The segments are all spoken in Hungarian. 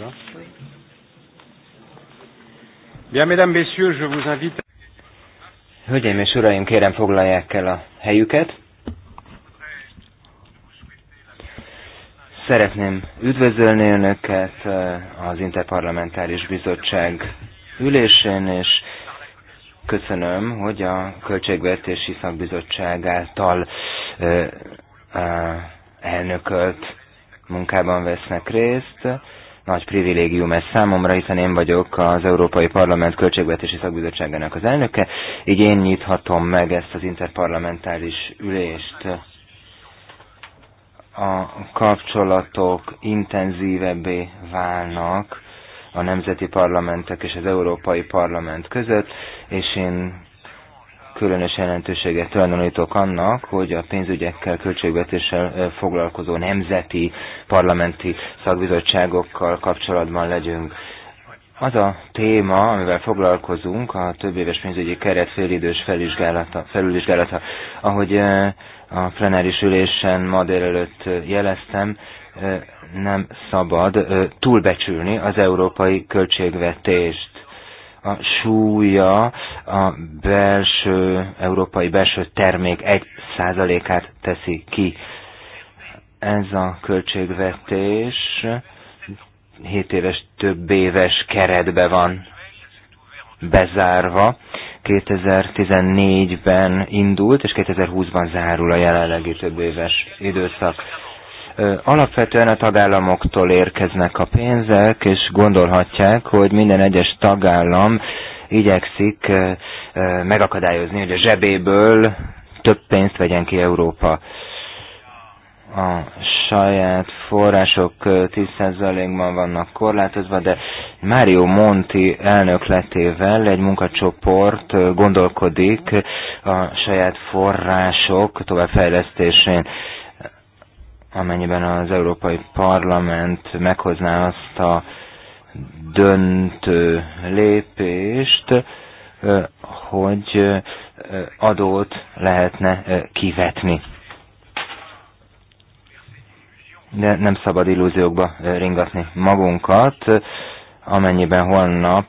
va Bien, mesdames, messieurs, je vous invite. Hölgyeim és uraim, kérem foglalják el a helyüket. Szeretném üdvözölni Önöket eh, az Interparlamentáris Bizottság ülésén, és köszönöm, hogy a Költségvetési Szakbizottság által eh, elnökölt munkában vesznek részt nagy privilégium ez számomra, hiszen én vagyok az Európai Parlament Költségvetési Szakbizottságának az elnöke, így én nyithatom meg ezt az interparlamentális ülést. A kapcsolatok intenzívebbé válnak a nemzeti parlamentek és az Európai Parlament között, és én különös jelentőséget tulajdonítok annak, hogy a pénzügyekkel, költségvetéssel foglalkozó nemzeti parlamenti szakbizottságokkal kapcsolatban legyünk. Az a téma, amivel foglalkozunk, a több éves pénzügyi keret félidős felülvizsgálata. Ahogy a plenáris ülésen ma délelőtt jeleztem, nem szabad túlbecsülni az európai költségvetést a súlya a belső, európai belső termék 1%-át teszi ki. Ez a költségvetés 7 éves, több éves keretbe van bezárva. 2014-ben indult, és 2020-ban zárul a jelenlegi több éves időszak Alapvetően a tagállamoktól érkeznek a pénzek, és gondolhatják, hogy minden egyes tagállam igyekszik megakadályozni, hogy a zsebéből több pénzt vegyen ki Európa a saját források 10%-ban vannak korlátozva, de Mário Monti elnökletével egy munkacsoport gondolkodik a saját források továbbfejlesztésén amennyiben az Európai Parlament meghozná azt a döntő lépést, hogy adót lehetne kivetni. De nem szabad illúziókba ringatni magunkat, amennyiben holnap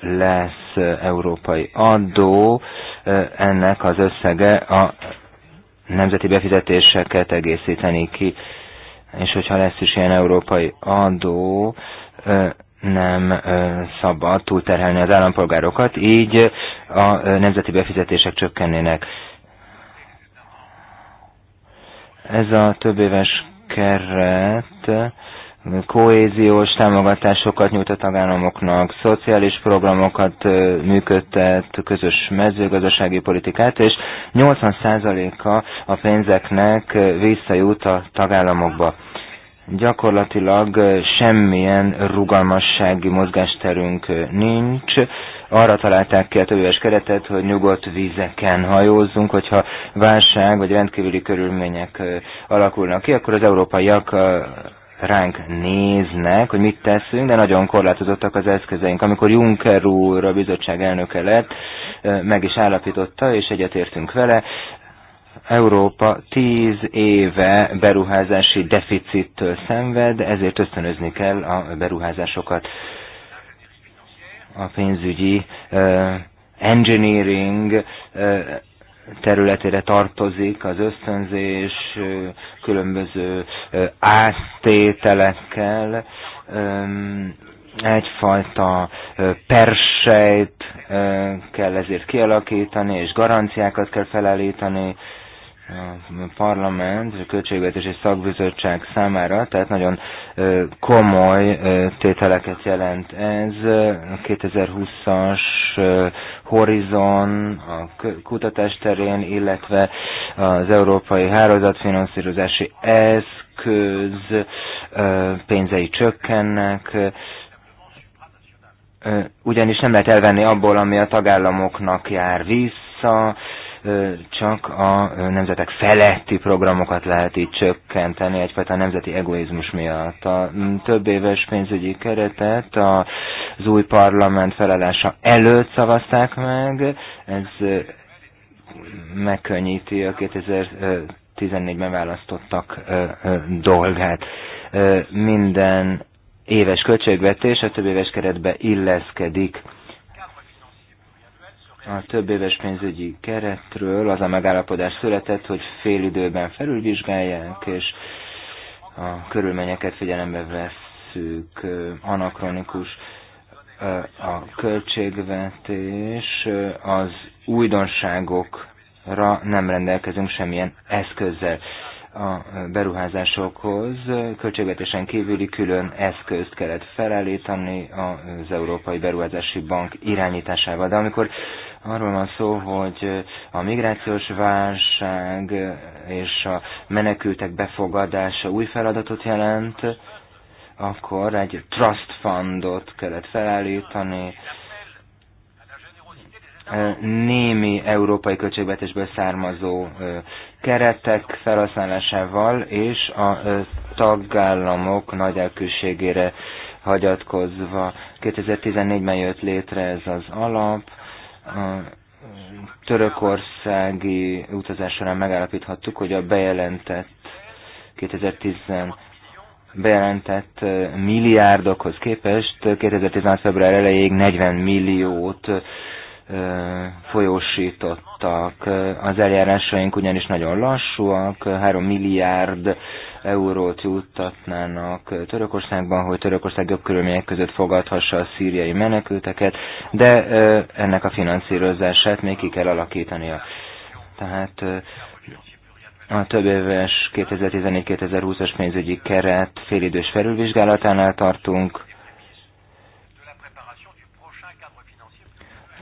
lesz európai adó, ennek az összege a nemzeti befizetéseket egészíteni ki, és hogyha lesz is ilyen európai adó, nem szabad túlterhelni az állampolgárokat, így a nemzeti befizetések csökkennének. Ez a több éves keret kohéziós támogatásokat nyújt a tagállamoknak, szociális programokat működtet, közös mezőgazdasági politikát, és 80%-a a pénzeknek visszajut a tagállamokba. Gyakorlatilag semmilyen rugalmassági mozgásterünk nincs. Arra találták ki a többéves keretet, hogy nyugodt vizeken hajózzunk, hogyha válság vagy rendkívüli körülmények alakulnak ki, akkor az európaiak ránk néznek, hogy mit teszünk, de nagyon korlátozottak az eszközeink. Amikor Juncker úr a bizottság elnöke lett, meg is állapította, és egyetértünk vele, Európa tíz éve beruházási deficittől szenved, ezért ösztönözni kell a beruházásokat. A pénzügyi engineering területére tartozik az ösztönzés különböző áttételekkel, egyfajta persejt kell ezért kialakítani, és garanciákat kell felállítani a parlament, a költségvetési szakbizottság számára, tehát nagyon komoly tételeket jelent ez. A 2020-as Horizon a kutatás terén, illetve az Európai Hálózatfinanszírozási Eszköz pénzei csökkennek, ugyanis nem lehet elvenni abból, ami a tagállamoknak jár vissza, csak a nemzetek feletti programokat lehet így csökkenteni, egyfajta nemzeti egoizmus miatt. A több éves pénzügyi keretet az új parlament felelása előtt szavazták meg, ez megkönnyíti a 2014-ben választottak dolgát. Minden éves költségvetés a több éves keretbe illeszkedik a több éves pénzügyi keretről az a megállapodás született, hogy fél időben felülvizsgálják, és a körülményeket figyelembe vesszük, anakronikus a költségvetés, az újdonságokra nem rendelkezünk semmilyen eszközzel a beruházásokhoz költségvetésen kívüli külön eszközt kellett felállítani az Európai Beruházási Bank irányításával. De amikor arról van szó, hogy a migrációs válság és a menekültek befogadása új feladatot jelent, akkor egy trust fundot kellett felállítani, némi európai költségvetésből származó keretek felhasználásával és a tagállamok nagy elkülségére hagyatkozva. 2014-ben jött létre ez az alap, a törökországi utazás során megállapíthattuk, hogy a bejelentett 2010 bejelentett milliárdokhoz képest 2016. február elejéig 40 milliót folyósítottak. Az eljárásaink ugyanis nagyon lassúak, 3 milliárd eurót juttatnának Törökországban, hogy Törökország jobb körülmények között fogadhassa a szíriai menekülteket, de ennek a finanszírozását még ki kell alakítania. Tehát a több éves 2014-2020-as pénzügyi keret félidős felülvizsgálatánál tartunk,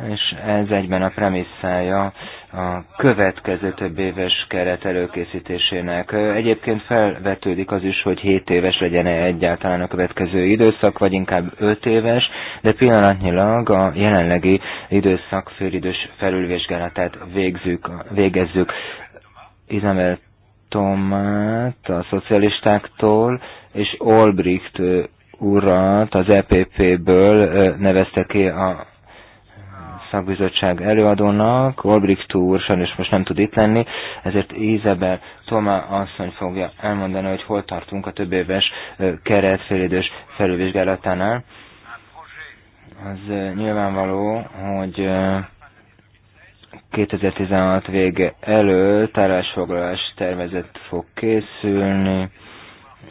és ez egyben a premisszája a következő több éves keret előkészítésének. Egyébként felvetődik az is, hogy 7 éves legyen -e egyáltalán a következő időszak, vagy inkább 5 éves, de pillanatnyilag a jelenlegi időszak félidős felülvizsgálatát végzük, végezzük. Izabel Tomát a szocialistáktól, és Olbricht urat az EPP-ből nevezte ki a szakbizottság előadónak, Olbricht úr sajnos most nem tud itt lenni, ezért Izabel Tomá asszony fogja elmondani, hogy hol tartunk a több éves keret félidős felülvizsgálatánál. Az nyilvánvaló, hogy 2016 vége előtt állásfoglalás tervezet fog készülni,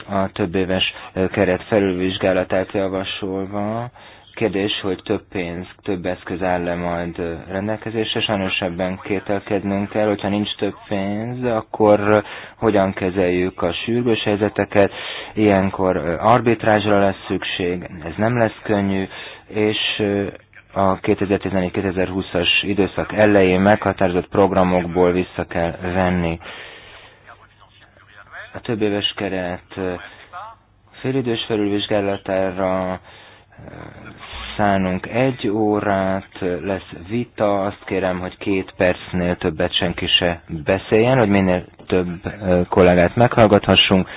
a több éves keret felülvizsgálatát javasolva, Kérdés, hogy több pénz, több eszköz áll-e majd rendelkezésre. Sajnos ebben kételkednünk kell, hogyha nincs több pénz, akkor hogyan kezeljük a sürgős helyzeteket. Ilyenkor arbitrázsra lesz szükség, ez nem lesz könnyű, és a 2014-2020-as időszak elején meghatározott programokból vissza kell venni. A több éves keret félidős felülvizsgálatára szánunk egy órát, lesz vita, azt kérem, hogy két percnél többet senki se beszéljen, hogy minél több kollégát meghallgathassunk.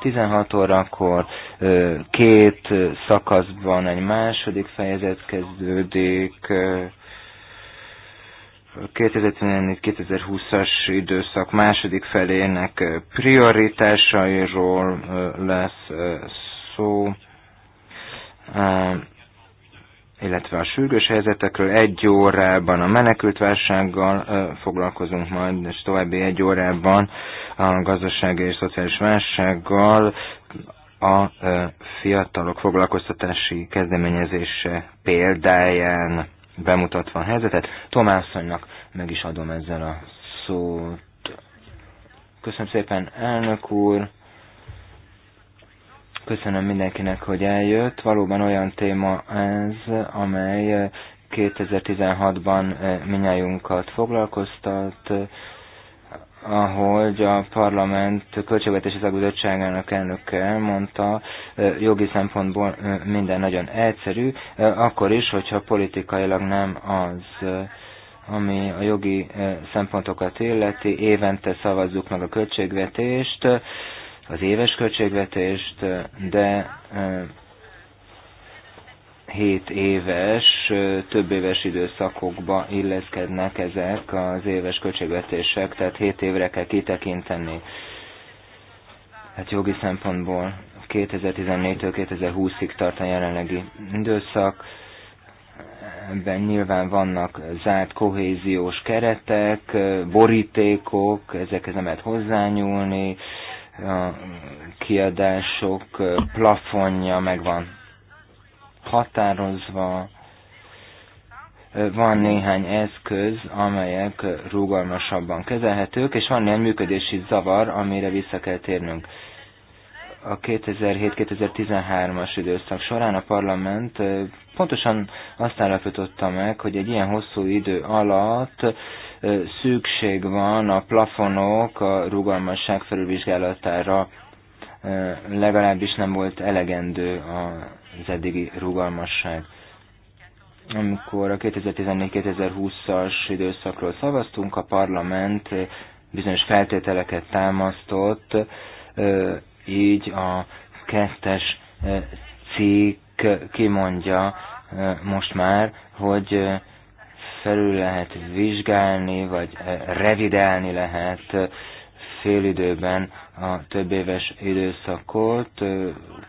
16 órakor két szakaszban egy második fejezet kezdődik, 2020 as időszak második felének prioritásairól lesz szó illetve a sürgős helyzetekről. Egy órában a válsággal foglalkozunk majd, és további egy órában a gazdasági és szociális válsággal a fiatalok foglalkoztatási kezdeményezése példáján bemutatva a helyzetet. Tomászonynak meg is adom ezzel a szót. Köszönöm szépen, elnök úr! Köszönöm mindenkinek, hogy eljött. Valóban olyan téma ez, amely 2016-ban eh, eh, minnyájunkat foglalkoztat, ahogy a parlament költségvetési szakbizottságának elnöke mondta, eh, jogi szempontból minden nagyon egyszerű, akkor is, hogyha politikailag nem az ami a jogi szempontokat illeti, évente szavazzuk meg a költségvetést, az éves költségvetést, de 7 éves, több éves időszakokba illeszkednek ezek az éves költségvetések, tehát 7 évre kell kitekinteni. Hát jogi szempontból 2014-től 2020-ig tart a jelenlegi időszak, ebben nyilván vannak zárt kohéziós keretek, borítékok, ezekhez nem lehet hozzányúlni, a kiadások plafonja megvan határozva, van néhány eszköz, amelyek rugalmasabban kezelhetők, és van néhány működési zavar, amire vissza kell térnünk. A 2007-2013-as időszak során a parlament pontosan azt állapította meg, hogy egy ilyen hosszú idő alatt szükség van a plafonok a rugalmasság felülvizsgálatára, legalábbis nem volt elegendő az eddigi rugalmasság. Amikor a 2014-2020-as időszakról szavaztunk, a parlament bizonyos feltételeket támasztott, így a kettes cikk kimondja most már, hogy felül lehet vizsgálni, vagy e, revidálni lehet félidőben a több éves időszakot.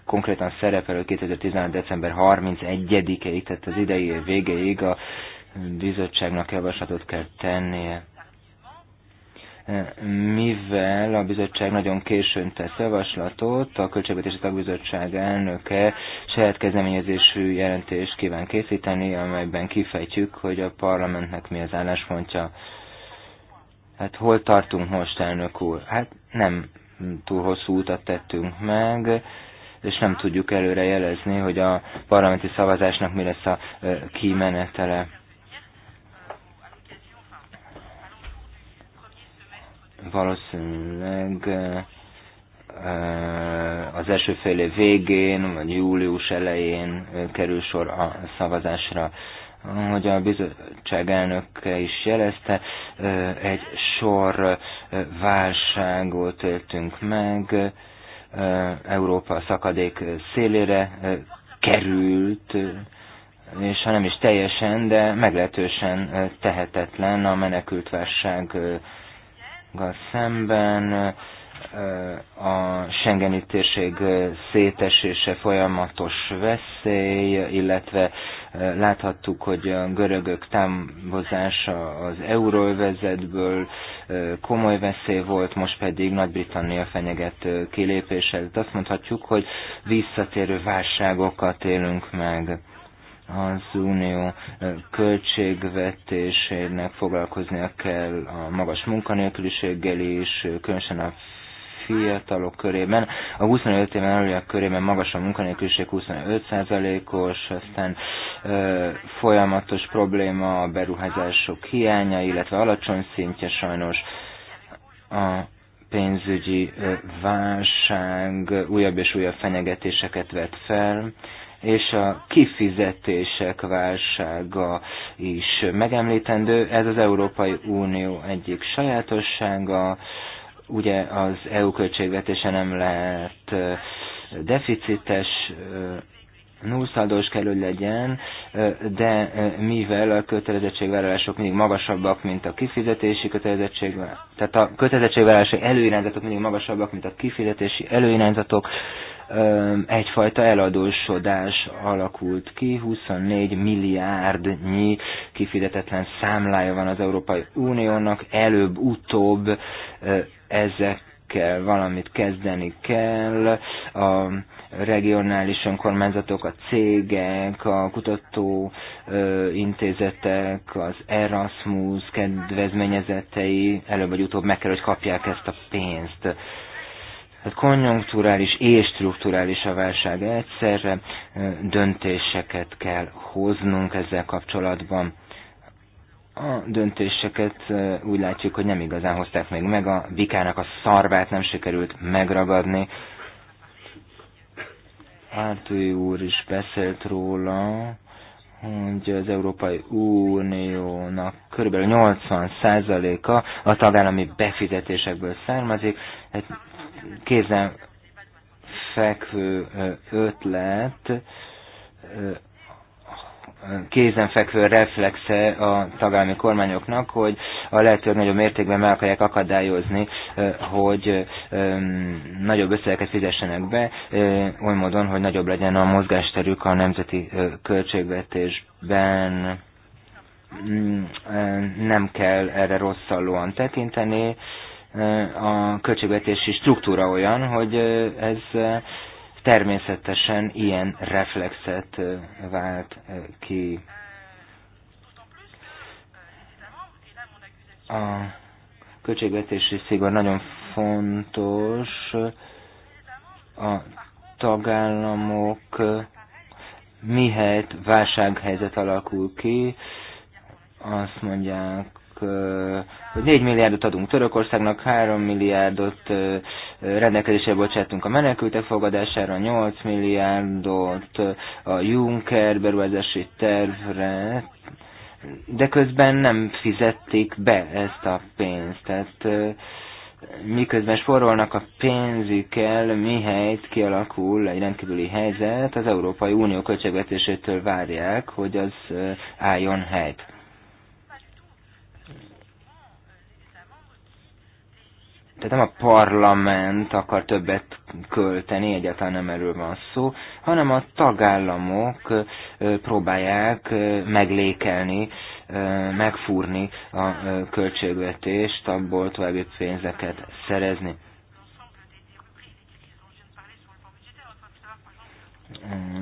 Konkrétan szerepelő 2016. december 31-ig, tehát az idei év végéig a bizottságnak javaslatot kell tennie mivel a bizottság nagyon későn tesz javaslatot, a Költségvetési Tagbizottság elnöke saját kezdeményezésű jelentést kíván készíteni, amelyben kifejtjük, hogy a parlamentnek mi az álláspontja. Hát hol tartunk most, elnök úr? Hát nem túl hosszú utat tettünk meg, és nem tudjuk előre jelezni, hogy a parlamenti szavazásnak mi lesz a kimenetele valószínűleg az első fél év végén, vagy július elején kerül sor a szavazásra. Hogy a bizottság elnöke is jelezte, egy sor válságot éltünk meg, Európa szakadék szélére került, és ha nem is teljesen, de meglehetősen tehetetlen a menekültválság szemben a Schengeni térség szétesése folyamatos veszély, illetve láthattuk, hogy a görögök támozása az euróvezetből komoly veszély volt, most pedig Nagy-Britannia fenyeget kilépése. Azt mondhatjuk, hogy visszatérő válságokat élünk meg az unió költségvetésének foglalkoznia kell a magas munkanélküliséggel is, különösen a fiatalok körében. A 25 éven aluljak körében magas a munkanélküliség 25%-os, aztán ö, folyamatos probléma a beruházások hiánya, illetve alacsony szintje sajnos a pénzügyi válság újabb és újabb fenyegetéseket vet fel és a kifizetések válsága is megemlítendő. Ez az Európai Unió egyik sajátossága. Ugye az EU költségvetése nem lehet deficites, nullszaldós kell, hogy legyen, de mivel a kötelezettségvállalások mindig magasabbak, mint a kifizetési kötelezettségvállalások, tehát a kötelezettségvállalási előirányzatok mindig magasabbak, mint a kifizetési előirányzatok, egyfajta eladósodás alakult ki, 24 milliárdnyi kifizetetlen számlája van az Európai Uniónak, előbb-utóbb ezekkel valamit kezdeni kell, a regionális önkormányzatok, a cégek, a kutatóintézetek, az Erasmus kedvezményezetei előbb vagy utóbb meg kell, hogy kapják ezt a pénzt tehát konjunkturális és strukturális a válság egyszerre, döntéseket kell hoznunk ezzel kapcsolatban. A döntéseket úgy látjuk, hogy nem igazán hozták még meg, a vikának a szarvát nem sikerült megragadni. Ártői úr is beszélt róla, hogy az Európai Uniónak kb. 80%-a a tagállami befizetésekből származik, hát kézen fekvő ötlet, fekvő reflexe a tagállami kormányoknak, hogy a lehető nagyobb mértékben meg akarják akadályozni, hogy nagyobb összegeket fizessenek be, oly módon, hogy nagyobb legyen a mozgásterük a nemzeti költségvetésben. Mm, nem kell erre rosszallóan tekinteni, a költségvetési struktúra olyan, hogy ez természetesen ilyen reflexet vált ki. A költségvetési szigor nagyon fontos, a tagállamok mihelyt válsághelyzet alakul ki, azt mondják, hogy 4 milliárdot adunk Törökországnak, 3 milliárdot rendelkezésre bocsátunk a menekültek fogadására, 8 milliárdot a Juncker beruházási tervre, de közben nem fizették be ezt a pénzt. Tehát miközben sporolnak a pénzükkel, mihelyt kialakul egy rendkívüli helyzet, az Európai Unió költségvetésétől várják, hogy az álljon helyt. Tehát nem a parlament akar többet költeni, egyáltalán nem erről van szó, hanem a tagállamok próbálják meglékelni, megfúrni a költségvetést, abból további pénzeket szerezni.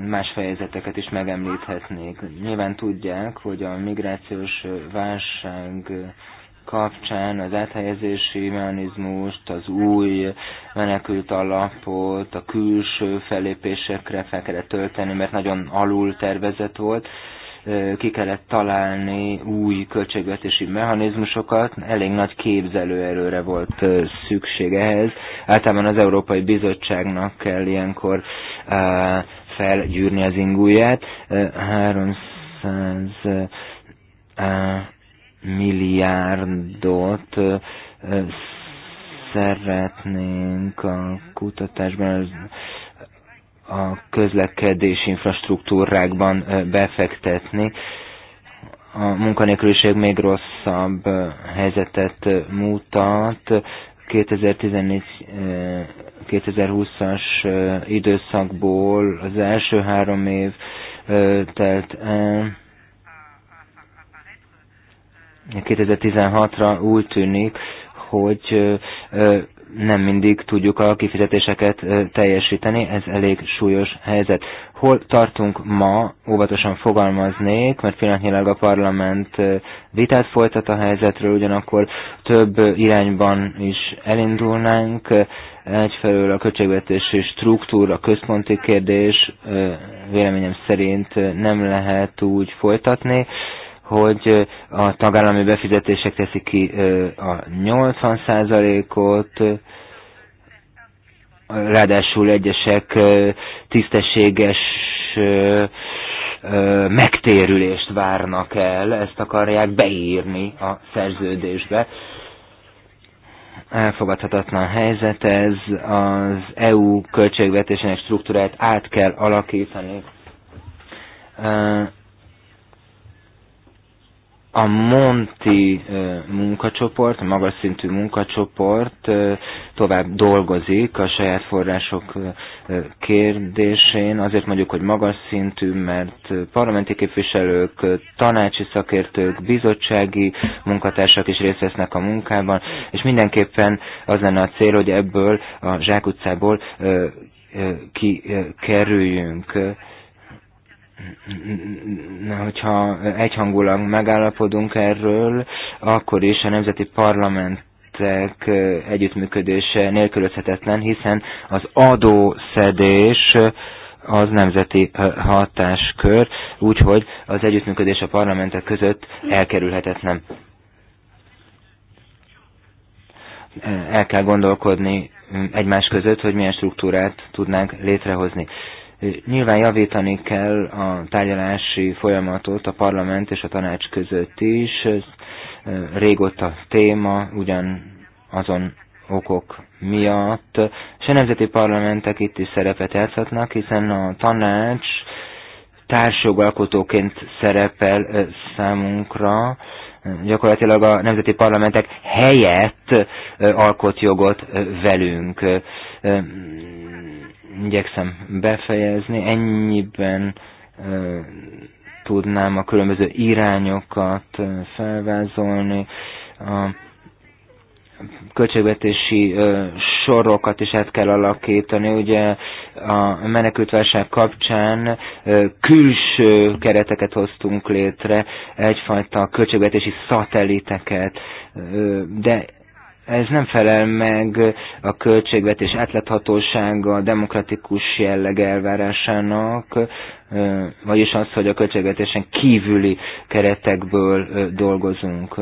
más fejezeteket is megemlíthetnék. Nyilván tudják, hogy a migrációs válság kapcsán az áthelyezési mechanizmust, az új menekült alapot, a külső felépésekre fel kellett tölteni, mert nagyon alul tervezett volt ki kellett találni új költségvetési mechanizmusokat, elég nagy képzelőerőre volt szükség ehhez. Általában az Európai Bizottságnak kell ilyenkor felgyűrni az ingúját. 300 milliárdot szeretnénk a kutatásban a közlekedési infrastruktúrákban befektetni. A munkanélküliség még rosszabb helyzetet mutat. 2014-2020-as időszakból az első három év telt el 2016-ra úgy tűnik, hogy nem mindig tudjuk a kifizetéseket teljesíteni, ez elég súlyos helyzet. Hol tartunk ma, óvatosan fogalmaznék, mert pillanatnyilag a parlament vitát folytat a helyzetről, ugyanakkor több irányban is elindulnánk, egyfelől a költségvetési struktúra, központi kérdés véleményem szerint nem lehet úgy folytatni, hogy a tagállami befizetések teszik ki a 80%-ot, ráadásul egyesek tisztességes megtérülést várnak el, ezt akarják beírni a szerződésbe. Elfogadhatatlan helyzet ez, az EU költségvetésének struktúráját át kell alakítani a Monti munkacsoport, a magas szintű munkacsoport tovább dolgozik a saját források kérdésén. Azért mondjuk, hogy magas szintű, mert parlamenti képviselők, tanácsi szakértők, bizottsági munkatársak is részt vesznek a munkában, és mindenképpen az lenne a cél, hogy ebből a zsákutcából kikerüljünk. Na hogyha egyhangulag megállapodunk erről, akkor is a nemzeti parlament együttműködése nélkülözhetetlen, hiszen az adószedés az nemzeti hatáskör, úgyhogy az együttműködés a parlamentek között elkerülhetetlen. El kell gondolkodni egymás között, hogy milyen struktúrát tudnánk létrehozni. Nyilván javítani kell a tárgyalási folyamatot a parlament és a tanács között is. Ez régóta téma, ugyan azon okok miatt. És a nemzeti parlamentek itt is szerepet játszhatnak, hiszen a tanács társjogalkotóként szerepel számunkra, gyakorlatilag a nemzeti parlamentek helyett alkot jogot velünk. Mm, igyekszem befejezni, ennyiben tudnám a különböző irányokat felvázolni. A költségvetési sorokat is át kell alakítani. Ugye a menekültválság kapcsán külső kereteket hoztunk létre, egyfajta költségvetési szatelliteket, de ez nem felel meg a költségvetés átláthatósága, a demokratikus jelleg elvárásának, vagyis az, hogy a költségvetésen kívüli keretekből dolgozunk.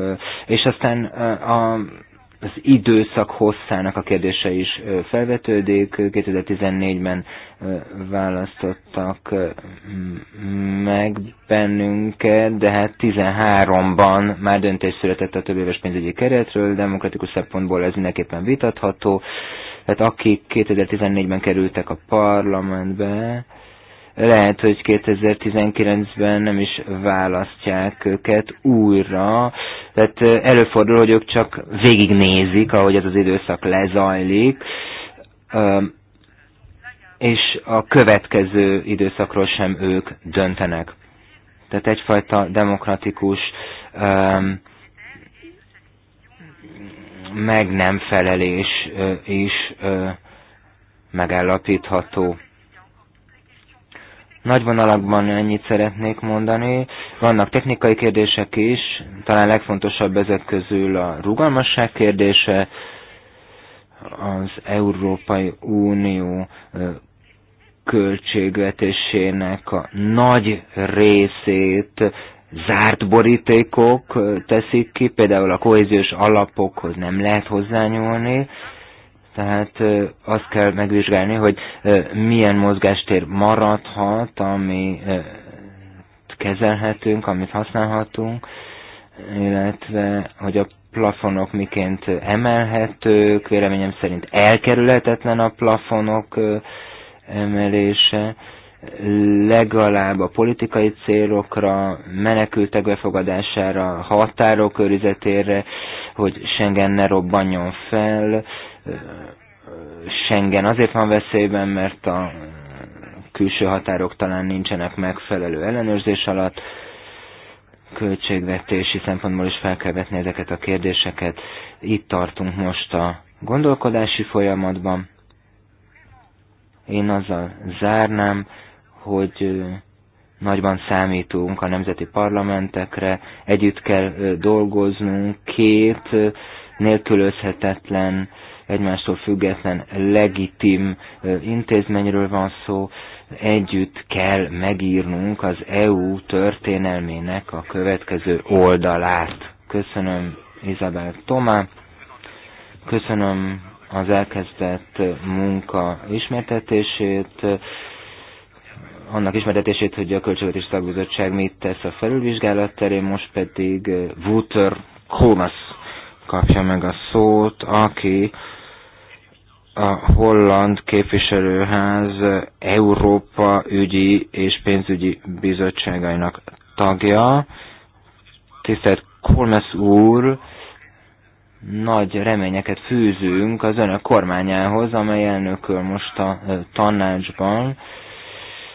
És aztán a az időszak hosszának a kérdése is felvetődik. 2014-ben választottak meg bennünket, de hát 13-ban már döntés született a többéves pénzügyi keretről, demokratikus szempontból ez mindenképpen vitatható. Tehát akik 2014-ben kerültek a parlamentbe, lehet, hogy 2019-ben nem is választják őket újra, tehát előfordul, hogy ők csak végignézik, ahogy ez az időszak lezajlik, és a következő időszakról sem ők döntenek. Tehát egyfajta demokratikus meg nem felelés is megállapítható. Nagy vonalakban ennyit szeretnék mondani. Vannak technikai kérdések is, talán legfontosabb ezek közül a rugalmasság kérdése, az Európai Unió költségvetésének a nagy részét zárt borítékok teszik ki, például a kohéziós alapokhoz nem lehet hozzányúlni, tehát azt kell megvizsgálni, hogy milyen mozgástér maradhat, ami kezelhetünk, amit használhatunk, illetve hogy a plafonok miként emelhetők, véleményem szerint elkerülhetetlen a plafonok emelése, legalább a politikai célokra, menekültek befogadására, határok őrizetére, hogy Schengen ne robbanjon fel, Schengen azért van veszélyben, mert a külső határok talán nincsenek megfelelő ellenőrzés alatt, költségvetési szempontból is fel kell vetni ezeket a kérdéseket. Itt tartunk most a gondolkodási folyamatban. Én azzal zárnám, hogy nagyban számítunk a nemzeti parlamentekre, együtt kell dolgoznunk, két nélkülözhetetlen egymástól független, legitim intézményről van szó, együtt kell megírnunk az EU történelmének a következő oldalát. Köszönöm Izabel Tomá, köszönöm az elkezdett munka ismertetését, annak ismertetését, hogy a Költségvetés Szakbizottság mit tesz a felülvizsgálat terén, most pedig Wouter Kónasz kapja meg a szót, aki a holland képviselőház Európa ügyi és pénzügyi bizottságainak tagja. Tisztelt Kolmes úr, nagy reményeket fűzünk az önök kormányához, amely elnököl most a tanácsban,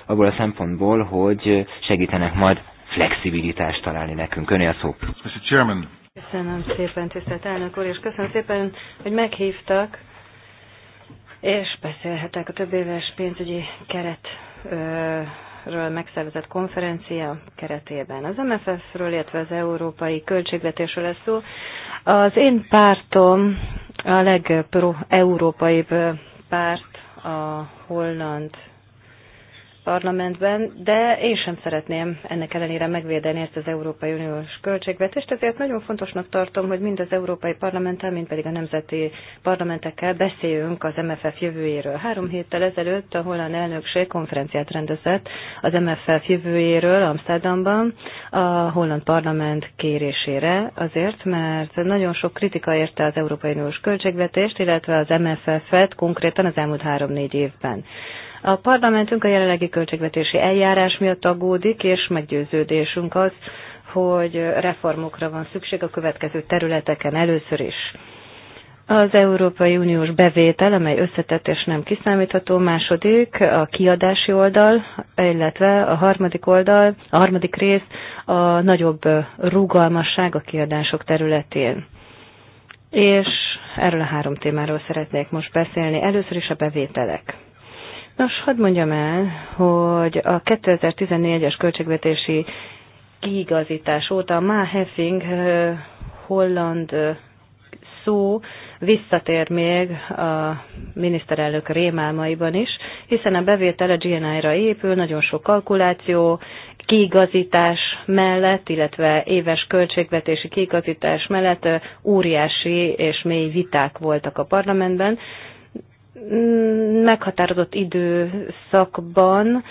abból a szempontból, hogy segítenek majd flexibilitást találni nekünk. Öné a szó. Mr. Chairman. Köszönöm szépen, tisztelt elnök úr, és köszönöm szépen, hogy meghívtak és beszélhetek a több éves pénzügyi keretről megszervezett konferencia keretében. Az MFF-ről, illetve az európai költségvetésről lesz szó. Az én pártom a legeurópaibb párt, a holland parlamentben, de én sem szeretném ennek ellenére megvédeni ezt az Európai Uniós költségvetést, ezért nagyon fontosnak tartom, hogy mind az Európai Parlamenttel, mind pedig a nemzeti parlamentekkel beszéljünk az MFF jövőjéről. Három héttel ezelőtt a holland elnökség konferenciát rendezett az MFF jövőjéről Amsterdamban a holland parlament kérésére, azért, mert nagyon sok kritika érte az Európai Uniós költségvetést, illetve az MFF-et konkrétan az elmúlt három-négy évben. A parlamentünk a jelenlegi költségvetési eljárás miatt aggódik, és meggyőződésünk az, hogy reformokra van szükség a következő területeken először is. Az Európai Uniós bevétel, amely összetett és nem kiszámítható, második a kiadási oldal, illetve a harmadik oldal, a harmadik rész a nagyobb rugalmasság a kiadások területén. És erről a három témáról szeretnék most beszélni. Először is a bevételek. Nos, hadd mondjam el, hogy a 2014-es költségvetési kiigazítás óta Ma Heffing holland szó visszatér még a miniszterelnök rémálmaiban is, hiszen a bevétel a GNI-ra épül, nagyon sok kalkuláció, kiigazítás mellett, illetve éves költségvetési kiigazítás mellett óriási és mély viták voltak a parlamentben. Mm, meghatározott időszakban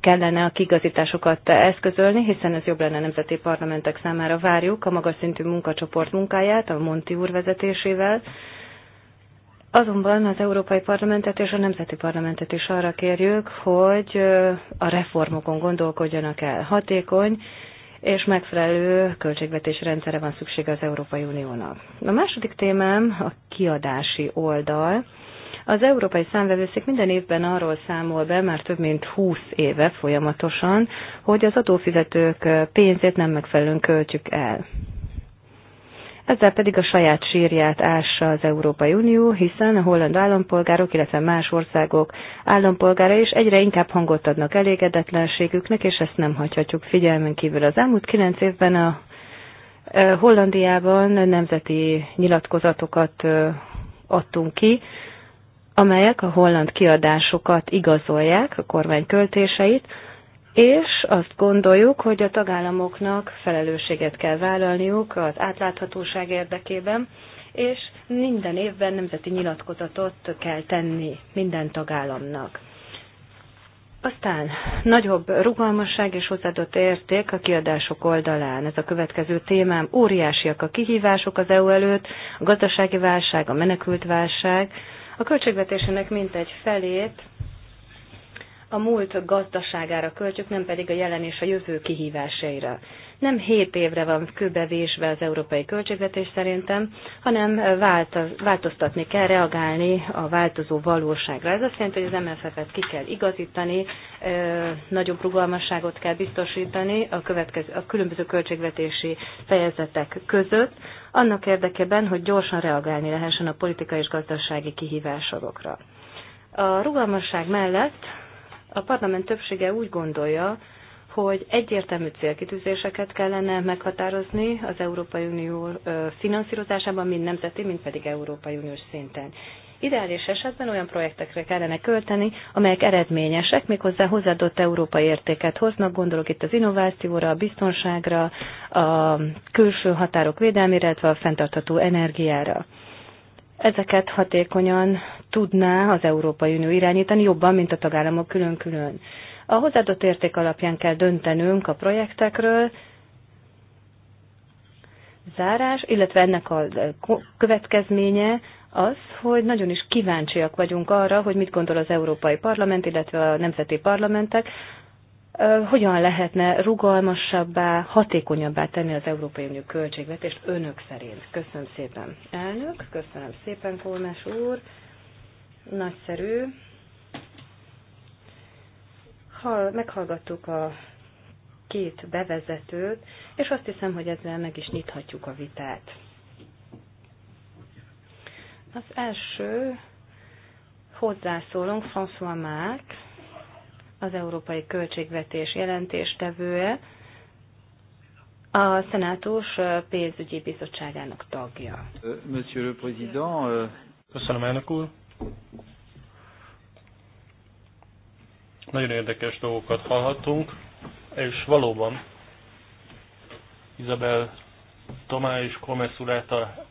kellene a kigazításokat eszközölni, hiszen ez jobb lenne a nemzeti parlamentek számára. Várjuk a magas szintű munkacsoport munkáját, a Monti úr vezetésével. Azonban az Európai Parlamentet és a Nemzeti Parlamentet is arra kérjük, hogy a reformokon gondolkodjanak el. Hatékony és megfelelő költségvetési rendszerre van szüksége az Európai Uniónak. A második témám a kiadási oldal. Az Európai Számvevőszék minden évben arról számol be, már több mint 20 éve folyamatosan, hogy az adófizetők pénzét nem megfelelően költjük el ezzel pedig a saját sírját ássa az Európai Unió, hiszen a holland állampolgárok, illetve más országok állampolgára is egyre inkább hangot adnak elégedetlenségüknek, és ezt nem hagyhatjuk figyelmen kívül. Az elmúlt kilenc évben a Hollandiában nemzeti nyilatkozatokat adtunk ki, amelyek a holland kiadásokat igazolják, a kormány költéseit, és azt gondoljuk, hogy a tagállamoknak felelősséget kell vállalniuk az átláthatóság érdekében, és minden évben nemzeti nyilatkozatot kell tenni minden tagállamnak. Aztán nagyobb rugalmasság és hozzáadott érték a kiadások oldalán. Ez a következő témám. Óriásiak a kihívások az EU előtt, a gazdasági válság, a menekült válság. A költségvetésének mintegy felét a múlt gazdaságára költjük, nem pedig a jelen és a jövő kihívásaira. Nem 7 évre van kőbevésve az európai költségvetés szerintem, hanem változtatni kell, reagálni a változó valóságra. Ez azt jelenti, hogy az MFF-et ki kell igazítani, nagyobb rugalmasságot kell biztosítani a, következő, a különböző költségvetési fejezetek között, annak érdekében, hogy gyorsan reagálni lehessen a politikai és gazdasági kihívásokra. A rugalmasság mellett a parlament többsége úgy gondolja, hogy egyértelmű célkitűzéseket kellene meghatározni az Európai Unió finanszírozásában, mind nemzeti, mind pedig Európai Uniós szinten. Ideális esetben olyan projektekre kellene költeni, amelyek eredményesek, méghozzá hozzáadott európai értéket hoznak, gondolok itt az innovációra, a biztonságra, a külső határok védelmére, illetve a fenntartható energiára ezeket hatékonyan tudná az Európai Unió irányítani jobban, mint a tagállamok külön-külön. A hozzáadott érték alapján kell döntenünk a projektekről, zárás, illetve ennek a következménye az, hogy nagyon is kíváncsiak vagyunk arra, hogy mit gondol az Európai Parlament, illetve a nemzeti parlamentek hogyan lehetne rugalmasabbá, hatékonyabbá tenni az Európai Unió költségvetést önök szerint. Köszönöm szépen, elnök, köszönöm szépen, Kolmás úr, nagyszerű. Ha meghallgattuk a két bevezetőt, és azt hiszem, hogy ezzel meg is nyithatjuk a vitát. Az első hozzászólunk François Marc az Európai Költségvetés jelentéstevője, a Szenátus pénzügyi bizottságának tagja. Euh, Monsieur le Président, euh, köszönöm elnök úr. Nagyon érdekes dolgokat hallhattunk, és valóban Izabel Tomá és Komesz úr által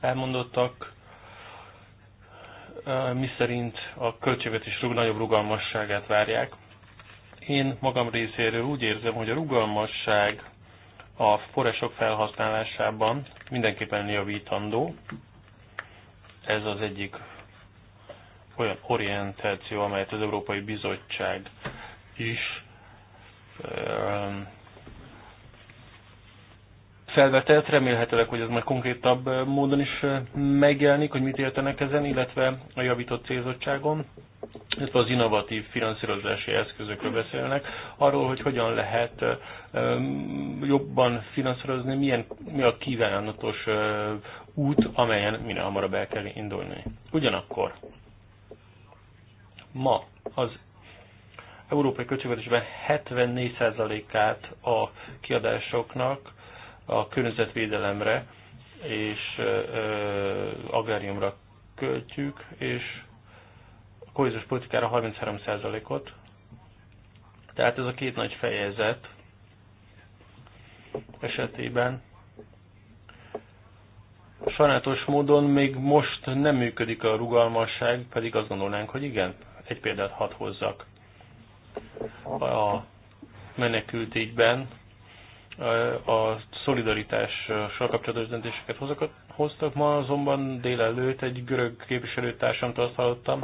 elmondottak, eh, miszerint a költségvetés nagyobb rugalmasságát várják. Én magam részéről úgy érzem, hogy a rugalmasság a források felhasználásában mindenképpen javítandó. Ez az egyik olyan orientáció, amelyet az Európai Bizottság is felvetett, remélhetőleg, hogy ez már konkrétabb módon is megjelenik, hogy mit értenek ezen, illetve a javított célzottságon, illetve az innovatív finanszírozási eszközökről beszélnek, arról, hogy hogyan lehet jobban finanszírozni, milyen, mi a kívánatos út, amelyen minél hamarabb el kell indulni. Ugyanakkor ma az európai költségvetésben 74%-át a kiadásoknak a környezetvédelemre és agráriumra költjük, és a kohéziós politikára 33%-ot. Tehát ez a két nagy fejezet esetében sajnálatos módon még most nem működik a rugalmasság, pedig azt gondolnánk, hogy igen. Egy példát hadd hozzak. A menekült a szolidaritással kapcsolatos döntéseket hoztak. Ma azonban délelőtt egy görög képviselőtársamtól azt hallottam,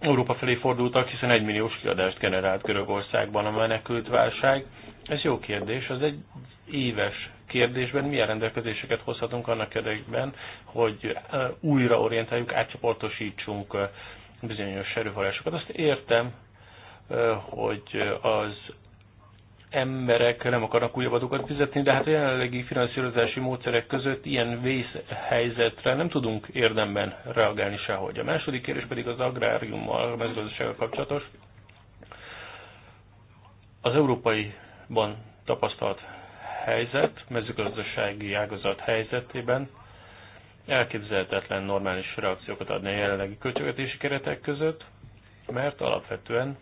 Európa felé fordultak, hiszen egymilliós kiadást generált Görögországban a menekült válság. Ez jó kérdés, az egy éves kérdésben milyen rendelkezéseket hozhatunk annak érdekben, hogy újra orientáljuk, átcsoportosítsunk bizonyos erőforrásokat. Azt értem, hogy az emberek nem akarnak újabb adókat fizetni, de hát a jelenlegi finanszírozási módszerek között ilyen vészhelyzetre nem tudunk érdemben reagálni sehogy. A második kérdés pedig az agráriummal, a mezőgazdasággal kapcsolatos. Az európaiban tapasztalt helyzet, mezőgazdasági ágazat helyzetében elképzelhetetlen normális reakciókat adni a jelenlegi költségvetési keretek között, mert alapvetően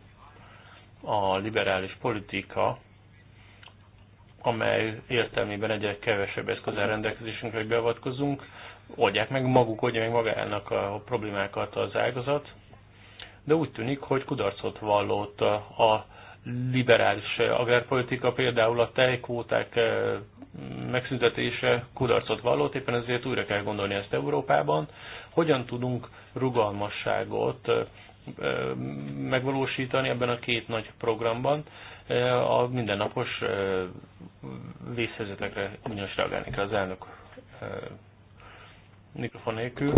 a liberális politika, amely értelmében egyre kevesebb eszközel rendelkezésünkre, hogy beavatkozunk, oldják meg maguk, oldja meg magának a problémákat az ágazat, de úgy tűnik, hogy kudarcot vallott a liberális agrárpolitika, például a tejkvóták eh, megszüntetése kudarcot vallott, éppen ezért újra kell gondolni ezt Európában, hogyan tudunk rugalmasságot eh, megvalósítani ebben a két nagy programban. A mindennapos vészhelyzetekre ugyanis reagálni kell az elnök mikrofon nélkül.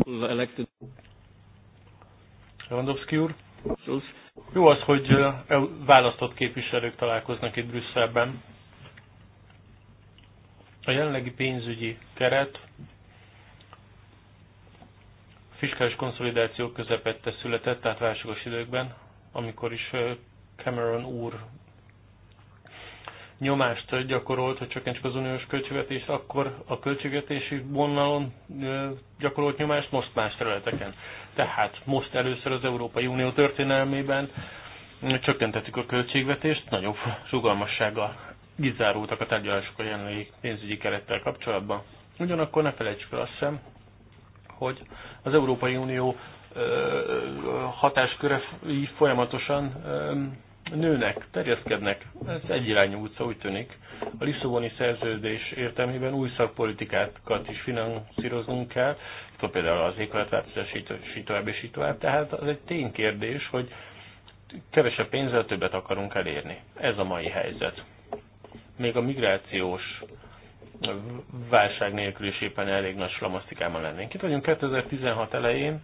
Lewandowski úr. Jó az, hogy e, választott képviselők találkoznak itt Brüsszelben. A jelenlegi pénzügyi keret fiskális konszolidáció közepette született át válságos időkben, amikor is Cameron úr nyomást gyakorolt, hogy csökkentsük az uniós költségvetést, akkor a költségvetési vonalon gyakorolt nyomást most más területeken. Tehát most először az Európai Unió történelmében csökkentettük a költségvetést, nagyobb rugalmassággal kizárultak a tárgyalások a jelenlegi pénzügyi kerettel kapcsolatban. Ugyanakkor ne felejtsük el azt sem, hogy az Európai Unió hatásköre folyamatosan nőnek, terjeszkednek. Ez egyirányú utca, úgy tűnik. A Lisszaboni szerződés értelmében új szakpolitikákat is finanszíroznunk kell, itt például az éghajlatváltozás, így tovább, és így tovább. Tehát az egy ténykérdés, hogy kevesebb pénzzel többet akarunk elérni. Ez a mai helyzet. Még a migrációs válság nélkül is éppen elég nagy slamasztikában lennénk. Itt vagyunk 2016 elején.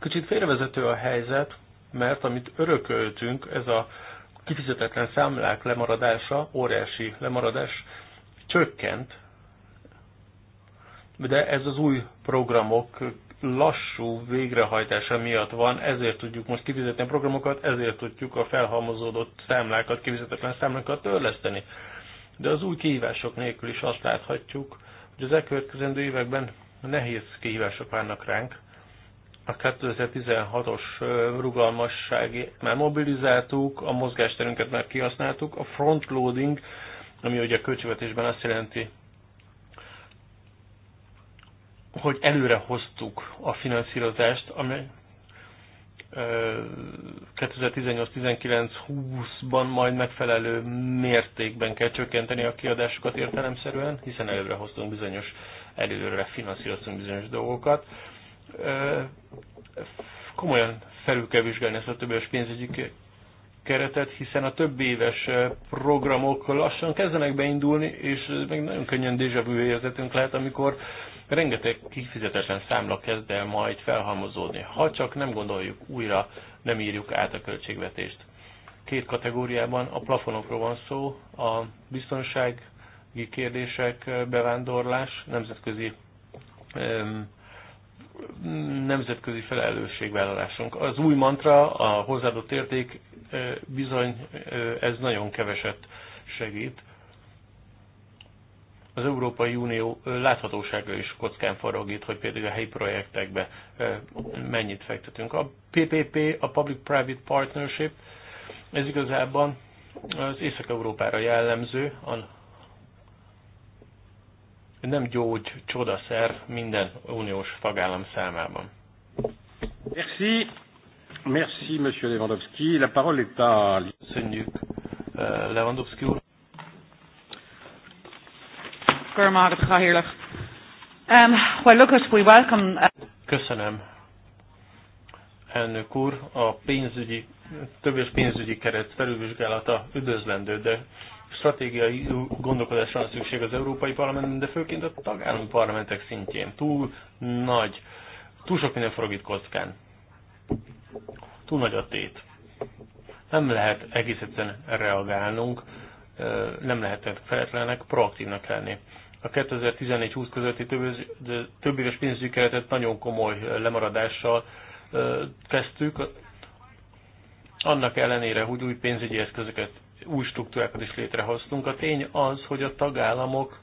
Kicsit félrevezető a helyzet, mert amit örököltünk, ez a kifizetetlen számlák lemaradása, óriási lemaradás csökkent, de ez az új programok lassú végrehajtása miatt van, ezért tudjuk most kifizetni a programokat, ezért tudjuk a felhalmozódott számlákat, kifizetetlen számlákat törleszteni de az új kihívások nélkül is azt láthatjuk, hogy az elkövetkezendő években nehéz kihívások várnak ránk. A 2016-os rugalmassági már mobilizáltuk, a mozgásterünket már kihasználtuk, a frontloading, ami ugye a költségvetésben azt jelenti, hogy előre hoztuk a finanszírozást, amely 2018-19-20-ban majd megfelelő mértékben kell csökkenteni a kiadásokat értelemszerűen, hiszen előre hoztunk bizonyos, előre finanszíroztunk bizonyos dolgokat. Komolyan felül kell vizsgálni ezt a többes pénzügyi keretet, hiszen a több éves programok lassan kezdenek beindulni, és meg nagyon könnyen déjà vu érzetünk lehet, amikor Rengeteg kifizetetlen számla kezd el majd felhalmozódni, ha csak nem gondoljuk újra, nem írjuk át a költségvetést. Két kategóriában a plafonokról van szó, a biztonsági kérdések, bevándorlás, nemzetközi nemzetközi felelősségvállalásunk. Az új mantra, a hozzáadott érték bizony ez nagyon keveset segít az Európai Unió láthatósága is kockán forog itt, hogy például a helyi projektekbe mennyit fektetünk. A PPP, a Public-Private Partnership, ez igazából az Észak-Európára jellemző, a nem gyógy, csodaszer minden uniós tagállam számában. Merci. Merci, Monsieur Lewandowski. La parole est à... Köszönjük, Lewandowski úr. Um, uh, Köszönöm. Elnök úr, a pénzügyi, többes pénzügyi keret felülvizsgálata üdvözlendő, de stratégiai gondolkodásra van szükség az Európai Parlamentben, de főként a tagállami parlamentek szintjén. Túl nagy, túl sok minden forog itt kockán. Túl nagy a tét. Nem lehet egész egyszerűen reagálnunk nem lehetett feletlenek, proaktívnak lenni. A 2014-20 közötti több éves pénzügyi keretet nagyon komoly lemaradással kezdtük, annak ellenére, hogy új pénzügyi eszközöket, új struktúrákat is létrehoztunk. A tény az, hogy a tagállamok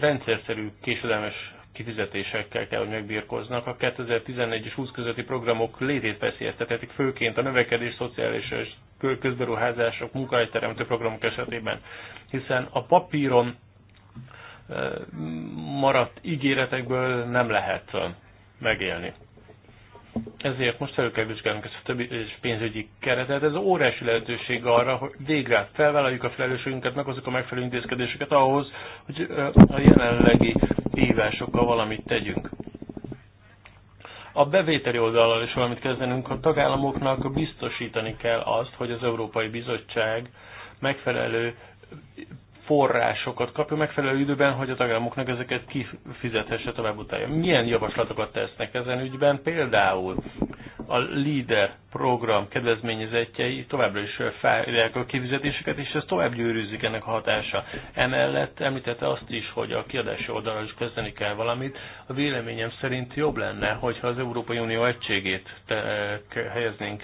rendszerszerű késedelmes kifizetésekkel kell, hogy megbírkoznak. A 2011 és 20 közötti programok létét veszélyeztetik, főként a növekedés, szociális és közberuházások, munkahelyteremtő programok esetében, hiszen a papíron maradt ígéretekből nem lehet megélni. Ezért most elő kell vizsgálnunk ezt a többi pénzügyi keretet. Ez órási lehetőség arra, hogy végre felvállaljuk a felelősségünket, meghozzuk a megfelelő intézkedéseket ahhoz, hogy a jelenlegi hívásokkal valamit tegyünk. A bevételi oldalról is valamit kezdenünk, a tagállamoknak biztosítani kell azt, hogy az Európai Bizottság megfelelő forrásokat kapja megfelelő időben, hogy a tagállamoknak ezeket kifizethesse tovább utája. Milyen javaslatokat tesznek ezen ügyben? Például a LEADER program kedvezményezettjei továbbra is fájják a kifizetéseket, és ez tovább gyűrűzik ennek a hatása. Emellett említette azt is, hogy a kiadási oldalra is kezdeni kell valamit. A véleményem szerint jobb lenne, hogyha az Európai Unió egységét eh, helyeznénk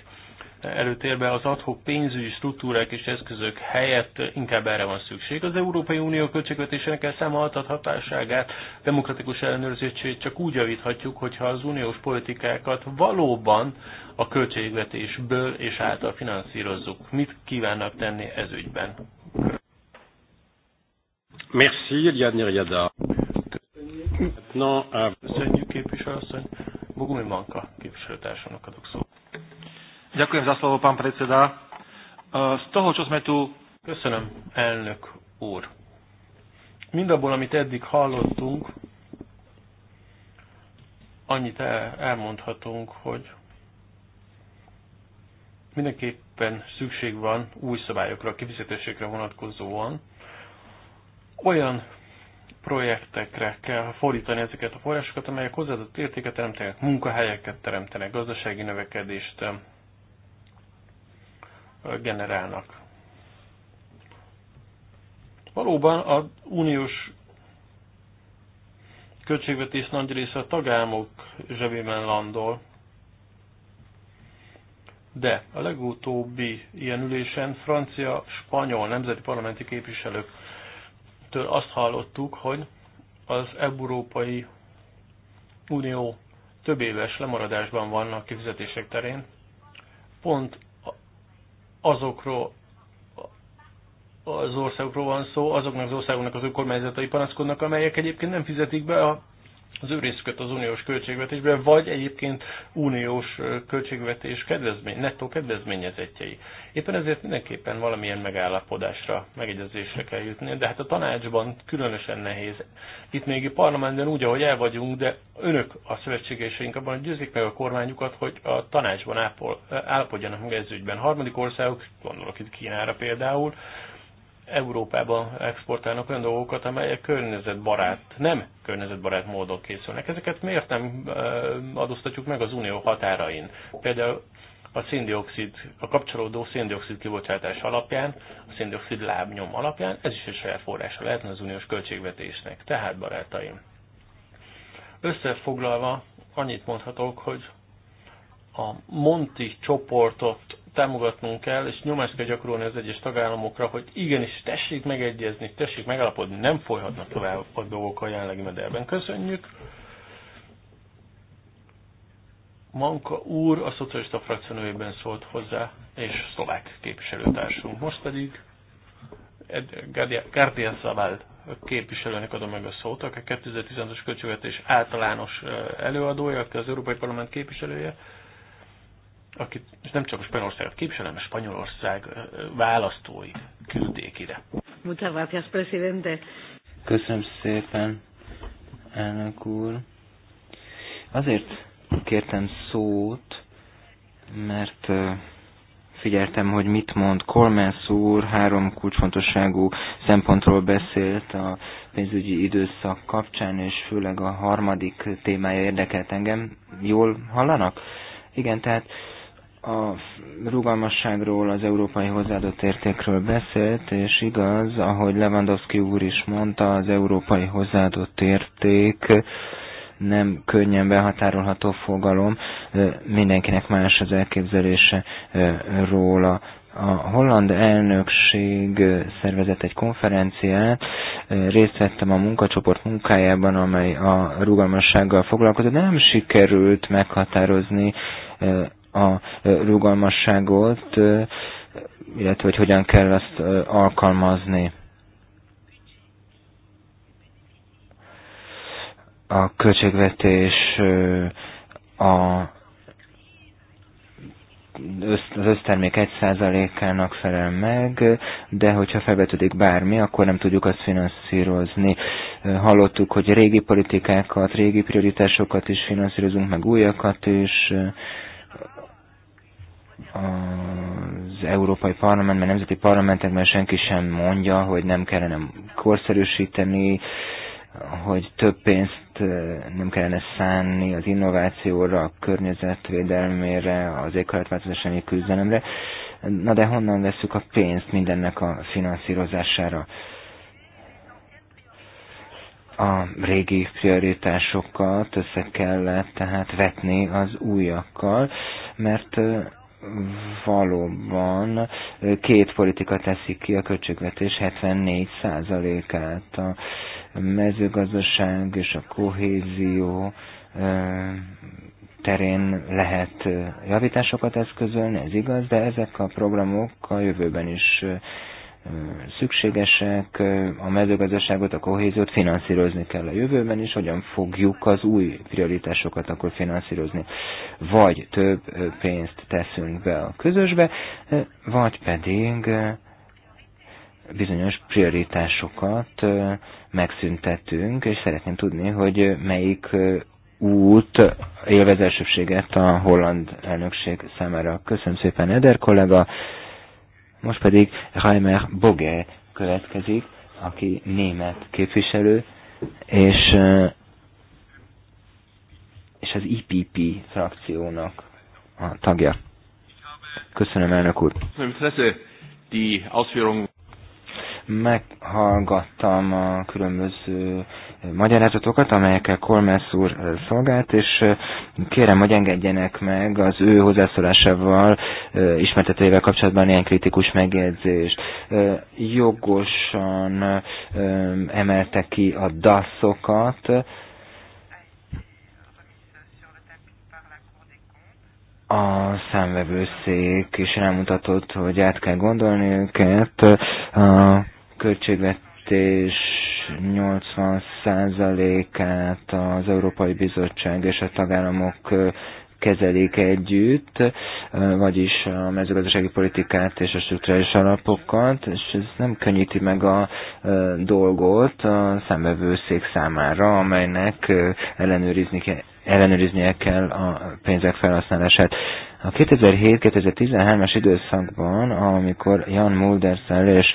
előtérbe, az adhok pénzügyi struktúrák és eszközök helyett inkább erre van szükség. Az Európai Unió költségvetésének elszámoltat hatásságát, demokratikus ellenőrzését csak úgy javíthatjuk, hogyha az uniós politikákat valóban a költségvetésből és által finanszírozzuk. Mit kívánnak tenni ez ügyben? Merci, Eliane Riada. Köszönjük, euh, Köszönjük képviselőasszony. Bogumi Manka képviselőtársamnak adok szót. Ďakujem za slovo, pán predseda. E, z toho, čo sme tu... Köszönöm, elnök úr. Mindabból, amit eddig hallottunk, annyit elmondhatunk, hogy mindenképpen szükség van új szabályokra, kifizetésekre vonatkozóan. Olyan projektekre kell fordítani ezeket a forrásokat, amelyek hozzáadott értéket teremtenek, munkahelyeket teremtenek, gazdasági növekedést generálnak. Valóban az uniós költségvetés nagy része a tagállamok zsebében landol, de a legutóbbi ilyen ülésen francia, spanyol nemzeti parlamenti képviselőktől azt hallottuk, hogy az Európai Unió több éves lemaradásban vannak kifizetések terén, pont azokról az országokról van szó, azoknak az országoknak az önkormányzatai panaszkodnak, amelyek egyébként nem fizetik be a az ő részüket az uniós költségvetésbe, vagy egyébként uniós költségvetés kedvezmény, nettó kedvezményezettjei. Éppen ezért mindenképpen valamilyen megállapodásra, megegyezésre kell jutni, de hát a tanácsban különösen nehéz. Itt még a parlamentben úgy, ahogy el vagyunk, de önök a szövetségeseink abban, hogy győzik meg a kormányukat, hogy a tanácsban ápol, állapodjanak meg ez ügyben. Harmadik országok, gondolok itt Kínára például, Európába exportálnak olyan dolgokat, amelyek környezetbarát, nem környezetbarát módon készülnek. Ezeket miért nem adóztatjuk meg az unió határain? Például a széndiokszid, a kapcsolódó széndiokszid kibocsátás alapján, a széndiokszid lábnyom alapján, ez is egy saját forrása lehetne az uniós költségvetésnek. Tehát, barátaim, összefoglalva annyit mondhatok, hogy a Monti csoportot támogatnunk kell, és nyomást kell gyakorolni az egyes tagállamokra, hogy igenis tessék megegyezni, tessék megállapodni, nem folyhatnak tovább a dolgok a jelenlegi medelben. Köszönjük! Manka úr a szocialista frakció nevében szólt hozzá, és szlovák képviselőtársunk. Most pedig Gárdia Szabál képviselőnek adom meg a szót, aki a 2016-os költségvetés általános előadója, aki az Európai Parlament képviselője akit és nem csak a Spanyolországot képvisel, hanem a Spanyolország választói küldék ide. Muchas gracias, presidente. Köszönöm szépen, elnök úr. Azért kértem szót, mert figyeltem, hogy mit mond Kormász úr, három kulcsfontosságú szempontról beszélt a pénzügyi időszak kapcsán, és főleg a harmadik témája érdekelt engem. Jól hallanak? Igen, tehát a rugalmasságról, az európai hozzáadott értékről beszélt, és igaz, ahogy Lewandowski úr is mondta, az európai hozzáadott érték nem könnyen behatárolható fogalom, mindenkinek más az elképzelése róla. A holland elnökség szervezett egy konferenciát, részt vettem a munkacsoport munkájában, amely a rugalmassággal foglalkozott, de nem sikerült meghatározni a rugalmasságot, illetve hogy hogyan kell ezt alkalmazni. A költségvetés a az össztermék 1%-ának felel meg, de hogyha felvetődik bármi, akkor nem tudjuk azt finanszírozni. Hallottuk, hogy régi politikákat, régi prioritásokat is finanszírozunk, meg újakat is, az Európai Parlamentben, nemzeti parlamentekben senki sem mondja, hogy nem kellene korszerűsíteni, hogy több pénzt nem kellene szánni az innovációra, a környezetvédelmére, az éghajlatváltozási küzdelemre. Na de honnan veszük a pénzt mindennek a finanszírozására? A régi prioritásokat össze kellett tehát vetni az újakkal, mert valóban két politika teszik ki a költségvetés 74%-át, a mezőgazdaság és a kohézió terén lehet javításokat eszközölni, ez igaz, de ezek a programok a jövőben is szükségesek, a mezőgazdaságot, a kohéziót finanszírozni kell a jövőben is, hogyan fogjuk az új prioritásokat akkor finanszírozni. Vagy több pénzt teszünk be a közösbe, vagy pedig bizonyos prioritásokat megszüntetünk, és szeretném tudni, hogy melyik út élvez elsőbséget a holland elnökség számára. Köszönöm szépen, Eder kollega! Most pedig Reimer Boge következik, aki német képviselő, és, és az IPP frakciónak a tagja. Köszönöm, elnök úr. Köszönöm, meghallgattam a különböző magyarázatokat, amelyekkel Kolmász úr szolgált, és kérem, hogy engedjenek meg az ő hozzászólásával, ismertetével kapcsolatban ilyen kritikus megjegyzést. Jogosan emelte ki a daszokat, a számvevőszék is rámutatott, hogy át kell gondolni őket. A költségvetés 80%-át az Európai Bizottság és a tagállamok kezelik együtt, vagyis a mezőgazdasági politikát és a struktúrális alapokat, és ez nem könnyíti meg a dolgot a szembevőszék számára, amelynek ellenőrizni kell ellenőriznie kell a pénzek felhasználását. A 2007-2013-as időszakban, amikor Jan Mulderszel és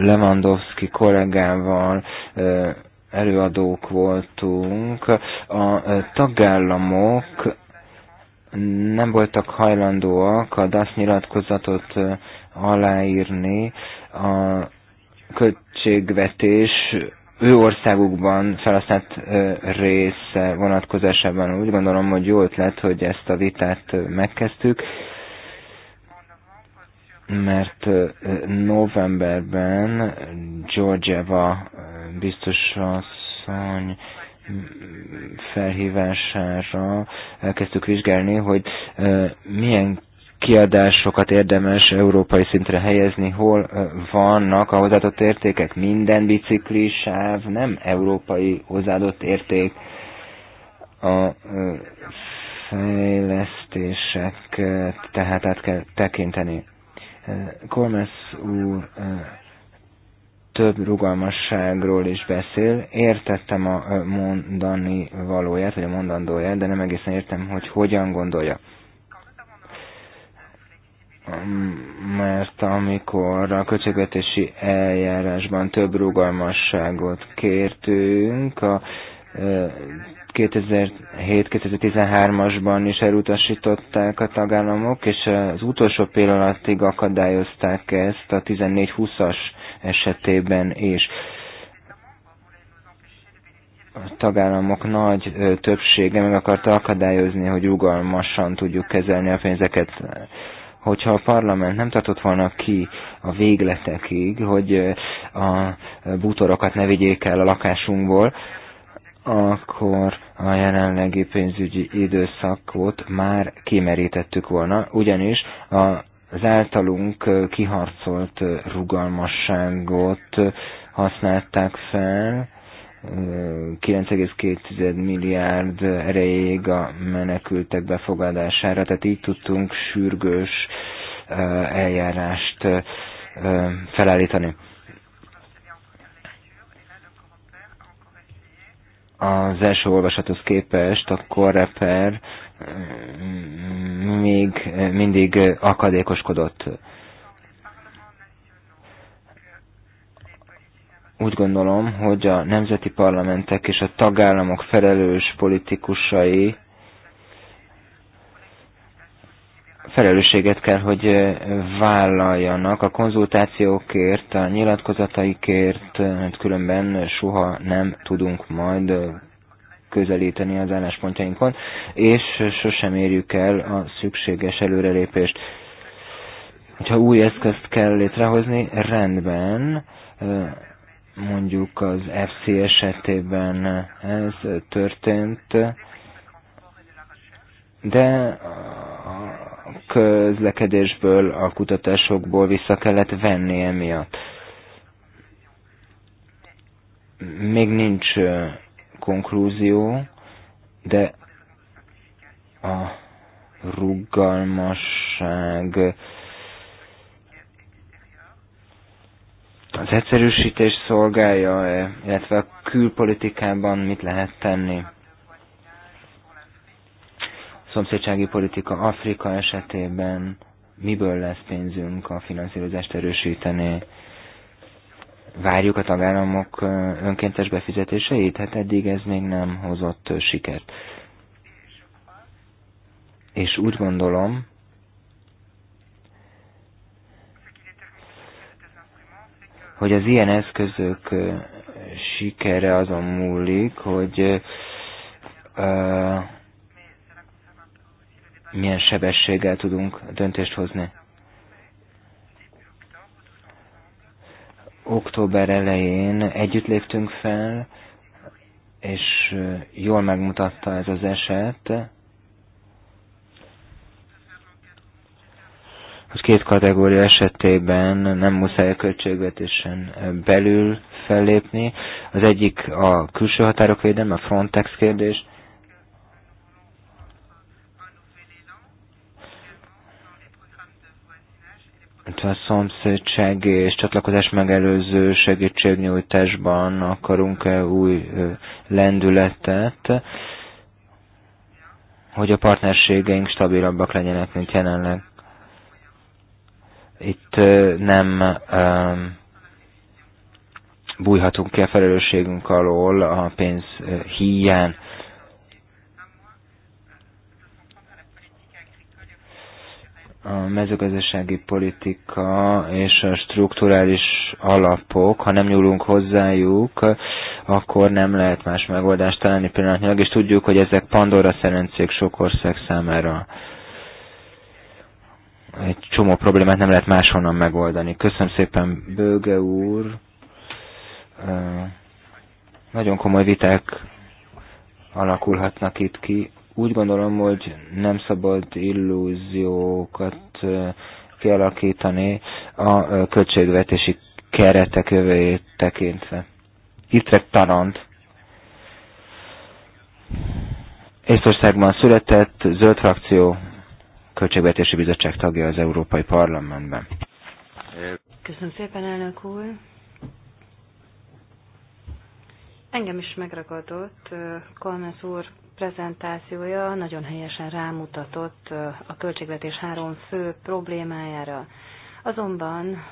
Lewandowski kollégával előadók voltunk. A tagállamok nem voltak hajlandóak a DASZ nyilatkozatot aláírni. A költségvetés ő országukban felhasznált része vonatkozásában úgy gondolom, hogy jó ötlet, hogy ezt a vitát megkezdtük, mert novemberben Georgieva biztos asszony felhívására elkezdtük vizsgálni, hogy milyen kiadásokat érdemes európai szintre helyezni, hol vannak a hozzáadott értékek. Minden biciklisáv nem európai hozzáadott érték. A fejlesztéseket tehát át kell tekinteni. Kormesz úr több rugalmasságról is beszél. Értettem a mondani valóját, vagy a mondandóját, de nem egészen értem, hogy hogyan gondolja. Hm, mert amikor a költségvetési eljárásban több rugalmasságot kértünk, a 2007-2013-asban is elutasították a tagállamok, és az utolsó pillanatig akadályozták ezt a 14-20-as esetében is. A tagállamok nagy többsége meg akarta akadályozni, hogy rugalmasan tudjuk kezelni a pénzeket hogyha a parlament nem tartott volna ki a végletekig, hogy a bútorokat ne vigyék el a lakásunkból, akkor a jelenlegi pénzügyi időszakot már kimerítettük volna, ugyanis a az általunk kiharcolt rugalmasságot használták fel, 9,2 milliárd erejéig a menekültek befogadására, tehát így tudtunk sürgős eljárást felállítani. az első olvasathoz képest akkor Reper mm, még eh, mindig akadékoskodott. Úgy gondolom, hogy a nemzeti parlamentek és a tagállamok felelős politikusai felelősséget kell, hogy vállaljanak a konzultációkért, a nyilatkozataikért, mert hát különben soha nem tudunk majd közelíteni az álláspontjainkon, és sosem érjük el a szükséges előrelépést. Ha új eszközt kell létrehozni, rendben, mondjuk az FC esetében ez történt, de közlekedésből, a kutatásokból vissza kellett venni emiatt. Még nincs konklúzió, de a rugalmasság az egyszerűsítés szolgálja, illetve a külpolitikában mit lehet tenni szomszédsági politika Afrika esetében miből lesz pénzünk a finanszírozást erősíteni? Várjuk a tagállamok önkéntes befizetéseit? Hát eddig ez még nem hozott sikert. És úgy gondolom, hogy az ilyen eszközök sikere azon múlik, hogy milyen sebességgel tudunk döntést hozni. Október elején együtt léptünk fel, és jól megmutatta ez az eset, hogy két kategória esetében nem muszáj a költségvetésen belül fellépni. Az egyik a külső határok védelme, a Frontex kérdés, illetve a szomszédság és csatlakozás megelőző segítségnyújtásban akarunk-e új lendületet, hogy a partnerségeink stabilabbak legyenek, mint jelenleg. Itt nem bújhatunk ki a felelősségünk alól a pénz hiány. a mezőgazdasági politika és a strukturális alapok, ha nem nyúlunk hozzájuk, akkor nem lehet más megoldást találni pillanatnyilag, és tudjuk, hogy ezek Pandora szerencék sok ország számára. Egy csomó problémát nem lehet máshonnan megoldani. Köszönöm szépen, Bőge úr. Nagyon komoly viták alakulhatnak itt ki úgy gondolom, hogy nem szabad illúziókat kialakítani a költségvetési keretek jövőjét tekintve. Itt Tarant. Észtországban született zöld frakció költségvetési bizottság tagja az Európai Parlamentben. Köszönöm szépen, elnök úr. Engem is megragadott Kalmesz úr prezentációja nagyon helyesen rámutatott a költségvetés három fő problémájára. Azonban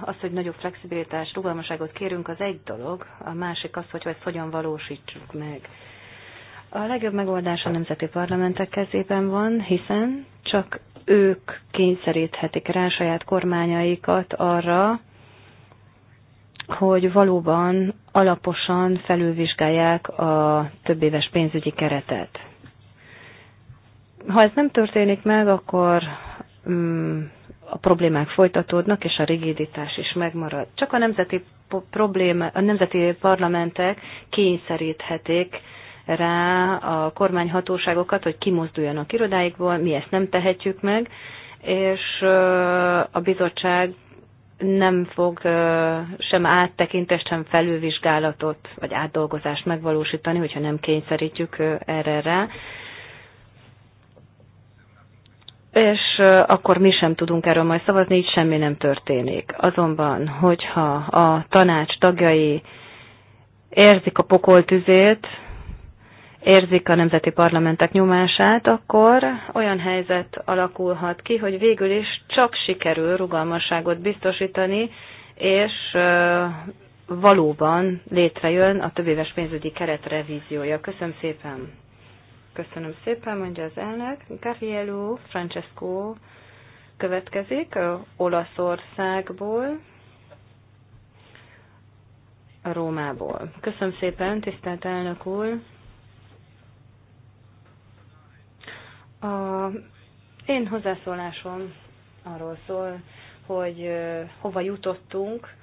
az, hogy nagyobb flexibilitás, rugalmaságot kérünk, az egy dolog, a másik az, hogy ezt hogyan valósítsuk meg. A legjobb megoldás a nemzeti parlamentek kezében van, hiszen csak ők kényszeríthetik rá saját kormányaikat arra, hogy valóban alaposan felülvizsgálják a több éves pénzügyi keretet. Ha ez nem történik meg, akkor mm, a problémák folytatódnak, és a rigiditás is megmarad. Csak a nemzeti, probléma, a nemzeti parlamentek kényszeríthetik rá a kormányhatóságokat, hogy kimozduljanak irodáikból, mi ezt nem tehetjük meg, és a bizottság nem fog sem áttekintést, sem felülvizsgálatot vagy átdolgozást megvalósítani, hogyha nem kényszerítjük erre rá. És akkor mi sem tudunk erről majd szavazni, így semmi nem történik. Azonban, hogyha a tanács tagjai érzik a pokoltüzét, érzik a nemzeti parlamentek nyomását, akkor olyan helyzet alakulhat ki, hogy végül is csak sikerül rugalmasságot biztosítani, és valóban létrejön a többéves pénzügyi keret revíziója. Köszönöm szépen! Köszönöm szépen, mondja az elnök. Gabrielu Francesco következik Olaszországból, Rómából. Köszönöm szépen, tisztelt elnök úr! A én hozzászólásom arról szól, hogy hova jutottunk,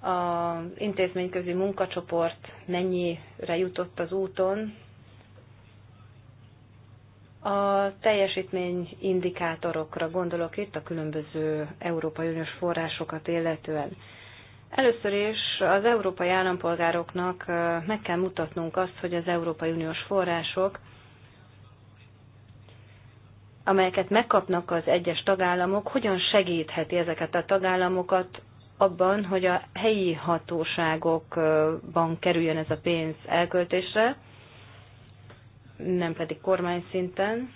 az intézményközi munkacsoport mennyire jutott az úton. A teljesítmény-indikátorokra gondolok itt a különböző Európai Uniós forrásokat illetően. Először is az európai állampolgároknak meg kell mutatnunk azt, hogy az Európai Uniós források amelyeket megkapnak az egyes tagállamok, hogyan segítheti ezeket a tagállamokat abban, hogy a helyi hatóságokban kerüljön ez a pénz elköltésre, nem pedig kormány szinten.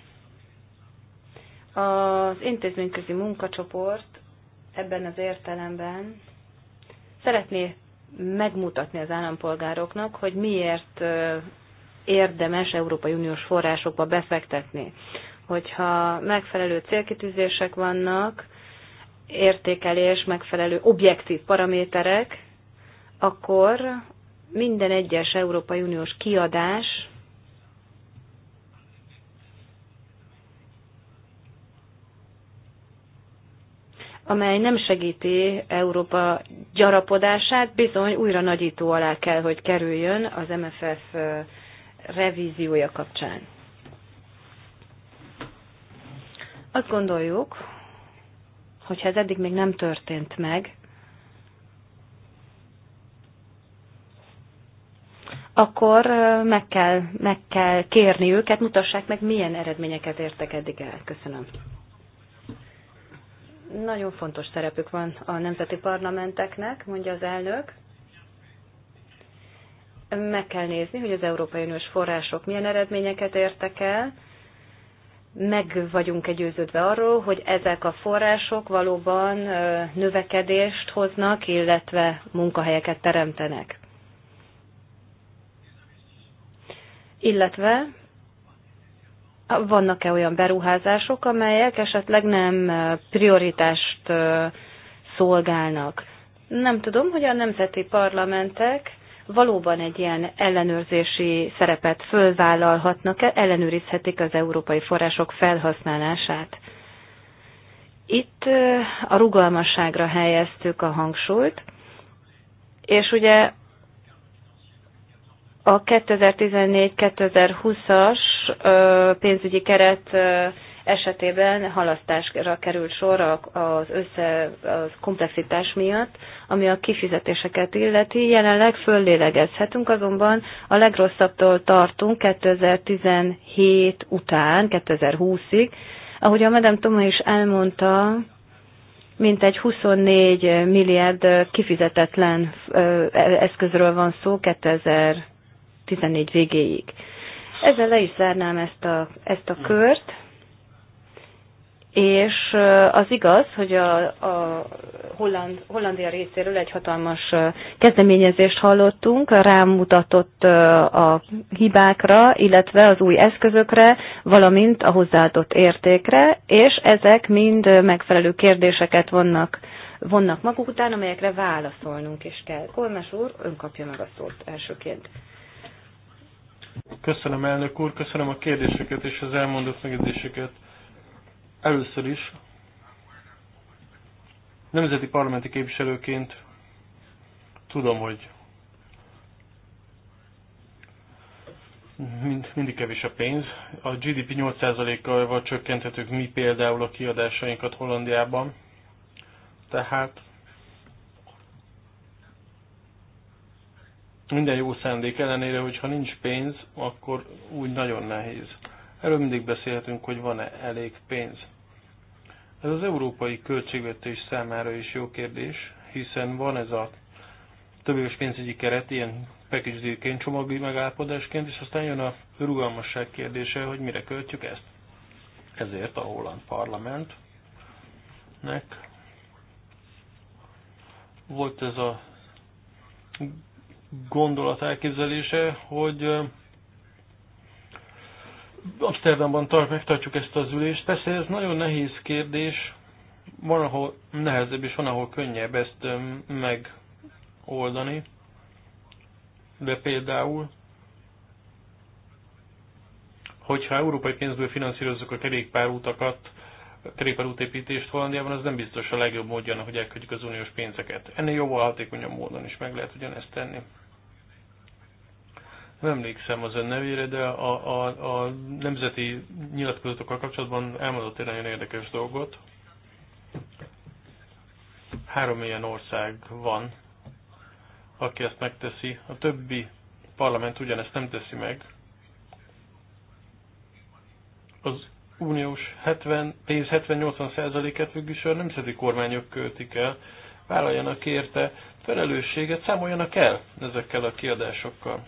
Az intézményközi munkacsoport ebben az értelemben szeretné megmutatni az állampolgároknak, hogy miért érdemes Európai Uniós forrásokba befektetni hogyha megfelelő célkitűzések vannak, értékelés, megfelelő objektív paraméterek, akkor minden egyes Európai Uniós kiadás amely nem segíti Európa gyarapodását, bizony újra nagyító alá kell, hogy kerüljön az MFF eh, revíziója kapcsán. Azt gondoljuk, hogy ez eddig még nem történt meg, akkor meg kell, meg kell kérni őket, mutassák meg, milyen eredményeket értek eddig el. Köszönöm. Nagyon fontos szerepük van a nemzeti parlamenteknek, mondja az elnök. Meg kell nézni, hogy az Európai Uniós források milyen eredményeket értek el, meg vagyunk egyőződve arról, hogy ezek a források valóban növekedést hoznak, illetve munkahelyeket teremtenek. Illetve vannak-e olyan beruházások, amelyek esetleg nem prioritást szolgálnak? Nem tudom, hogy a nemzeti parlamentek valóban egy ilyen ellenőrzési szerepet fölvállalhatnak, ellenőrizhetik az európai források felhasználását. Itt a rugalmasságra helyeztük a hangsúlyt, és ugye a 2014-2020-as pénzügyi keret esetében halasztásra került sor az össze az komplexitás miatt, ami a kifizetéseket illeti. Jelenleg föllélegezhetünk, azonban a legrosszabbtól tartunk 2017 után, 2020-ig. Ahogy a Madame Toma is elmondta, mintegy 24 milliárd kifizetetlen eszközről van szó 2014 végéig. Ezzel le is zárnám ezt a, ezt a mm. kört. És az igaz, hogy a, a Holland, Hollandia részéről egy hatalmas kezdeményezést hallottunk, rámutatott a hibákra, illetve az új eszközökre, valamint a hozzáadott értékre, és ezek mind megfelelő kérdéseket vannak vonnak maguk után, amelyekre válaszolnunk is kell. Olmes úr, ön kapja meg a szót elsőként. Köszönöm elnök úr, köszönöm a kérdéseket és az elmondott megjegyzéseket Először is nemzeti parlamenti képviselőként tudom, hogy mind, mindig kevés a pénz. A GDP 8%-kal csökkenthetők mi például a kiadásainkat Hollandiában. Tehát minden jó szándék ellenére, hogyha nincs pénz, akkor úgy nagyon nehéz Erről mindig beszélhetünk, hogy van-e elég pénz. Ez az európai költségvetés számára is jó kérdés, hiszen van ez a többéves pénzügyi keret, ilyen package dealként, csomagi megállapodásként, és aztán jön a rugalmasság kérdése, hogy mire költjük ezt. Ezért a holland parlamentnek volt ez a gondolat elképzelése, hogy Amsterdamban tart, megtartjuk ezt az ülést. Persze ez nagyon nehéz kérdés, van, ahol nehezebb és van, ahol könnyebb ezt megoldani. De például, hogyha európai pénzből finanszírozzuk a kerékpárútakat, kerékpárútépítést Hollandiában, az nem biztos a legjobb módja, hogy elküldjük az uniós pénzeket. Ennél jóval hatékonyabb módon is meg lehet ugyanezt tenni nem emlékszem az ön nevére, de a, a, a nemzeti nyilatkozatokkal kapcsolatban elmondott egy nagyon érdekes dolgot. Három ilyen ország van, aki ezt megteszi. A többi parlament ugyanezt nem teszi meg. Az uniós 70, 10 70-80%-et végül is a nemzeti kormányok költik el, vállaljanak érte felelősséget, számoljanak el ezekkel a kiadásokkal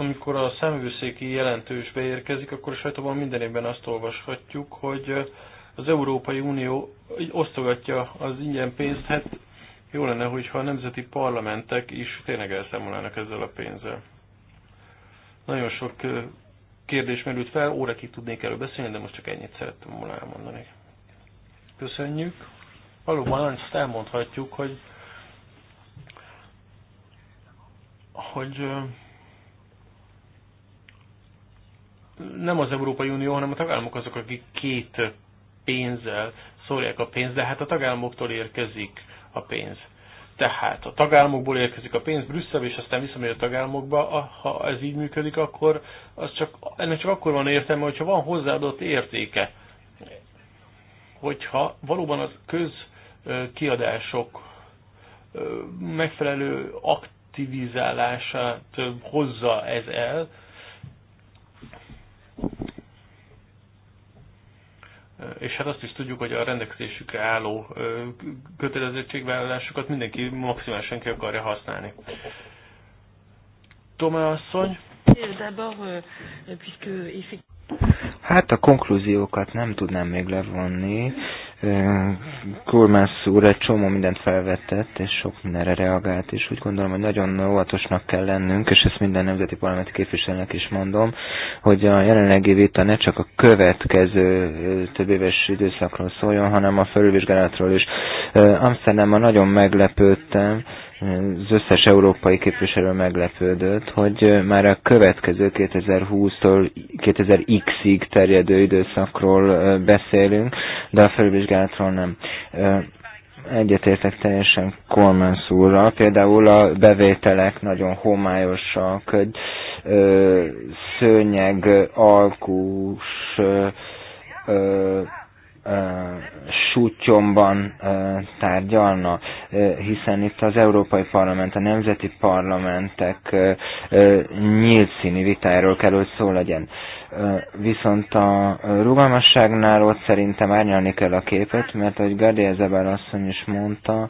amikor a számvőszéki jelentős beérkezik, akkor a sajtóban minden évben azt olvashatjuk, hogy az Európai Unió osztogatja az ingyen pénzt, hát jó lenne, hogyha a nemzeti parlamentek is tényleg elszámolnának ezzel a pénzzel. Nagyon sok kérdés merült fel, órakig tudnék erről beszélni, de most csak ennyit szerettem volna elmondani. Köszönjük. Valóban azt elmondhatjuk, hogy hogy nem az Európai Unió, hanem a tagállamok azok, akik két pénzzel szórják a pénzt, de hát a tagállamoktól érkezik a pénz. Tehát a tagállamokból érkezik a pénz Brüsszel, és aztán visszamegy a tagállamokba, ha ez így működik, akkor az csak, ennek csak akkor van értelme, hogyha van hozzáadott értéke. Hogyha valóban az közkiadások megfelelő aktivizálását hozza ez el, és hát azt is tudjuk, hogy a rendelkezésükre álló kötelezettségvállalásokat mindenki maximálisan ki akarja használni. Tomá asszony? Hát a konklúziókat nem tudnám még levonni, Eh, Kulmász úr egy csomó mindent felvetett, és sok mindenre reagált, és úgy gondolom, hogy nagyon óvatosnak kell lennünk, és ezt minden nemzeti parlamenti képviselőnek is mondom, hogy a jelenlegi vita ne csak a következő eh, több éves időszakról szóljon, hanem a felülvizsgálatról is. Eh, Amsterdamban nagyon meglepődtem, az összes európai képviselő meglepődött, hogy már a következő 2020-tól 2000x-ig terjedő időszakról beszélünk, de a felvizsgálatról nem. Egyetértek teljesen Coleman például a bevételek nagyon homályosak, egy szőnyeg alkús ö, sútyomban tárgyalna, hiszen itt az Európai Parlament, a nemzeti parlamentek nyílt színi vitáról kell, hogy szó legyen. Viszont a rugalmasságnál ott szerintem árnyalni kell a képet, mert ahogy Gadi Ezebel asszony is mondta,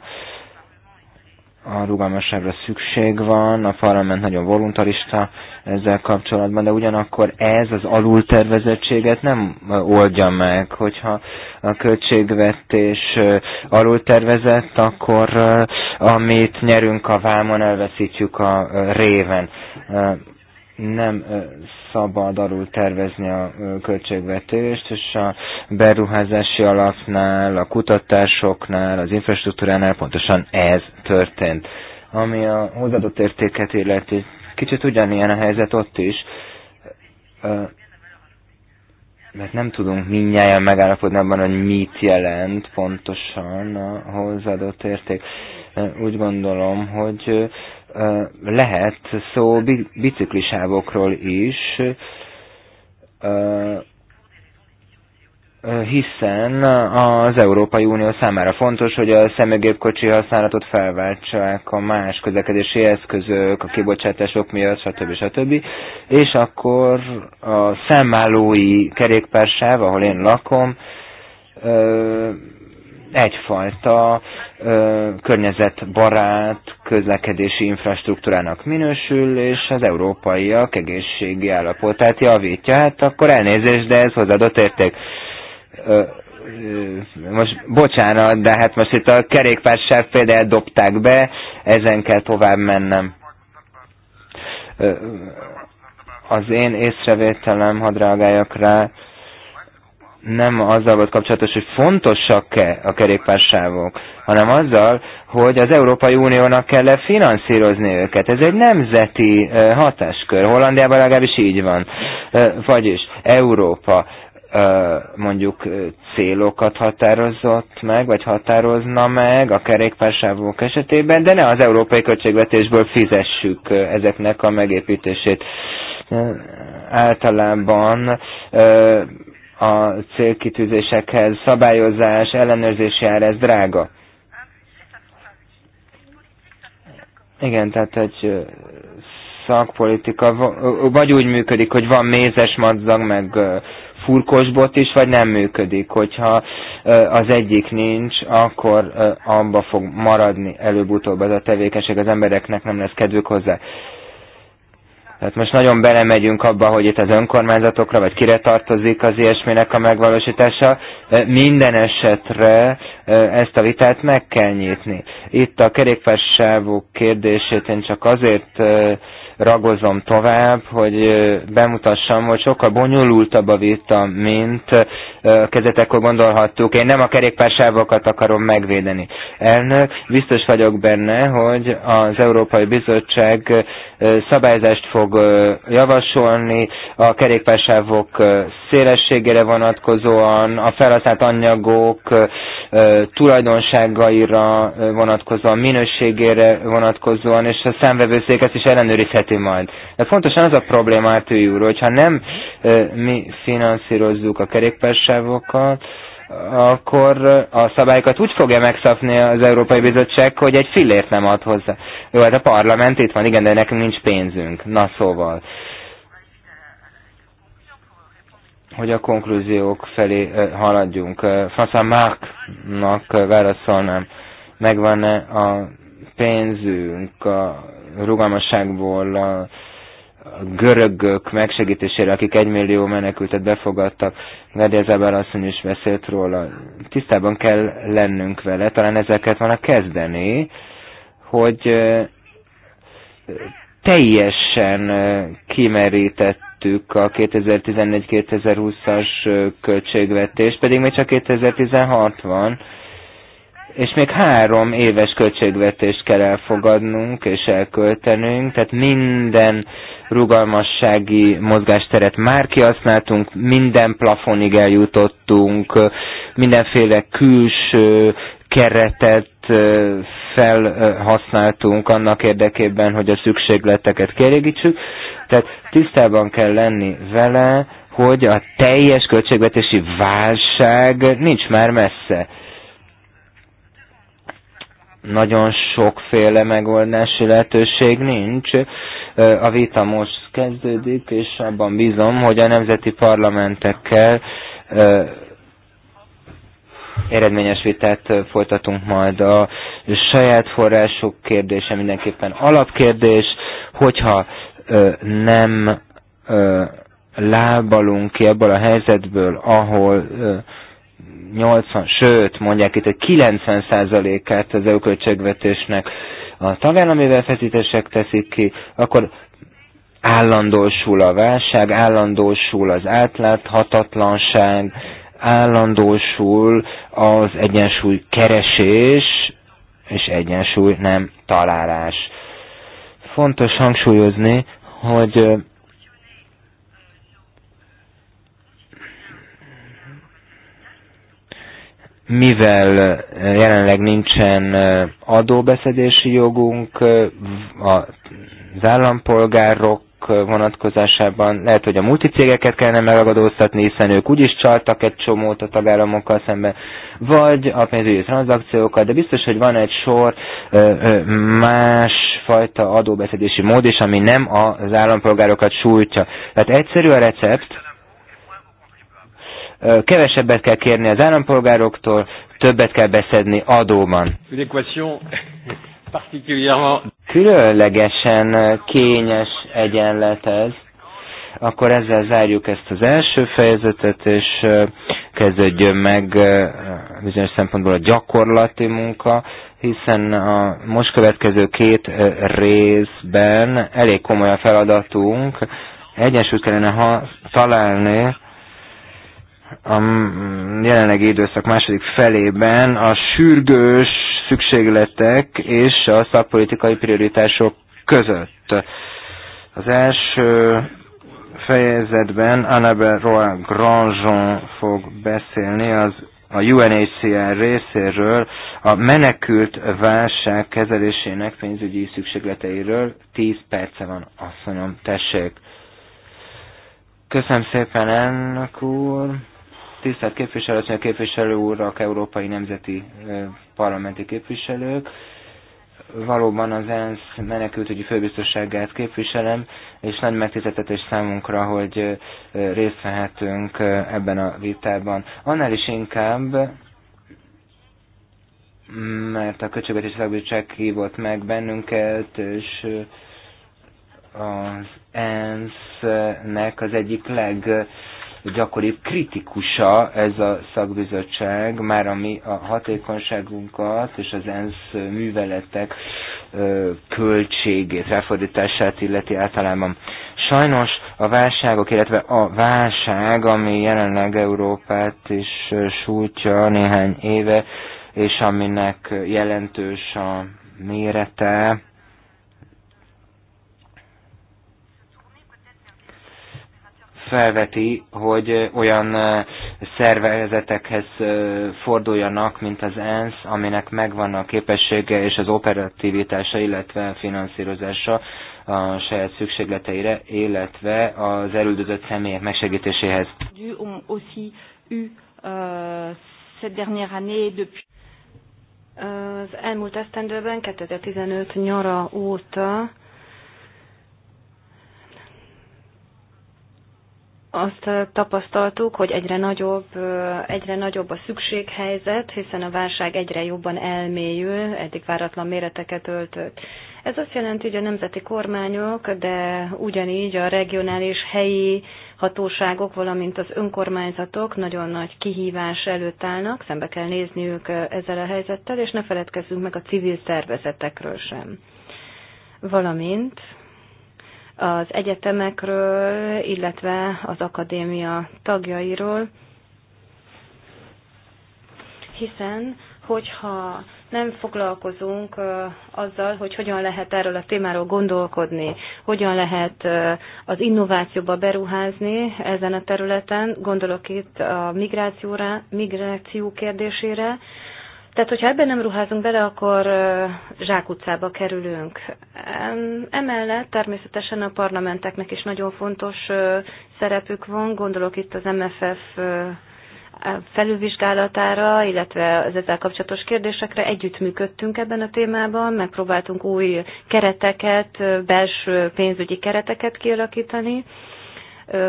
a rugalmasságra szükség van, a parlament nagyon voluntarista ezzel kapcsolatban, de ugyanakkor ez az alultervezettséget nem oldja meg. Hogyha a költségvetés alultervezett, akkor amit nyerünk a vámon, elveszítjük a réven. Nem szabad arról tervezni a költségvetést, és a beruházási alapnál, a kutatásoknál, az infrastruktúránál pontosan ez történt. Ami a hozzáadott értéket illeti, kicsit ugyanilyen a helyzet ott is, mert nem tudunk mindnyáján megállapodni abban, hogy mit jelent pontosan a hozzáadott érték. Úgy gondolom, hogy lehet szó biciklisávokról is, hiszen az Európai Unió számára fontos, hogy a személygépkocsi használatot felváltsák a más közlekedési eszközök, a kibocsátások miatt, stb. stb. És akkor a szemállói kerékpársáv, ahol én lakom, egyfajta ö, környezetbarát közlekedési infrastruktúrának minősül, és az európaiak egészségi állapotát javítja. Hát akkor elnézést, de ez hozzáadott érték. Ö, most bocsánat, de hát most itt a kerékpársáv például dobták be, ezen kell tovább mennem. Ö, az én észrevételem, hadd reagáljak rá, nem azzal volt kapcsolatos, hogy fontosak-e a kerékpársávok, hanem azzal, hogy az Európai Uniónak kell-e finanszírozni őket. Ez egy nemzeti hatáskör. Hollandiában legalábbis így van. Vagyis Európa mondjuk célokat határozott meg, vagy határozna meg a kerékpársávok esetében, de ne az európai költségvetésből fizessük ezeknek a megépítését. Általában a célkitűzésekhez, szabályozás, ellenőrzés jár, ez drága. Igen, tehát egy szakpolitika vagy úgy működik, hogy van mézes madzag, meg furkosbot is, vagy nem működik. Hogyha az egyik nincs, akkor abba fog maradni előbb-utóbb ez a tevékenység, az embereknek nem lesz kedvük hozzá. Hát most nagyon belemegyünk abba, hogy itt az önkormányzatokra, vagy kire tartozik az ilyesminek a megvalósítása. Minden esetre ezt a vitát meg kell nyitni. Itt a kerékpársávok kérdését én csak azért ragozom tovább, hogy bemutassam, hogy sokkal bonyolultabb a vita, mint kezdetekkor gondolhattuk. Én nem a kerékpársávokat akarom megvédeni. Elnök, biztos vagyok benne, hogy az Európai Bizottság szabályzást fog javasolni a kerékpársávok szélességére vonatkozóan, a felhasznált anyagok tulajdonságaira vonatkozóan, minőségére vonatkozóan, és a számvevőszék ezt is ellenőrizheti illeti majd. De pontosan az a probléma, Ártői hát úr, hogyha nem mi finanszírozzuk a kerékpársávokat, akkor a szabályokat úgy fogja megszapni az Európai Bizottság, hogy egy fillért nem ad hozzá. Jó, hát a parlament itt van, igen, de nekünk nincs pénzünk. Na szóval. Hogy a konklúziók felé haladjunk. François nak válaszolnám, megvan-e a pénzünk a rugalmasságból a görögök megsegítésére, akik egymillió menekültet befogadtak. Gárdia Zabál asszony is beszélt róla. Tisztában kell lennünk vele, talán ezeket van a kezdeni, hogy teljesen kimerítettük a 2014-2020-as pedig még csak 2016 van, és még három éves költségvetést kell elfogadnunk és elköltenünk, tehát minden rugalmassági mozgásteret már kihasználtunk, minden plafonig eljutottunk, mindenféle külső keretet felhasználtunk annak érdekében, hogy a szükségleteket kielégítsük. Tehát tisztában kell lenni vele, hogy a teljes költségvetési válság nincs már messze nagyon sokféle megoldási lehetőség nincs. A vita most kezdődik, és abban bízom, hogy a nemzeti parlamentekkel eredményes vitát folytatunk majd. A saját források kérdése mindenképpen alapkérdés, hogyha nem lábalunk ki ebből a helyzetből, ahol 80, sőt, mondják itt, hogy 90%-át az EU költségvetésnek a tagállami befektetések teszik ki, akkor állandósul a válság, állandósul az átláthatatlanság, állandósul az egyensúly keresés és egyensúly nem találás. Fontos hangsúlyozni, hogy mivel eh, jelenleg nincsen eh, adóbeszedési jogunk eh, az állampolgárok vonatkozásában, lehet, hogy a multicégeket kellene megadóztatni, hiszen ők úgyis csaltak egy csomót a tagállamokkal szemben, vagy a pénzügyi tranzakciókat, de biztos, hogy van egy sor másfajta adóbeszedési mód is, ami nem az állampolgárokat sújtja. Tehát egyszerű a recept, kevesebbet kell kérni az állampolgároktól, többet kell beszedni adóban. Különlegesen kényes egyenlet ez. Akkor ezzel zárjuk ezt az első fejezetet, és kezdődjön meg bizonyos szempontból a gyakorlati munka, hiszen a most következő két részben elég komoly a feladatunk. Egyensúlyt kellene ha találni a jelenlegi időszak második felében a sürgős szükségletek és a szakpolitikai prioritások között. Az első fejezetben Annabel Roy Grandjean fog beszélni az a UNHCR részéről a menekült válság kezelésének pénzügyi szükségleteiről. 10 perce van, mondom, tessék. Köszönöm szépen, elnök úr. Tisztelt képviselőasszony, képviselő úrak, európai nemzeti parlamenti képviselők, valóban az ENSZ menekültügyi főbiztosságát képviselem, és nagy megtiszteltetés számunkra, hogy részt vehetünk ebben a vitában. Annál is inkább, mert a Költségvetési Szakbizottság hívott meg bennünket, és az ENSZ-nek az egyik leg gyakori kritikusa ez a szakbizottság, már ami a hatékonyságunkat és az ENSZ műveletek költségét, ráfordítását illeti általában. Sajnos a válságok, illetve a válság, ami jelenleg Európát is sújtja néhány éve, és aminek jelentős a mérete, felveti, hogy olyan szervezetekhez forduljanak, mint az ENSZ, aminek megvan a képessége és az operativitása, illetve a finanszírozása a saját szükségleteire, illetve az elüldözött személyek megsegítéséhez. Euh, az elmúlt esztendőben 2015 nyara óta azt tapasztaltuk, hogy egyre nagyobb, egyre nagyobb a szükséghelyzet, hiszen a válság egyre jobban elmélyül, eddig váratlan méreteket öltött. Ez azt jelenti, hogy a nemzeti kormányok, de ugyanígy a regionális helyi hatóságok, valamint az önkormányzatok nagyon nagy kihívás előtt állnak, szembe kell nézniük ezzel a helyzettel, és ne feledkezzünk meg a civil szervezetekről sem. Valamint az egyetemekről, illetve az akadémia tagjairól, hiszen hogyha nem foglalkozunk azzal, hogy hogyan lehet erről a témáról gondolkodni, hogyan lehet az innovációba beruházni ezen a területen, gondolok itt a migrációra, migráció kérdésére, tehát, hogyha ebben nem ruházunk bele, akkor zsákutcába kerülünk. Emellett természetesen a parlamenteknek is nagyon fontos szerepük van, gondolok itt az MFF felülvizsgálatára, illetve az ezzel kapcsolatos kérdésekre együttműködtünk ebben a témában, megpróbáltunk új kereteket, belső pénzügyi kereteket kialakítani,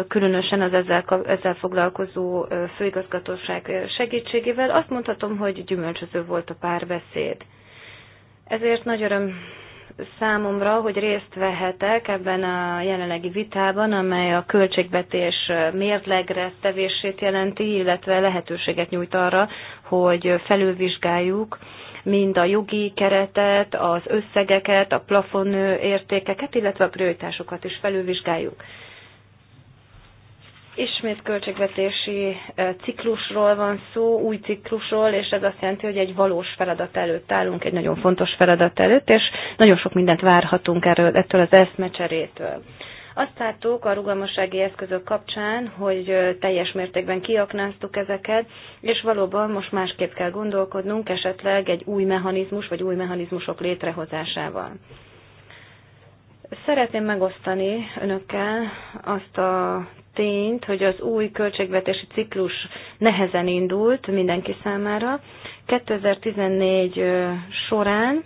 különösen az ezzel, ezzel foglalkozó főigazgatóság segítségével. Azt mondhatom, hogy gyümölcsöző volt a párbeszéd. Ezért nagy öröm számomra, hogy részt vehetek ebben a jelenlegi vitában, amely a költségvetés mérlegre tevését jelenti, illetve lehetőséget nyújt arra, hogy felülvizsgáljuk mind a jogi keretet, az összegeket, a plafon értékeket, illetve a prioritásokat is felülvizsgáljuk. Ismét költségvetési ciklusról van szó, új ciklusról, és ez azt jelenti, hogy egy valós feladat előtt állunk, egy nagyon fontos feladat előtt, és nagyon sok mindent várhatunk erről, ettől az eszmecserétől. Azt láttuk a rugalmassági eszközök kapcsán, hogy teljes mértékben kiaknáztuk ezeket, és valóban most másképp kell gondolkodnunk, esetleg egy új mechanizmus vagy új mechanizmusok létrehozásával. Szeretném megosztani önökkel azt a tényt, hogy az új költségvetési ciklus nehezen indult mindenki számára. 2014 során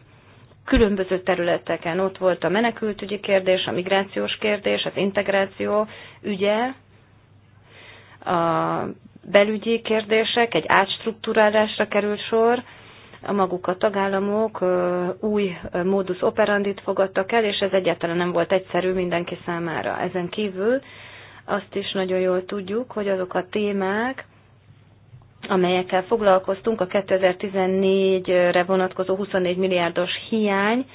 különböző területeken ott volt a menekültügyi kérdés, a migrációs kérdés, az integráció ügye, a belügyi kérdések, egy átstruktúrálásra került sor, a maguk a tagállamok új módusz operandit fogadtak el, és ez egyáltalán nem volt egyszerű mindenki számára. Ezen kívül azt is nagyon jól tudjuk, hogy azok a témák, amelyekkel foglalkoztunk, a 2014-re vonatkozó 24 milliárdos hiány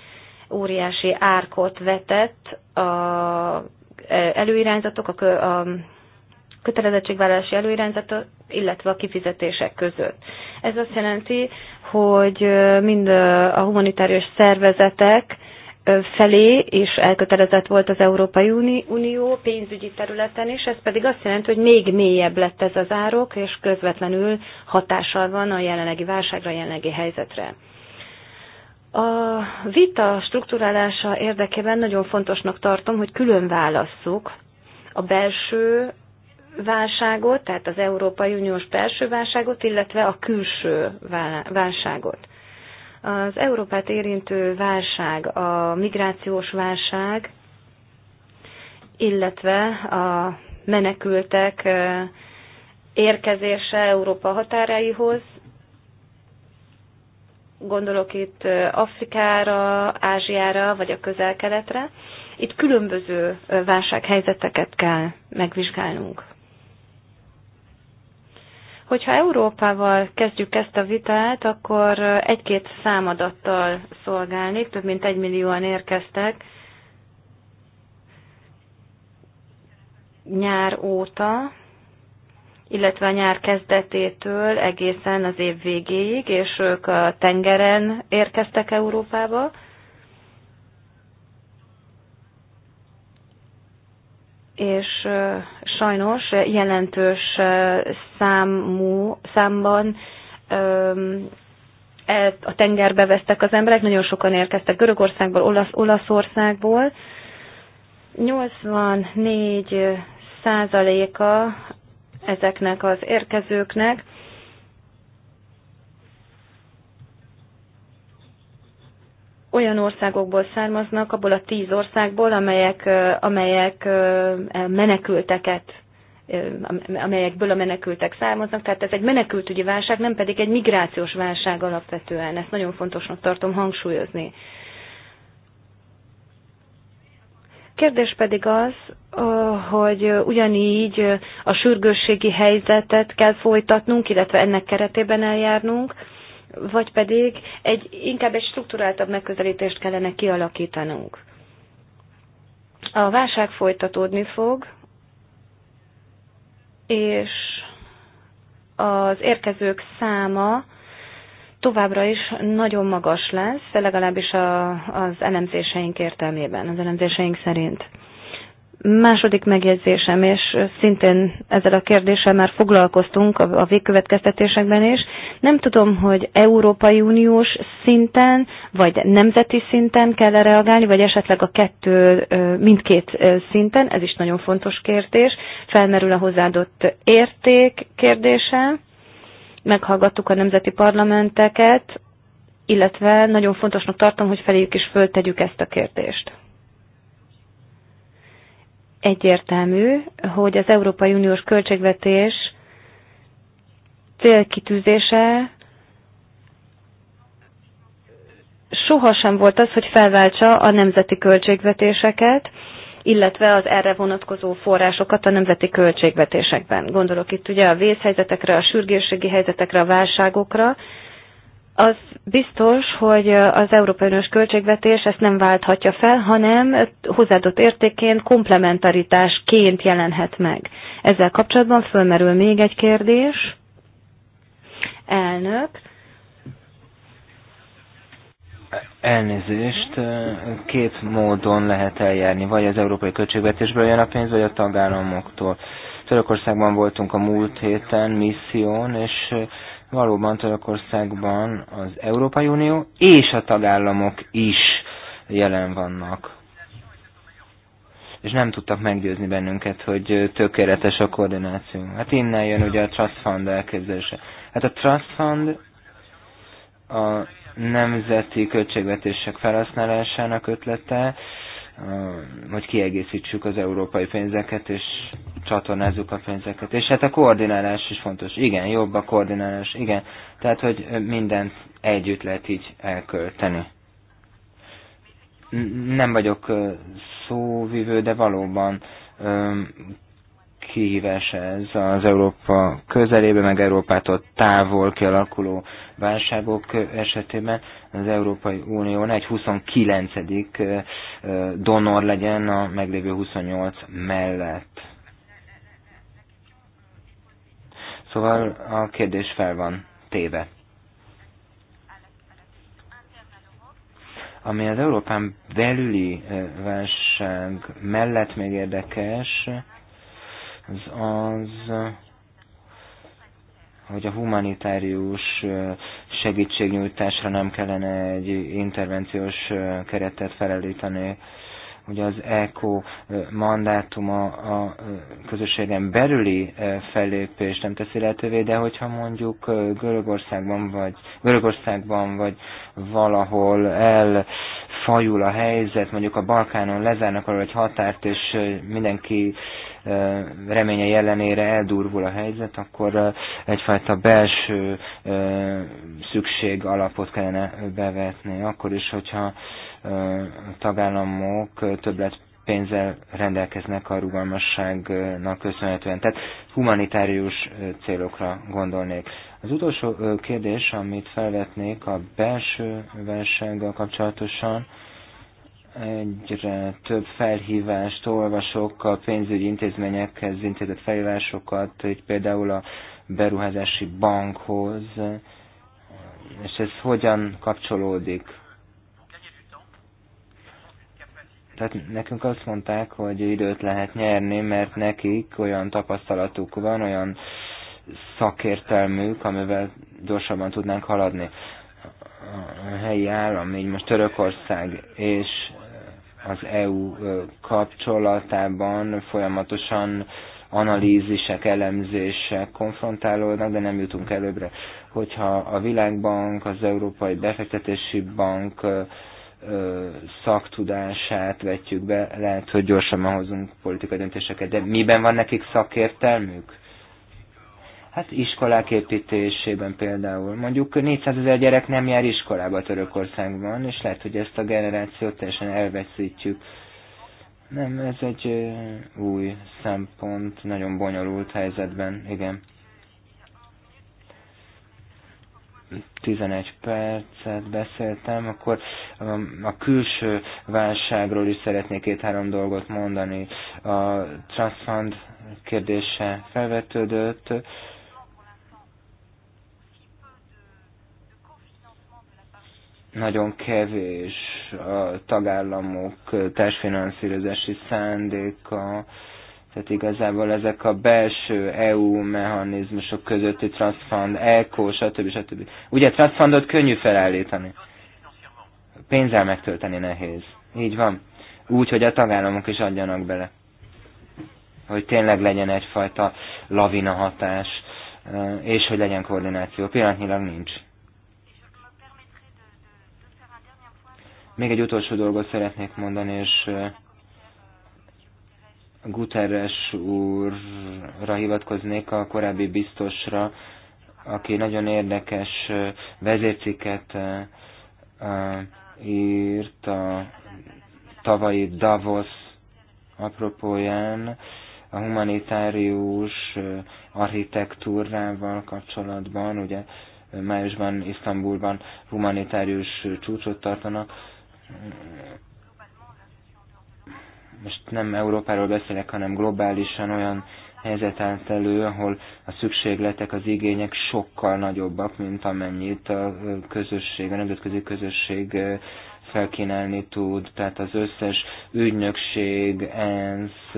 óriási árkot vetett a e, előirányzatok, a, kö, a kötelezettségvállalási előirányzatok, illetve a kifizetések között. Ez azt jelenti, hogy mind a humanitárius szervezetek felé és elkötelezett volt az Európai Unió pénzügyi területen is, ez pedig azt jelenti, hogy még mélyebb lett ez az árok, és közvetlenül hatással van a jelenlegi válságra, a jelenlegi helyzetre. A vita strukturálása érdekében nagyon fontosnak tartom, hogy külön válasszuk a belső válságot, tehát az Európai Uniós belső válságot, illetve a külső válságot. Az Európát érintő válság, a migrációs válság, illetve a menekültek érkezése Európa határaihoz. Gondolok itt Afrikára, Ázsiára vagy a közel-keletre. Itt különböző válsághelyzeteket kell megvizsgálnunk. Hogyha Európával kezdjük ezt a vitát, akkor egy-két számadattal szolgálnék, több mint egy millióan érkeztek nyár óta, illetve a nyár kezdetétől egészen az év végéig, és ők a tengeren érkeztek Európába. és sajnos jelentős számú, számban a tengerbe vesztek az emberek, nagyon sokan érkeztek Görögországból, Olasz, Olaszországból. 84 százaléka ezeknek az érkezőknek olyan országokból származnak, abból a tíz országból, amelyek, amelyek menekülteket amelyekből a menekültek származnak. Tehát ez egy menekültügyi válság, nem pedig egy migrációs válság alapvetően. Ezt nagyon fontosnak tartom hangsúlyozni. Kérdés pedig az, hogy ugyanígy a sürgősségi helyzetet kell folytatnunk, illetve ennek keretében eljárnunk vagy pedig egy inkább egy struktúráltabb megközelítést kellene kialakítanunk. A válság folytatódni fog, és az érkezők száma továbbra is nagyon magas lesz, legalábbis a, az elemzéseink értelmében, az elemzéseink szerint. Második megjegyzésem, és szintén ezzel a kérdéssel már foglalkoztunk a végkövetkeztetésekben is. Nem tudom, hogy Európai Uniós szinten, vagy nemzeti szinten kell -e reagálni, vagy esetleg a kettő, mindkét szinten, ez is nagyon fontos kérdés. Felmerül a hozzáadott érték kérdése. Meghallgattuk a nemzeti parlamenteket, illetve nagyon fontosnak tartom, hogy feléjük is föltegyük ezt a kérdést egyértelmű, hogy az Európai Uniós költségvetés célkitűzése sohasem volt az, hogy felváltsa a nemzeti költségvetéseket, illetve az erre vonatkozó forrásokat a nemzeti költségvetésekben. Gondolok itt ugye a vészhelyzetekre, a sürgősségi helyzetekre, a válságokra, az biztos, hogy az Európai Uniós költségvetés ezt nem válthatja fel, hanem hozzáadott értékként, komplementaritásként jelenhet meg. Ezzel kapcsolatban fölmerül még egy kérdés. Elnök. Elnézést, két módon lehet eljárni, vagy az európai költségvetésből jön a pénz, vagy a tagállamoktól. Törökországban voltunk a múlt héten misszión, és valóban Törökországban az Európai Unió és a tagállamok is jelen vannak. És nem tudtak meggyőzni bennünket, hogy tökéletes a koordináció. Hát innen jön ugye a Trust Fund elképzelése. Hát a Trust Fund a nemzeti költségvetések felhasználásának ötlete, hogy kiegészítsük az európai pénzeket, és csatornázzuk a pénzeket. És hát a koordinálás is fontos. Igen, jobb a koordinálás, igen. Tehát, hogy mindent együtt lehet így elkölteni. Nem vagyok szóvivő, de valóban kihívás ez az Európa közelébe, meg Európától távol kialakuló válságok esetében az Európai Unió ne egy 29. donor legyen a meglévő 28 mellett. Szóval a kérdés fel van téve. Ami az Európán belüli válság mellett még érdekes, az az, hogy a humanitárius segítségnyújtásra nem kellene egy intervenciós keretet felelíteni. Ugye az ECO mandátuma a közösségen belüli fellépést nem teszi lehetővé, de hogyha mondjuk Görögországban vagy, Görögországban vagy valahol elfajul a helyzet, mondjuk a Balkánon lezárnak arra egy határt, és mindenki reményei ellenére eldurvul a helyzet, akkor egyfajta belső szükség alapot kellene bevetni. Akkor is, hogyha a tagállamok többlet pénzzel rendelkeznek a rugalmasságnak köszönhetően. Tehát humanitárius célokra gondolnék. Az utolsó kérdés, amit felvetnék a belső válsággal kapcsolatosan, egyre több felhívást olvasok a pénzügyi intézményekhez intézett felhívásokat, így például a beruházási bankhoz, és ez hogyan kapcsolódik? Tehát nekünk azt mondták, hogy időt lehet nyerni, mert nekik olyan tapasztalatuk van, olyan szakértelmük, amivel gyorsabban tudnánk haladni a helyi állam, így most Törökország és az EU kapcsolatában folyamatosan analízisek, elemzések konfrontálódnak, de nem jutunk előbbre. Hogyha a Világbank, az Európai Befektetési Bank szaktudását vetjük be, lehet, hogy gyorsabban hozunk politikai döntéseket, de miben van nekik szakértelmük? Hát iskolák építésében például. Mondjuk 400 ezer gyerek nem jár iskolába Törökországban, és lehet, hogy ezt a generációt teljesen elveszítjük. Nem, ez egy új szempont, nagyon bonyolult helyzetben, igen. 11 percet beszéltem, akkor a külső válságról is szeretnék két-három dolgot mondani. A Trust Fund kérdése felvetődött, nagyon kevés a tagállamok társfinanszírozási szándéka, tehát igazából ezek a belső EU mechanizmusok közötti trust fund, ECO, stb. stb. Ugye trust fundot könnyű felállítani. Pénzzel megtölteni nehéz. Így van. Úgy, hogy a tagállamok is adjanak bele. Hogy tényleg legyen egyfajta lavina hatás, eh, és hogy legyen koordináció. Pillanatnyilag nincs. Még egy utolsó dolgot szeretnék mondani, és Guterres úrra hivatkoznék, a korábbi biztosra, aki nagyon érdekes vezérciket írt a tavalyi Davos apropóján a humanitárius architektúrával kapcsolatban, ugye májusban Isztambulban humanitárius csúcsot tartanak, most nem Európáról beszélek, hanem globálisan olyan helyzet állt elő, ahol a szükségletek, az igények sokkal nagyobbak, mint amennyit a közösség, a nemzetközi közösség felkínálni tud. Tehát az összes ügynökség, ENSZ,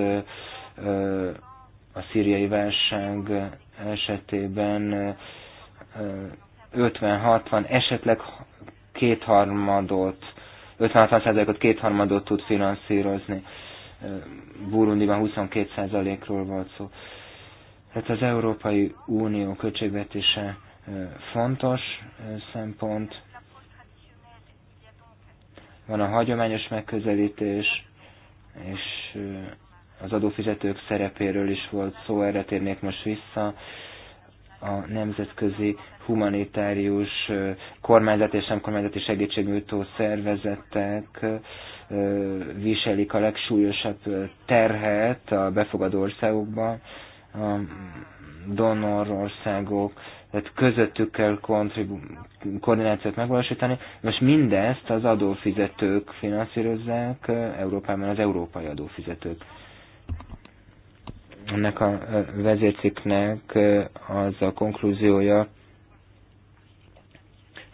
a szíriai válság esetében 50-60, esetleg kétharmadot 60 ot kétharmadot tud finanszírozni. Burundiban 22%-ról volt szó. Hát az Európai Unió költségvetése fontos szempont. Van a hagyományos megközelítés, és az adófizetők szerepéről is volt szó, erre térnék most vissza a nemzetközi humanitárius kormányzat és nem kormányzati segítségnyújtó szervezetek viselik a legsúlyosabb terhet a befogadó országokban, a donor országok, tehát közöttük kell koordinációt megvalósítani. Most mindezt az adófizetők finanszírozzák, Európában az európai adófizetők ennek a vezérciknek az a konklúziója,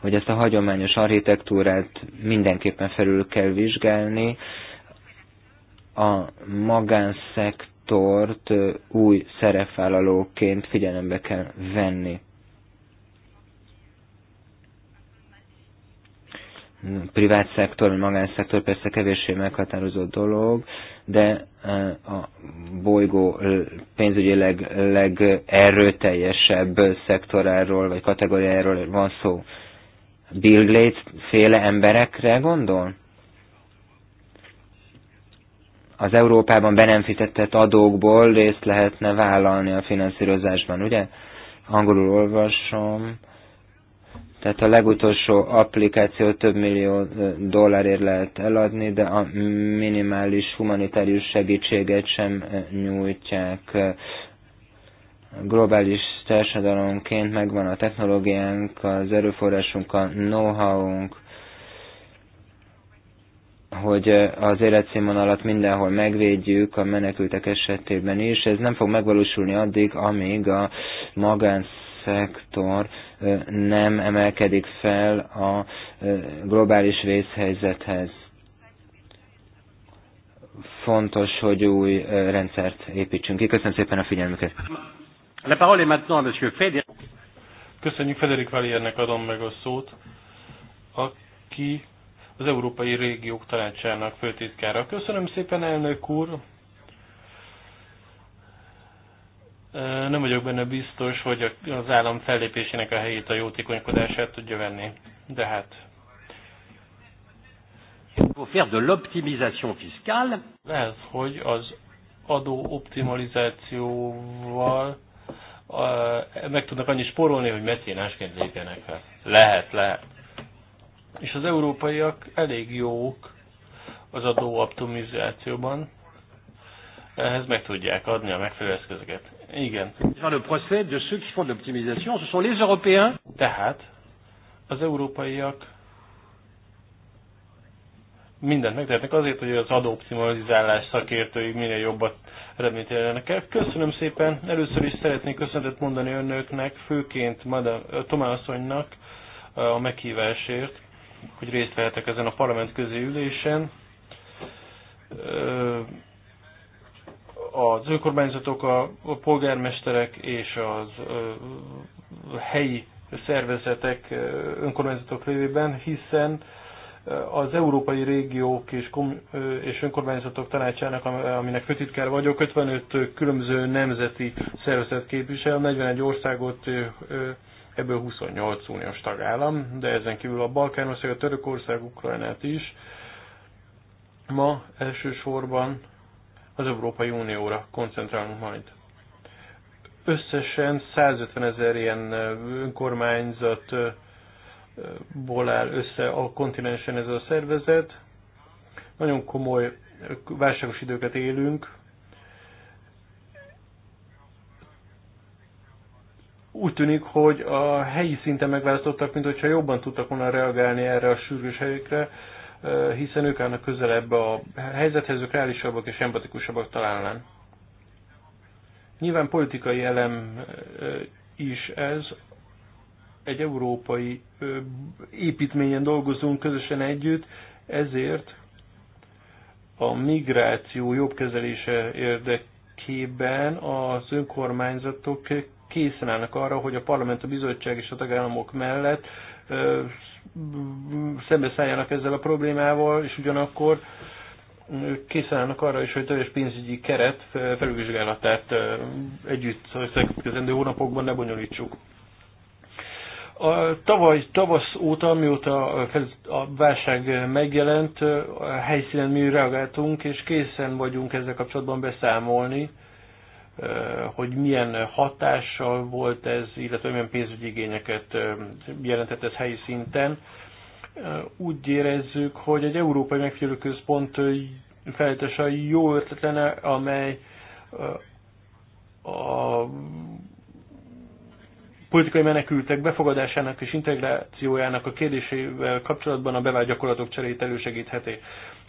hogy ezt a hagyományos architektúrát mindenképpen felül kell vizsgálni, a magánszektort új szerepvállalóként figyelembe kell venni. privát szektor, vagy magánszektor persze kevéssé meghatározott dolog, de e, a bolygó e, pénzügyileg legerőteljesebb szektoráról, vagy kategóriáról van szó. Bill Gates féle emberekre gondol? Az Európában be adókból részt lehetne vállalni a finanszírozásban, ugye? Angolul olvasom tehát a legutolsó applikáció több millió dollárért lehet eladni, de a minimális humanitárius segítséget sem nyújtják. Globális társadalomként megvan a technológiánk, az erőforrásunk, a know-how-unk, hogy az életszínvonalat mindenhol megvédjük, a menekültek esetében is. Ez nem fog megvalósulni addig, amíg a magánszektor nem emelkedik fel a globális vészhelyzethez. Fontos, hogy új rendszert építsünk ki. Köszönöm szépen a figyelmüket. Köszönjük, Federik Valiernek adom meg a szót, aki az Európai Régiók Tanácsának főtitkára. Köszönöm szépen, elnök úr! nem vagyok benne biztos, hogy az állam fellépésének a helyét a jótékonykodását tudja venni. De hát... faire de l'optimisation fiscale... Lehet, hogy az adó optimalizációval meg tudnak annyi spórolni, hogy mecénásként lépjenek fel. Lehet, lehet. És az európaiak elég jók az adó optimizációban, ehhez meg tudják adni a megfelelő eszközöket. Igen. a procès de ceux qui font de l'optimisation, ce sont les Européens. Tehát az európaiak mindent megtehetnek azért, hogy az adóoptimalizálás szakértői minél jobbat reményt érjenek el. Köszönöm szépen. Először is szeretnék köszönetet mondani önöknek, főként Tomás asszonynak a meghívásért, hogy részt vehetek ezen a parlament közé ülésen az önkormányzatok, a, a polgármesterek és az ö, helyi szervezetek önkormányzatok révében, hiszen az Európai Régiók és, kom, és Önkormányzatok Tanácsának, aminek főtitkár vagyok, 55 különböző nemzeti szervezet képvisel, 41 országot, ebből 28 uniós tagállam, de ezen kívül a Balkánország, a Törökország, Ukrajnát is. Ma elsősorban az Európai Unióra koncentrálunk majd. Összesen 150 ezer ilyen önkormányzatból áll össze a kontinensen ez a szervezet. Nagyon komoly válságos időket élünk, úgy tűnik, hogy a helyi szinten megválasztottak, mint hogyha jobban tudtak volna reagálni erre a sürgős helyekre, hiszen ők állnak közelebb a helyzethez, ők reálisabbak és empatikusabbak találnán. Nyilván politikai elem is ez, egy európai építményen dolgozunk közösen együtt, ezért a migráció jobb kezelése érdekében az önkormányzatok készen állnak arra, hogy a parlament, a bizottság és a tagállamok mellett szembeszálljanak ezzel a problémával, és ugyanakkor készen állnak arra is, hogy teljes pénzügyi keret felülvizsgálatát együtt összekötkezendő hónapokban ne bonyolítsuk. A tavaly tavasz óta, mióta a válság megjelent, a helyszínen mi reagáltunk, és készen vagyunk ezzel kapcsolatban beszámolni hogy milyen hatással volt ez, illetve milyen pénzügyi igényeket jelentett ez helyi szinten. Úgy érezzük, hogy egy európai feltesse a jó ötlet lenne, amely a politikai menekültek befogadásának és integrációjának a kérdésével kapcsolatban a bevált gyakorlatok cserét elősegítheti.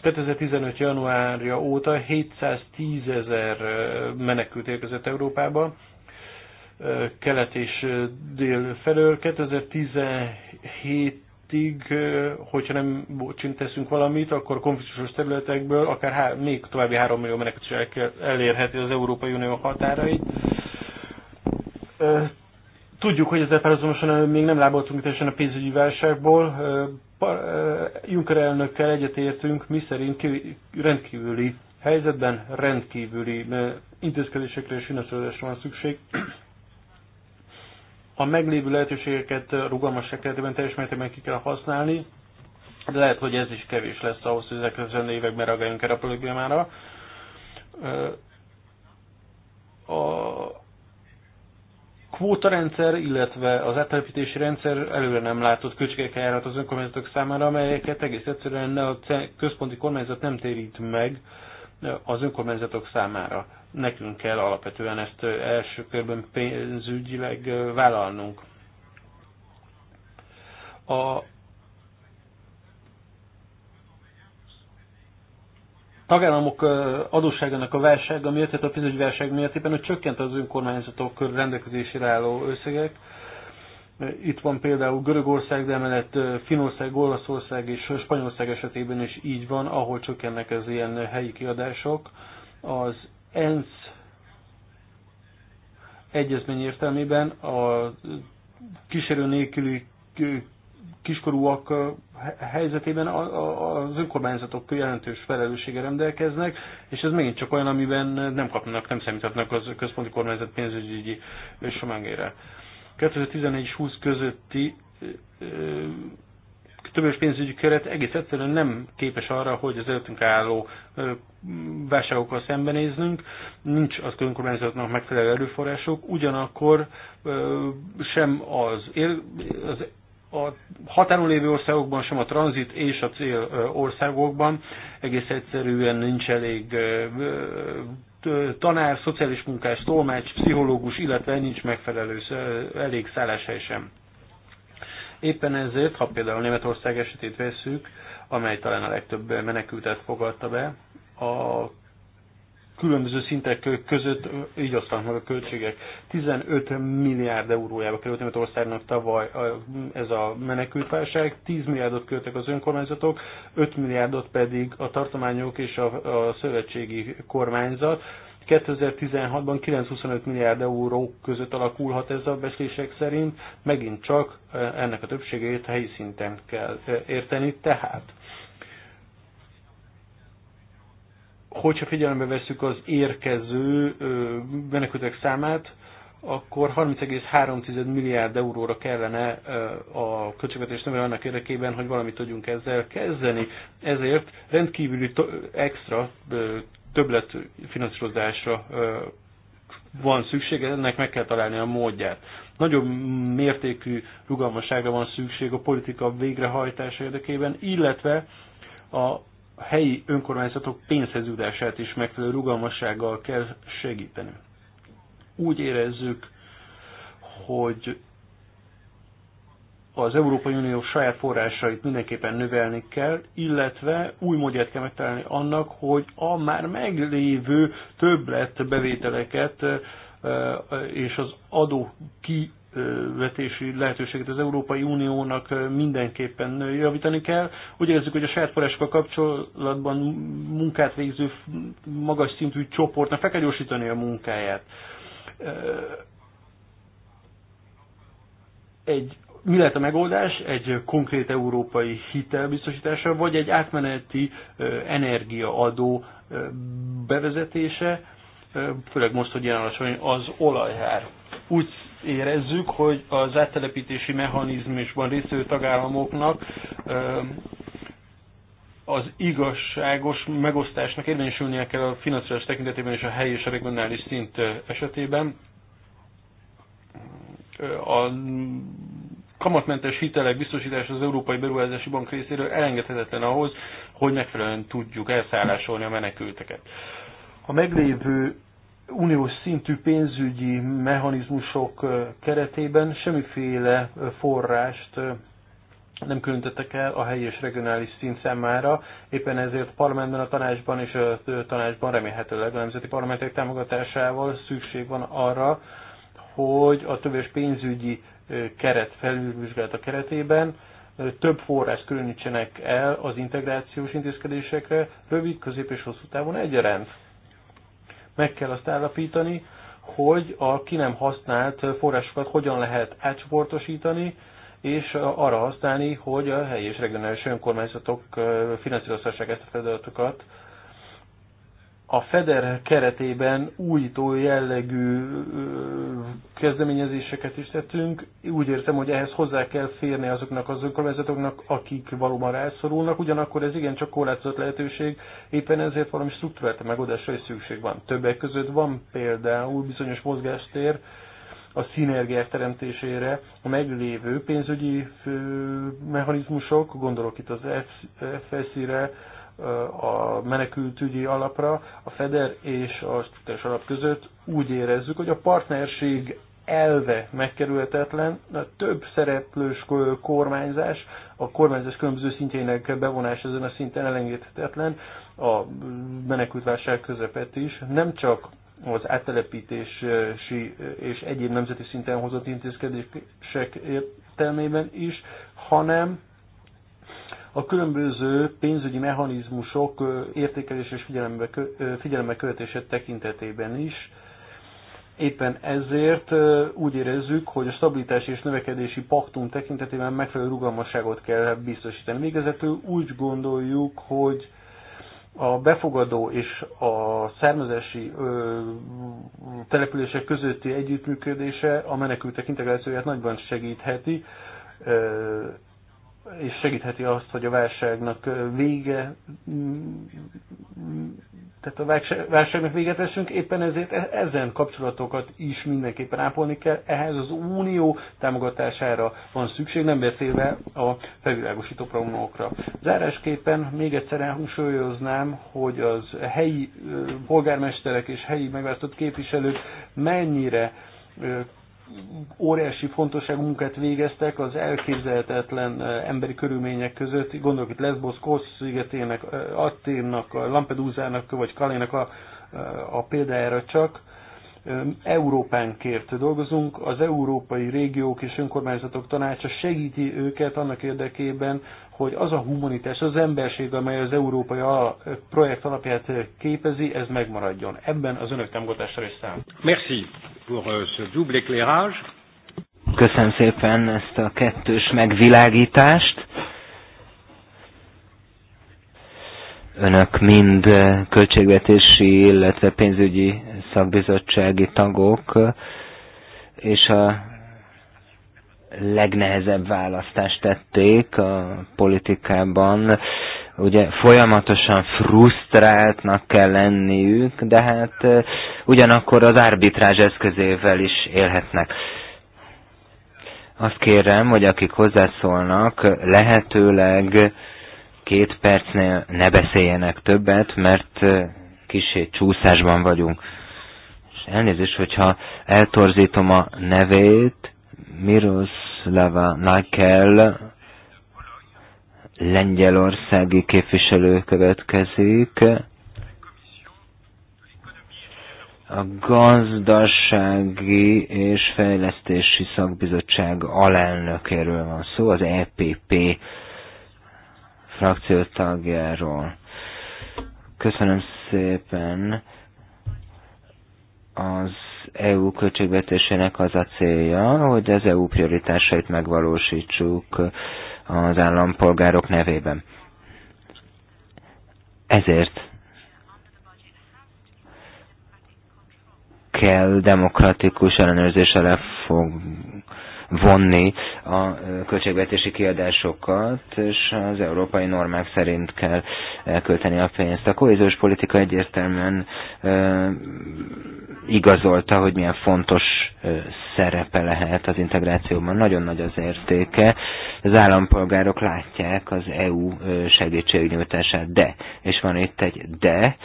2015. januárja óta 710 ezer menekült érkezett Európába, kelet és dél felől. 2017-ig, hogyha nem bocsint teszünk valamit, akkor konfliktusos területekből akár há, még további 3 millió menekült is elérheti az Európai Unió határait. Tudjuk, hogy ezzel párhuzamosan még nem láboltunk teljesen a pénzügyi válságból, Juncker elnökkel egyetértünk, mi szerint rendkívüli helyzetben rendkívüli intézkedésekre és finanszírozásra van szükség. A meglévő lehetőségeket rugalmasság sekretében teljes mértékben ki kell használni, de lehet, hogy ez is kevés lesz ahhoz, hogy ezek az években ragadjunk erre a problémára. A kvótarendszer, illetve az átelepítési rendszer előre nem látott költségekkel járhat az önkormányzatok számára, amelyeket egész egyszerűen a központi kormányzat nem térít meg az önkormányzatok számára. Nekünk kell alapvetően ezt első körben pénzügyileg vállalnunk. A tagállamok adósságának a válság, ami jöttett a pénzügyi válság miatt éppen, hogy csökkent az önkormányzatok rendelkezésére álló összegek. Itt van például Görögország, de emellett Finország, Olaszország és Spanyolország esetében is így van, ahol csökkennek az ilyen helyi kiadások. Az ENSZ egyezmény értelmében a kísérő nélküli kiskorúak helyzetében az önkormányzatok jelentős felelőssége rendelkeznek, és ez megint csak olyan, amiben nem kapnak, nem számíthatnak az központi kormányzat pénzügyi somangére. 2014 és 20 közötti többes pénzügyi keret egész egyszerűen nem képes arra, hogy az előttünk álló válságokkal szembenéznünk, nincs az önkormányzatnak megfelelő erőforrások, ugyanakkor sem az, él, az a határon lévő országokban, sem a tranzit és a cél országokban egész egyszerűen nincs elég tanár, szociális munkás, tolmács, pszichológus, illetve nincs megfelelő elég szálláshely sem. Éppen ezért, ha például Németország esetét vesszük, amely talán a legtöbb menekültet fogadta be, a különböző szintek között így osztanak meg a költségek. 15 milliárd eurójába került Németországnak tavaly ez a menekültválság, 10 milliárdot költek az önkormányzatok, 5 milliárdot pedig a tartományok és a, a szövetségi kormányzat. 2016-ban 9-25 milliárd euró között alakulhat ez a beszélések szerint, megint csak ennek a többségét helyi szinten kell érteni, tehát Hogyha figyelembe vesszük az érkező menekültek számát, akkor 30,3 milliárd euróra kellene a költségvetés növelni annak érdekében, hogy valamit tudjunk ezzel kezdeni. Ezért rendkívüli extra többlet finanszírozásra van szüksége, ennek meg kell találni a módját. Nagyobb mértékű rugalmasságra van szükség a politika végrehajtása érdekében, illetve a a helyi önkormányzatok pénzhez jutását is megfelelő rugalmassággal kell segíteni. Úgy érezzük, hogy az Európai Unió saját forrásait mindenképpen növelni kell, illetve új módját kell megtalálni annak, hogy a már meglévő többlet bevételeket és az adó ki vetési lehetőséget az Európai Uniónak mindenképpen javítani kell. Úgy érezzük, hogy a saját forrásokkal kapcsolatban munkát végző magas szintű csoportnak fel kell gyorsítani a munkáját. Egy, mi lehet a megoldás? Egy konkrét európai hitel biztosítása vagy egy átmeneti energiaadó bevezetése, főleg most, hogy ilyen alacsony az olajár. Úgy érezzük, hogy az áttelepítési mechanizmusban résztvevő tagállamoknak az igazságos megosztásnak érvényesülnie kell a finanszírozás tekintetében és a helyi és a regionális szint esetében. A kamatmentes hitelek biztosítás az Európai Beruházási Bank részéről elengedhetetlen ahhoz, hogy megfelelően tudjuk elszállásolni a menekülteket. A meglévő uniós szintű pénzügyi mechanizmusok keretében semmiféle forrást nem különítettek el a helyi és regionális szint számára, éppen ezért a parlamentben, a tanácsban és a tanácsban remélhetőleg a nemzeti parlamentek támogatásával szükség van arra, hogy a többes pénzügyi keret felülvizsgálata keretében több forrás különítsenek el az integrációs intézkedésekre rövid, közép és hosszú távon egyaránt meg kell azt állapítani, hogy a ki nem használt forrásokat hogyan lehet átcsoportosítani, és arra használni, hogy a helyi és regionális önkormányzatok finanszírozhassák ezt a feladatokat a FEDER keretében újító jellegű kezdeményezéseket is tettünk. Úgy értem, hogy ehhez hozzá kell férni azoknak az önkormányzatoknak, akik valóban rászorulnak, ugyanakkor ez igencsak korlátozott lehetőség, éppen ezért valami struktúrált megoldásra is szükség van. Többek között van például bizonyos mozgástér, a szinergiák teremtésére a meglévő pénzügyi mechanizmusok, gondolok itt az FSZ-re, a menekültügyi alapra, a FEDER és a struktúrás alap között úgy érezzük, hogy a partnerség elve megkerülhetetlen, a több szereplős kormányzás, a kormányzás különböző szintjének bevonás ezen a szinten elengedhetetlen, a menekültválság közepet is, nem csak az áttelepítési és egyéb nemzeti szinten hozott intézkedések értelmében is, hanem a különböző pénzügyi mechanizmusok értékelés és figyelembe, figyelembe követése tekintetében is. Éppen ezért úgy érezzük, hogy a stabilitási és növekedési paktum tekintetében megfelelő rugalmasságot kell biztosítani. Végezetül úgy gondoljuk, hogy a befogadó és a származási települések közötti együttműködése a menekültek integrációját nagyban segítheti és segítheti azt, hogy a válságnak vége, tehát a válságnak véget vessünk, éppen ezért e- ezen kapcsolatokat is mindenképpen ápolni kell, ehhez az unió támogatására van szükség, nem beszélve a felvilágosító programokra. Zárásképpen még egyszer elhangsúlyoznám, hogy az helyi polgármesterek és helyi megválasztott képviselők mennyire óriási fontosságú munkát végeztek az elképzelhetetlen emberi körülmények között. Gondolok itt Lesbos, Kosz szigetének, Atténnak, Lampedusának vagy Kalénak a, a példájára csak Európánkért dolgozunk, az európai régiók és önkormányzatok tanácsa segíti őket annak érdekében, hogy az a humanitás, az emberség, amely az európai projekt alapját képezi, ez megmaradjon. Ebben az önök támogatásra is szám. Merci pour euh, ce double éclairage. Köszönöm szépen ezt a kettős megvilágítást. önök mind euh, költségvetési, illetve pénzügyi szakbizottsági tagok, és a legnehezebb választást tették a politikában. Ugye folyamatosan frusztráltnak kell lenniük, de hát ugyanakkor az arbitrázs eszközével is élhetnek. Azt kérem, hogy akik hozzászólnak, lehetőleg két percnél ne beszéljenek többet, mert kicsit csúszásban vagyunk. Elnézést, hogyha eltorzítom a nevét, Miroslava Nagel, lengyelországi képviselő következik. A gazdasági és fejlesztési szakbizottság alelnökéről van szó, az EPP frakció tagjáról. Köszönöm szépen az EU költségvetésének az a célja, hogy az EU prioritásait megvalósítsuk az állampolgárok nevében. Ezért kell demokratikus ellenőrzés alá fog vonni a költségvetési kiadásokat, és az európai normák szerint kell elkölteni a pénzt. A kohéziós politika egyértelműen igazolta, hogy milyen fontos szerepe lehet az integrációban. Nagyon nagy az értéke. Az állampolgárok látják az EU segítségnyújtását, de, és van itt egy de,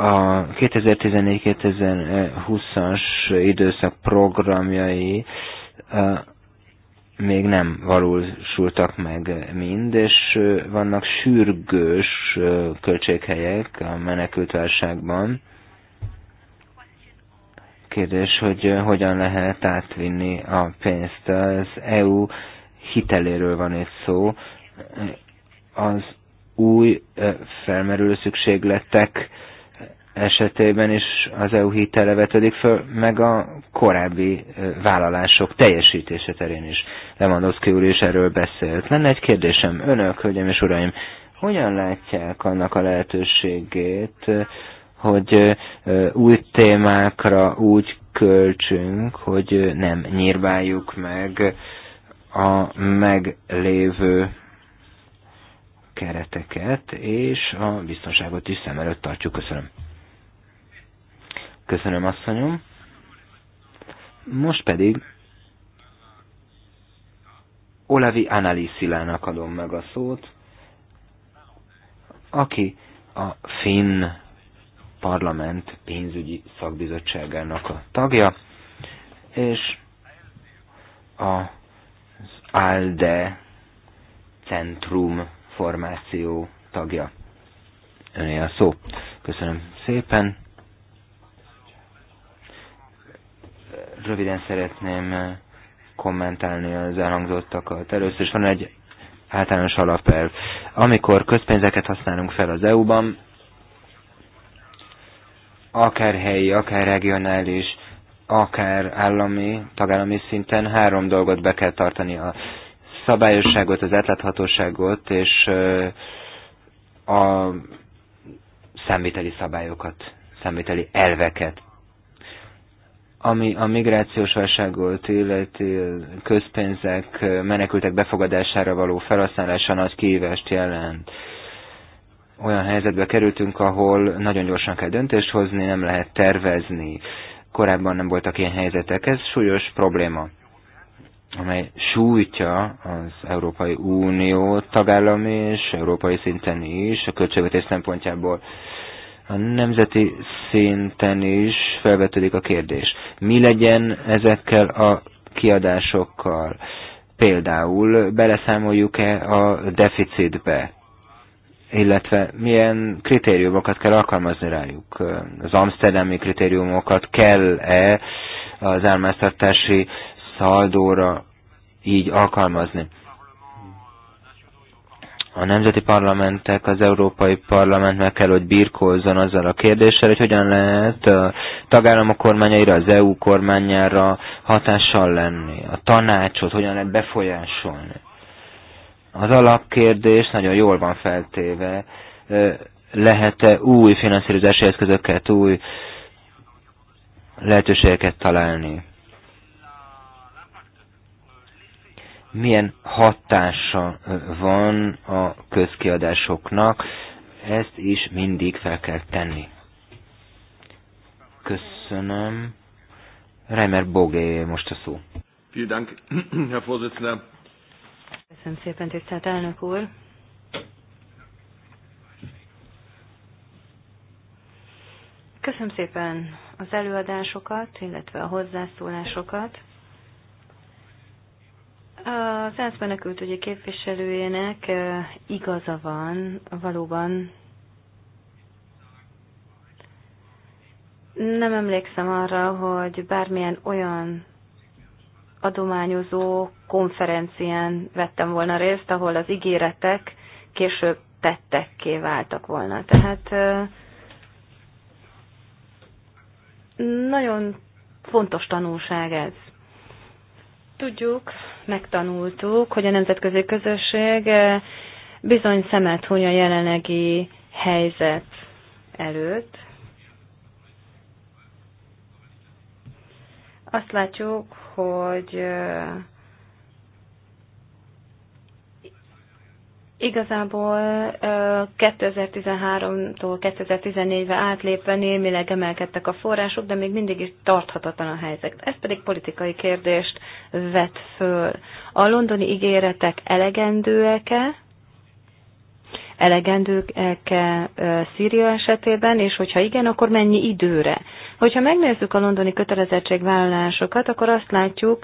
a 2014-2020-as időszak programjai még nem valósultak meg mind, és vannak sürgős költséghelyek a menekültválságban. Kérdés, hogy hogyan lehet átvinni a pénzt. Az EU hiteléről van itt szó. Az új felmerülő szükségletek esetében is az EU hitele vetődik föl, meg a korábbi vállalások teljesítése terén is. Lewandowski úr is erről beszélt. Lenne egy kérdésem önök, hölgyeim és uraim, hogyan látják annak a lehetőségét, hogy új témákra úgy költsünk, hogy nem nyírbáljuk meg a meglévő kereteket, és a biztonságot is szem előtt tartjuk. Köszönöm. Köszönöm, asszonyom. Most pedig Olavi Analiszilának adom meg a szót, aki a Finn Parlament pénzügyi szakbizottságának a tagja, és az ALDE Centrum formáció tagja. Önél a szó. Köszönöm szépen. Röviden szeretném eh, kommentálni az elhangzottakat. Először is van egy általános alapelv. Amikor közpénzeket használunk fel az EU-ban, akár helyi, akár regionális, akár állami, tagállami szinten három dolgot be kell tartani. A szabályosságot, az átláthatóságot és eh, a számviteli szabályokat, számviteli elveket. Ami a migrációs válságot illeti közpénzek menekültek befogadására való felhasználása nagy kihívást jelent. Olyan helyzetbe kerültünk, ahol nagyon gyorsan kell döntést hozni, nem lehet tervezni. Korábban nem voltak ilyen helyzetek. Ez súlyos probléma amely sújtja az Európai Unió tagállami és európai szinten is a költségvetés szempontjából a nemzeti szinten is felvetődik a kérdés. Mi legyen ezekkel a kiadásokkal? Például beleszámoljuk-e a deficitbe? Illetve milyen kritériumokat kell alkalmazni rájuk? Az amsterdami kritériumokat kell-e az elmáztartási szaldóra így alkalmazni? a nemzeti parlamentek, az Európai Parlament meg kell, hogy birkózzon azzal a kérdéssel, hogy hogyan lehet a tagállamok kormányaira, az EU kormányára hatással lenni, a tanácsot hogyan lehet befolyásolni. Az alapkérdés nagyon jól van feltéve, lehet-e új finanszírozási eszközöket, új lehetőségeket találni. milyen hatása van a közkiadásoknak, ezt is mindig fel kell tenni. Köszönöm. Reimer Bogé most a szó. Köszönöm szépen, tisztelt elnök úr. Köszönöm szépen az előadásokat, illetve a hozzászólásokat. Az ENSZ menekültügyi képviselőjének igaza van, valóban nem emlékszem arra, hogy bármilyen olyan adományozó konferencián vettem volna részt, ahol az ígéretek később tettekké váltak volna. Tehát nagyon fontos tanulság ez. Tudjuk, megtanultuk, hogy a nemzetközi közösség eh, bizony szemet huny a jelenlegi helyzet előtt. Azt látjuk, hogy eh, Igazából 2013-tól 2014-re átlépve némileg emelkedtek a források, de még mindig is tarthatatlan a helyzet. Ez pedig politikai kérdést vet föl. A londoni ígéretek elegendőek-e? elegendőek-e Szíria esetében, és hogyha igen, akkor mennyi időre? Hogyha megnézzük a londoni kötelezettségvállalásokat, akkor azt látjuk,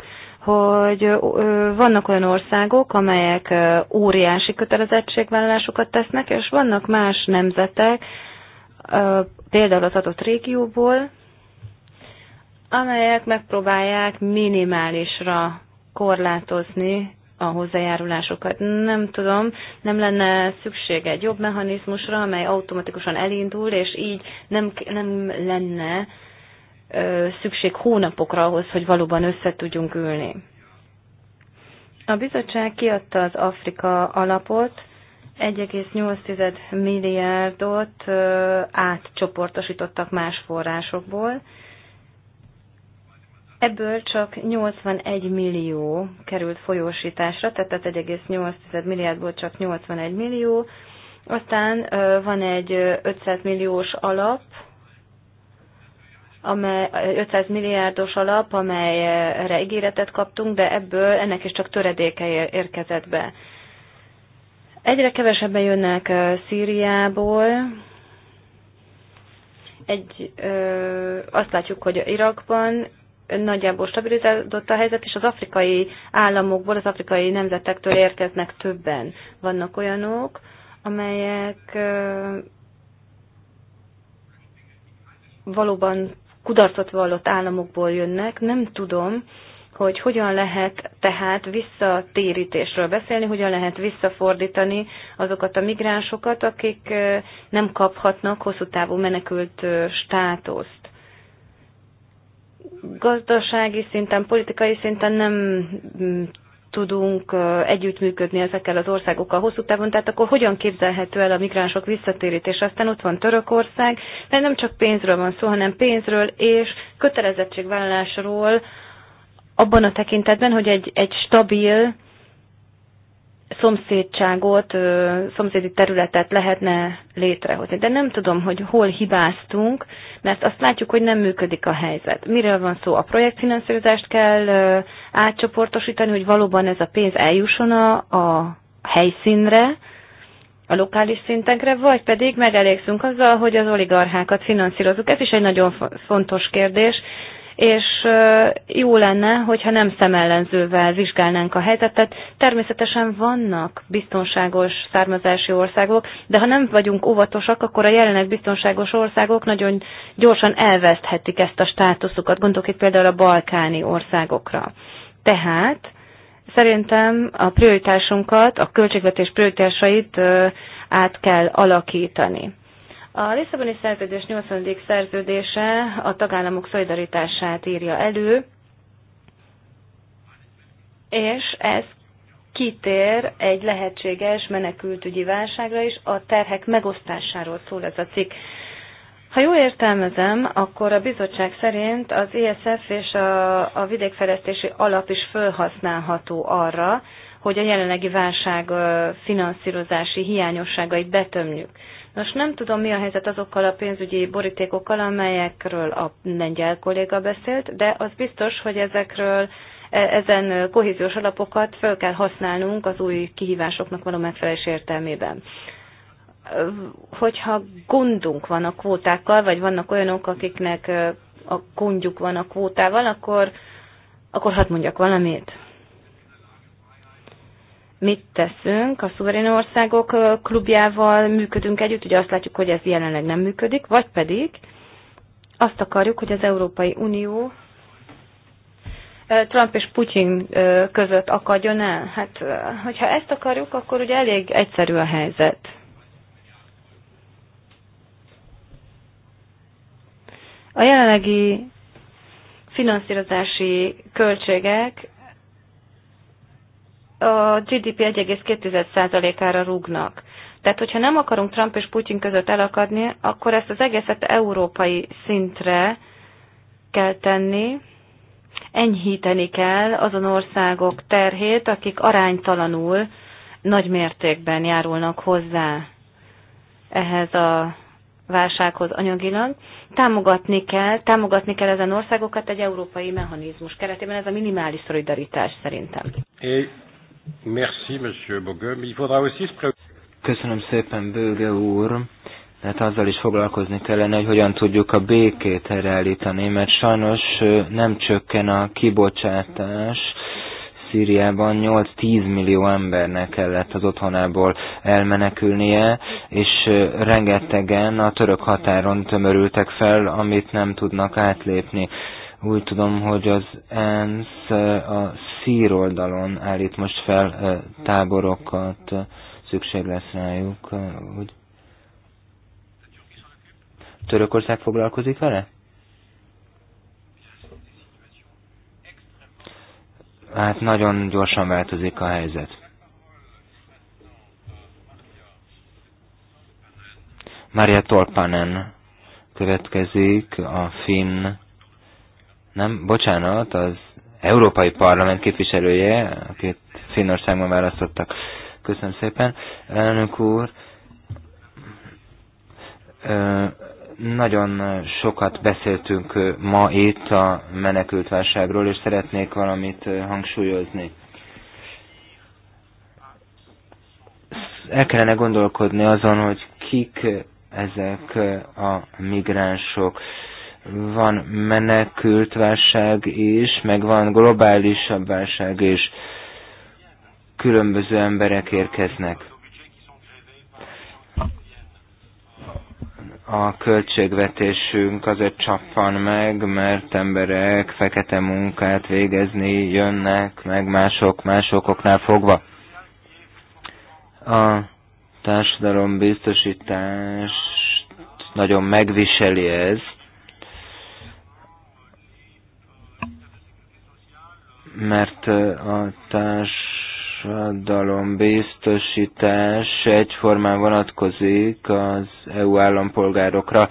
hogy vannak olyan országok, amelyek óriási kötelezettségvállalásokat tesznek, és vannak más nemzetek, például az adott régióból, amelyek megpróbálják minimálisra korlátozni a hozzájárulásokat. Nem tudom, nem lenne szükség egy jobb mechanizmusra, amely automatikusan elindul, és így nem, nem lenne szükség hónapokra ahhoz, hogy valóban össze tudjunk ülni. A bizottság kiadta az Afrika alapot, 1,8 milliárdot átcsoportosítottak más forrásokból. Ebből csak 81 millió került folyósításra, tehát 1,8 milliárdból csak 81 millió. Aztán van egy 500 milliós alap, amely 500 milliárdos alap, amelyre ígéretet kaptunk, de ebből ennek is csak töredéke érkezett be. Egyre kevesebben jönnek Szíriából, egy, ö, azt látjuk, hogy Irakban nagyjából stabilizálódott a helyzet, és az afrikai államokból, az afrikai nemzetektől érkeznek többen. Vannak olyanok, amelyek ö, valóban kudarcot vallott államokból jönnek. Nem tudom, hogy hogyan lehet tehát visszatérítésről beszélni, hogyan lehet visszafordítani azokat a migránsokat, akik nem kaphatnak hosszú távú menekült státuszt. Gazdasági szinten, politikai szinten nem tudunk együttműködni ezekkel az országokkal hosszú távon, tehát akkor hogyan képzelhető el a migránsok visszatérítése? Aztán ott van Törökország, de nem csak pénzről van szó, hanem pénzről és kötelezettségvállalásról abban a tekintetben, hogy egy, egy stabil szomszédságot, szomszédi területet lehetne létrehozni. De nem tudom, hogy hol hibáztunk, mert azt látjuk, hogy nem működik a helyzet. Miről van szó? A projektfinanszírozást kell átcsoportosítani, hogy valóban ez a pénz eljusson a, helyszínre, a lokális szintekre, vagy pedig megelégszünk azzal, hogy az oligarchákat finanszírozunk. Ez is egy nagyon fontos kérdés, és jó lenne, hogyha nem szemellenzővel vizsgálnánk a helyzetet. Természetesen vannak biztonságos származási országok, de ha nem vagyunk óvatosak, akkor a jelenleg biztonságos országok nagyon gyorsan elveszthetik ezt a státuszukat. Gondolok itt például a balkáni országokra. Tehát szerintem a prioritásunkat, a költségvetés prioritásait át kell alakítani. A Lisszaboni szerződés 80. szerződése a tagállamok szolidaritását írja elő, és ez kitér egy lehetséges menekültügyi válságra is, a terhek megosztásáról szól ez a cikk. Ha jól értelmezem, akkor a bizottság szerint az ISF és a, a vidékfejlesztési alap is felhasználható arra, hogy a jelenlegi válság finanszírozási hiányosságait betömjük. Nos, nem tudom, mi a helyzet azokkal a pénzügyi borítékokkal, amelyekről a lengyel kolléga beszélt, de az biztos, hogy ezekről e, ezen kohéziós alapokat fel kell használnunk az új kihívásoknak való megfelelés értelmében. Hogyha gondunk van a kvótákkal, vagy vannak olyanok, akiknek e, a gondjuk van a kvótával, akkor, akkor hadd mondjak valamit mit teszünk, a szuverén országok klubjával működünk együtt, ugye azt látjuk, hogy ez jelenleg nem működik, vagy pedig azt akarjuk, hogy az Európai Unió Trump és Putin között akadjon el. Hát, hogyha ezt akarjuk, akkor ugye elég egyszerű a helyzet. A jelenlegi finanszírozási költségek a GDP 1,2%-ára rúgnak. Tehát, hogyha nem akarunk Trump és Putyin között elakadni, akkor ezt az egészet európai szintre kell tenni, enyhíteni kell azon országok terhét, akik aránytalanul nagy mértékben járulnak hozzá ehhez a válsághoz anyagilag. Támogatni kell, támogatni kell ezen országokat egy európai mechanizmus keretében, ez a minimális szolidaritás szerintem. É. Merci, Monsieur Il faudra aussi se Köszönöm szépen, Böge úr. Tehát azzal is foglalkozni kellene, hogy hogyan tudjuk a békét elállítani, mert sajnos nem csökken a kibocsátás. Szíriában 8-10 millió embernek kellett az otthonából elmenekülnie, és rengetegen a török határon tömörültek fel, amit nem tudnak átlépni. Úgy tudom, hogy az ENSZ a szír oldalon állít most fel táborokat, szükség lesz rájuk. Hogy... Törökország foglalkozik vele? Hát nagyon gyorsan változik a helyzet. Maria Tolpanen következik, a finn, nem, bocsánat, az Európai Parlament képviselője, akit Finnországban választottak. Köszönöm szépen. Elnök úr, nagyon sokat beszéltünk ma itt a menekültválságról, és szeretnék valamit hangsúlyozni. El kellene gondolkodni azon, hogy kik ezek a migránsok van menekült válság is, meg van globálisabb válság is. Különböző emberek érkeznek. a költségvetésünk azért csappan meg, mert emberek fekete munkát végezni jönnek, meg mások másokoknál fogva. A biztosítás nagyon megviseli ez, mert a társadalom biztosítás egyformán vonatkozik az EU állampolgárokra,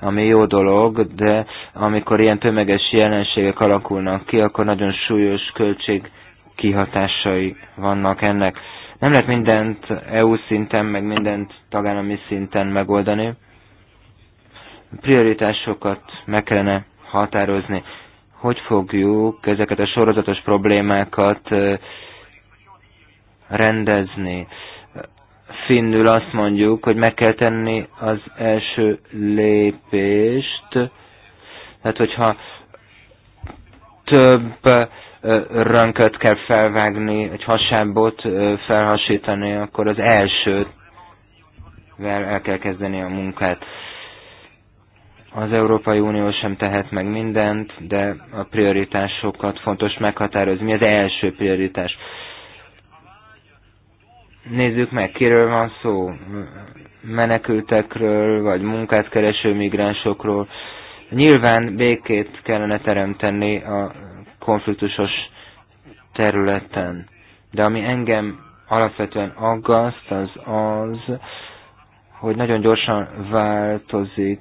ami jó dolog, de amikor ilyen tömeges jelenségek alakulnak ki, akkor nagyon súlyos költség kihatásai vannak ennek. Nem lehet mindent EU szinten, meg mindent tagállami szinten megoldani. Prioritásokat meg kellene határozni hogy fogjuk ezeket a sorozatos problémákat rendezni. Finnül azt mondjuk, hogy meg kell tenni az első lépést, tehát hogyha több rönköt kell felvágni, egy hasábot felhasítani, akkor az elsőt el kell kezdeni a munkát. Az Európai Unió sem tehet meg mindent, de a prioritásokat fontos meghatározni. Mi az első prioritás? Nézzük meg, kiről van szó, menekültekről, vagy munkát kereső migránsokról. Nyilván békét kellene teremteni a konfliktusos területen. De ami engem alapvetően aggaszt, az az, hogy nagyon gyorsan változik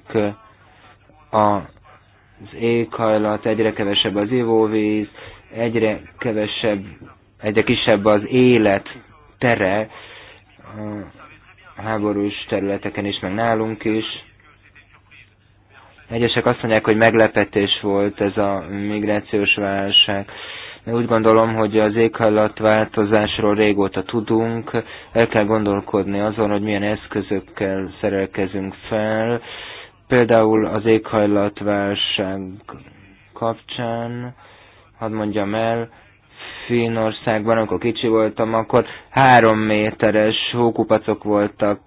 az éghajlat, egyre kevesebb az ivóvíz, egyre kevesebb, egyre kisebb az élet tere a háborús területeken is, meg nálunk is. Egyesek azt mondják, hogy meglepetés volt ez a migrációs válság. De úgy gondolom, hogy az éghajlatváltozásról régóta tudunk, el kell gondolkodni azon, hogy milyen eszközökkel szerelkezünk fel, Például az éghajlatválság kapcsán, hadd mondjam el, Finországban, amikor kicsi voltam, akkor három méteres hókupacok voltak,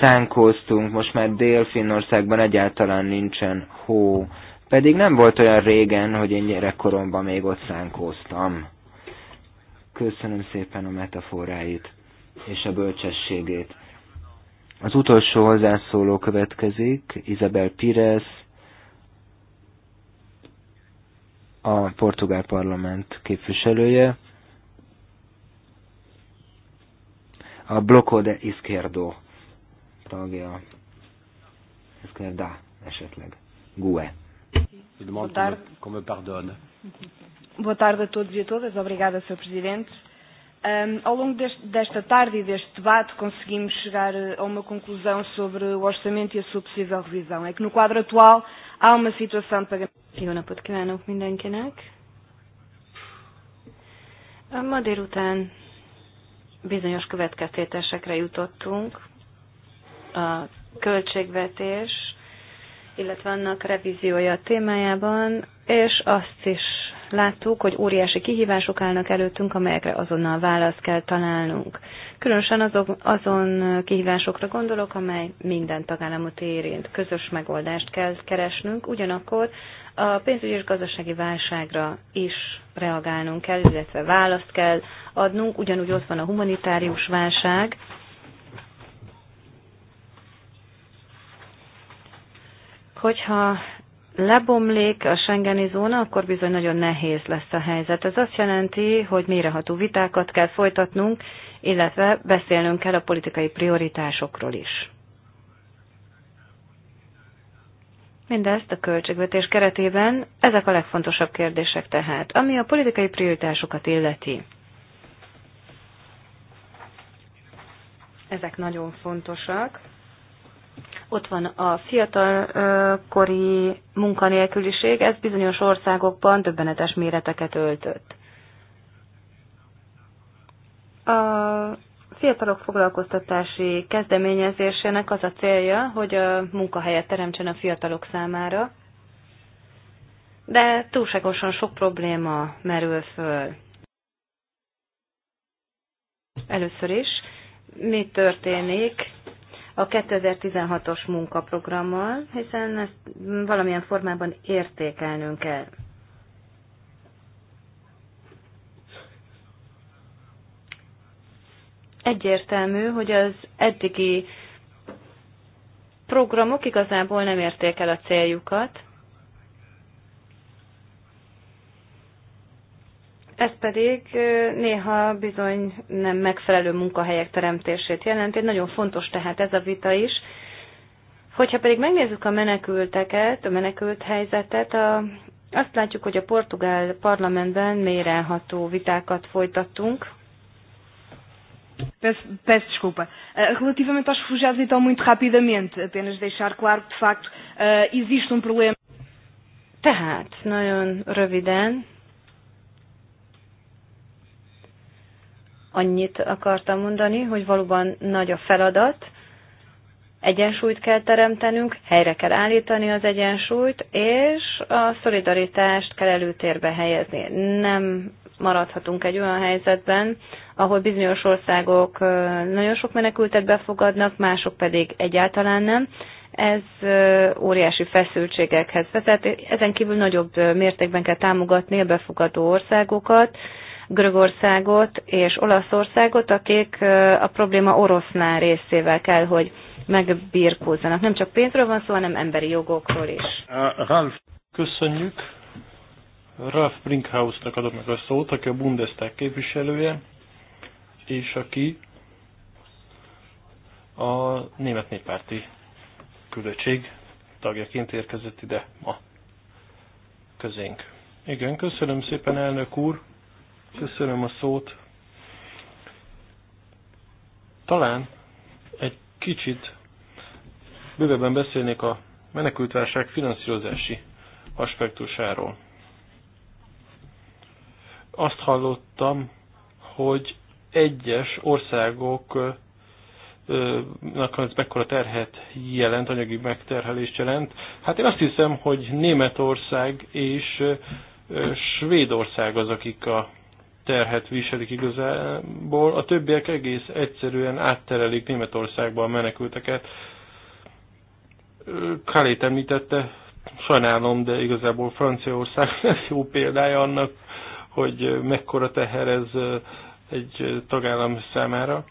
szánkóztunk, most már Dél-Finországban egyáltalán nincsen hó. Pedig nem volt olyan régen, hogy én gyerekkoromban még ott szánkóztam. Köszönöm szépen a metaforáit és a bölcsességét. Az utolsó hozzászóló következik, Isabel Pires, a portugál parlament képviselője. A Bloco de Izquierdo tagja. Izquierda esetleg. GUE. Boa tarde. Como eu Boa tarde a todos e a todas. Obrigada, Sr. Presidente. Um, ao longo deste, desta tarde e deste debate conseguimos chegar eh, a uma conclusão sobre o orçamento e a sua possível revisão. É que no quadro atual há uma situação de pagamento. ma délután bizonyos következtetésekre jutottunk. A költségvetés, illetve annak revíziója témájában, és azt is láttuk, hogy óriási kihívások állnak előttünk, amelyekre azonnal választ kell találnunk. Különösen azok, azon kihívásokra gondolok, amely minden tagállamot érint. Közös megoldást kell keresnünk, ugyanakkor a pénzügyi és gazdasági válságra is reagálnunk kell, illetve választ kell adnunk. Ugyanúgy ott van a humanitárius válság, hogyha lebomlik a Schengeni zóna, akkor bizony nagyon nehéz lesz a helyzet. Ez azt jelenti, hogy méreható vitákat kell folytatnunk, illetve beszélnünk kell a politikai prioritásokról is. Mindezt a költségvetés keretében ezek a legfontosabb kérdések tehát, ami a politikai prioritásokat illeti. Ezek nagyon fontosak. Ott van a fiatalkori munkanélküliség, ez bizonyos országokban döbbenetes méreteket öltött. A fiatalok foglalkoztatási kezdeményezésének az a célja, hogy a munkahelyet teremtsen a fiatalok számára, de túlságosan sok probléma merül föl. Először is, mi történik a 2016-os munkaprogrammal, hiszen ezt valamilyen formában értékelnünk kell. Egyértelmű, hogy az eddigi programok igazából nem érték el a céljukat, ez pedig néha bizony nem megfelelő munkahelyek teremtését jelenti. Nagyon fontos tehát ez a vita is. Hogyha pedig megnézzük a menekülteket, a menekült helyzetet, a, azt látjuk, hogy a portugál parlamentben mérelható vitákat folytattunk. Peço, peço desculpa. Eh, relativamente aos refugiados, então, muito rapidamente, apenas deixar claro que, de facto, eh, existe um problema. Tehát, nagyon röviden, Annyit akartam mondani, hogy valóban nagy a feladat, egyensúlyt kell teremtenünk, helyre kell állítani az egyensúlyt, és a szolidaritást kell előtérbe helyezni. Nem maradhatunk egy olyan helyzetben, ahol bizonyos országok nagyon sok menekültet befogadnak, mások pedig egyáltalán nem. Ez óriási feszültségekhez vezet. Ezen kívül nagyobb mértékben kell támogatni a befogadó országokat, Görögországot és Olaszországot, akik a probléma orosznál részével kell, hogy megbírkózzanak. Nem csak pénzről van szó, hanem emberi jogokról is. Ralf, köszönjük. Ralf Brinkhausnak adom meg a szót, aki a Bundestag képviselője, és aki a német néppárti küldöttség tagjaként érkezett ide ma közénk. Igen, köszönöm szépen, elnök úr. Köszönöm a szót. Talán egy kicsit bővebben beszélnék a menekültválság finanszírozási aspektusáról. Azt hallottam, hogy egyes országok ez mekkora terhet jelent, anyagi megterhelést jelent. Hát én azt hiszem, hogy Németország és Svédország az, akik a terhet viselik igazából, a többiek egész egyszerűen átterelik Németországba a menekülteket. Kalét említette, sajnálom, de igazából Franciaország jó példája annak, hogy mekkora teher ez egy tagállam számára.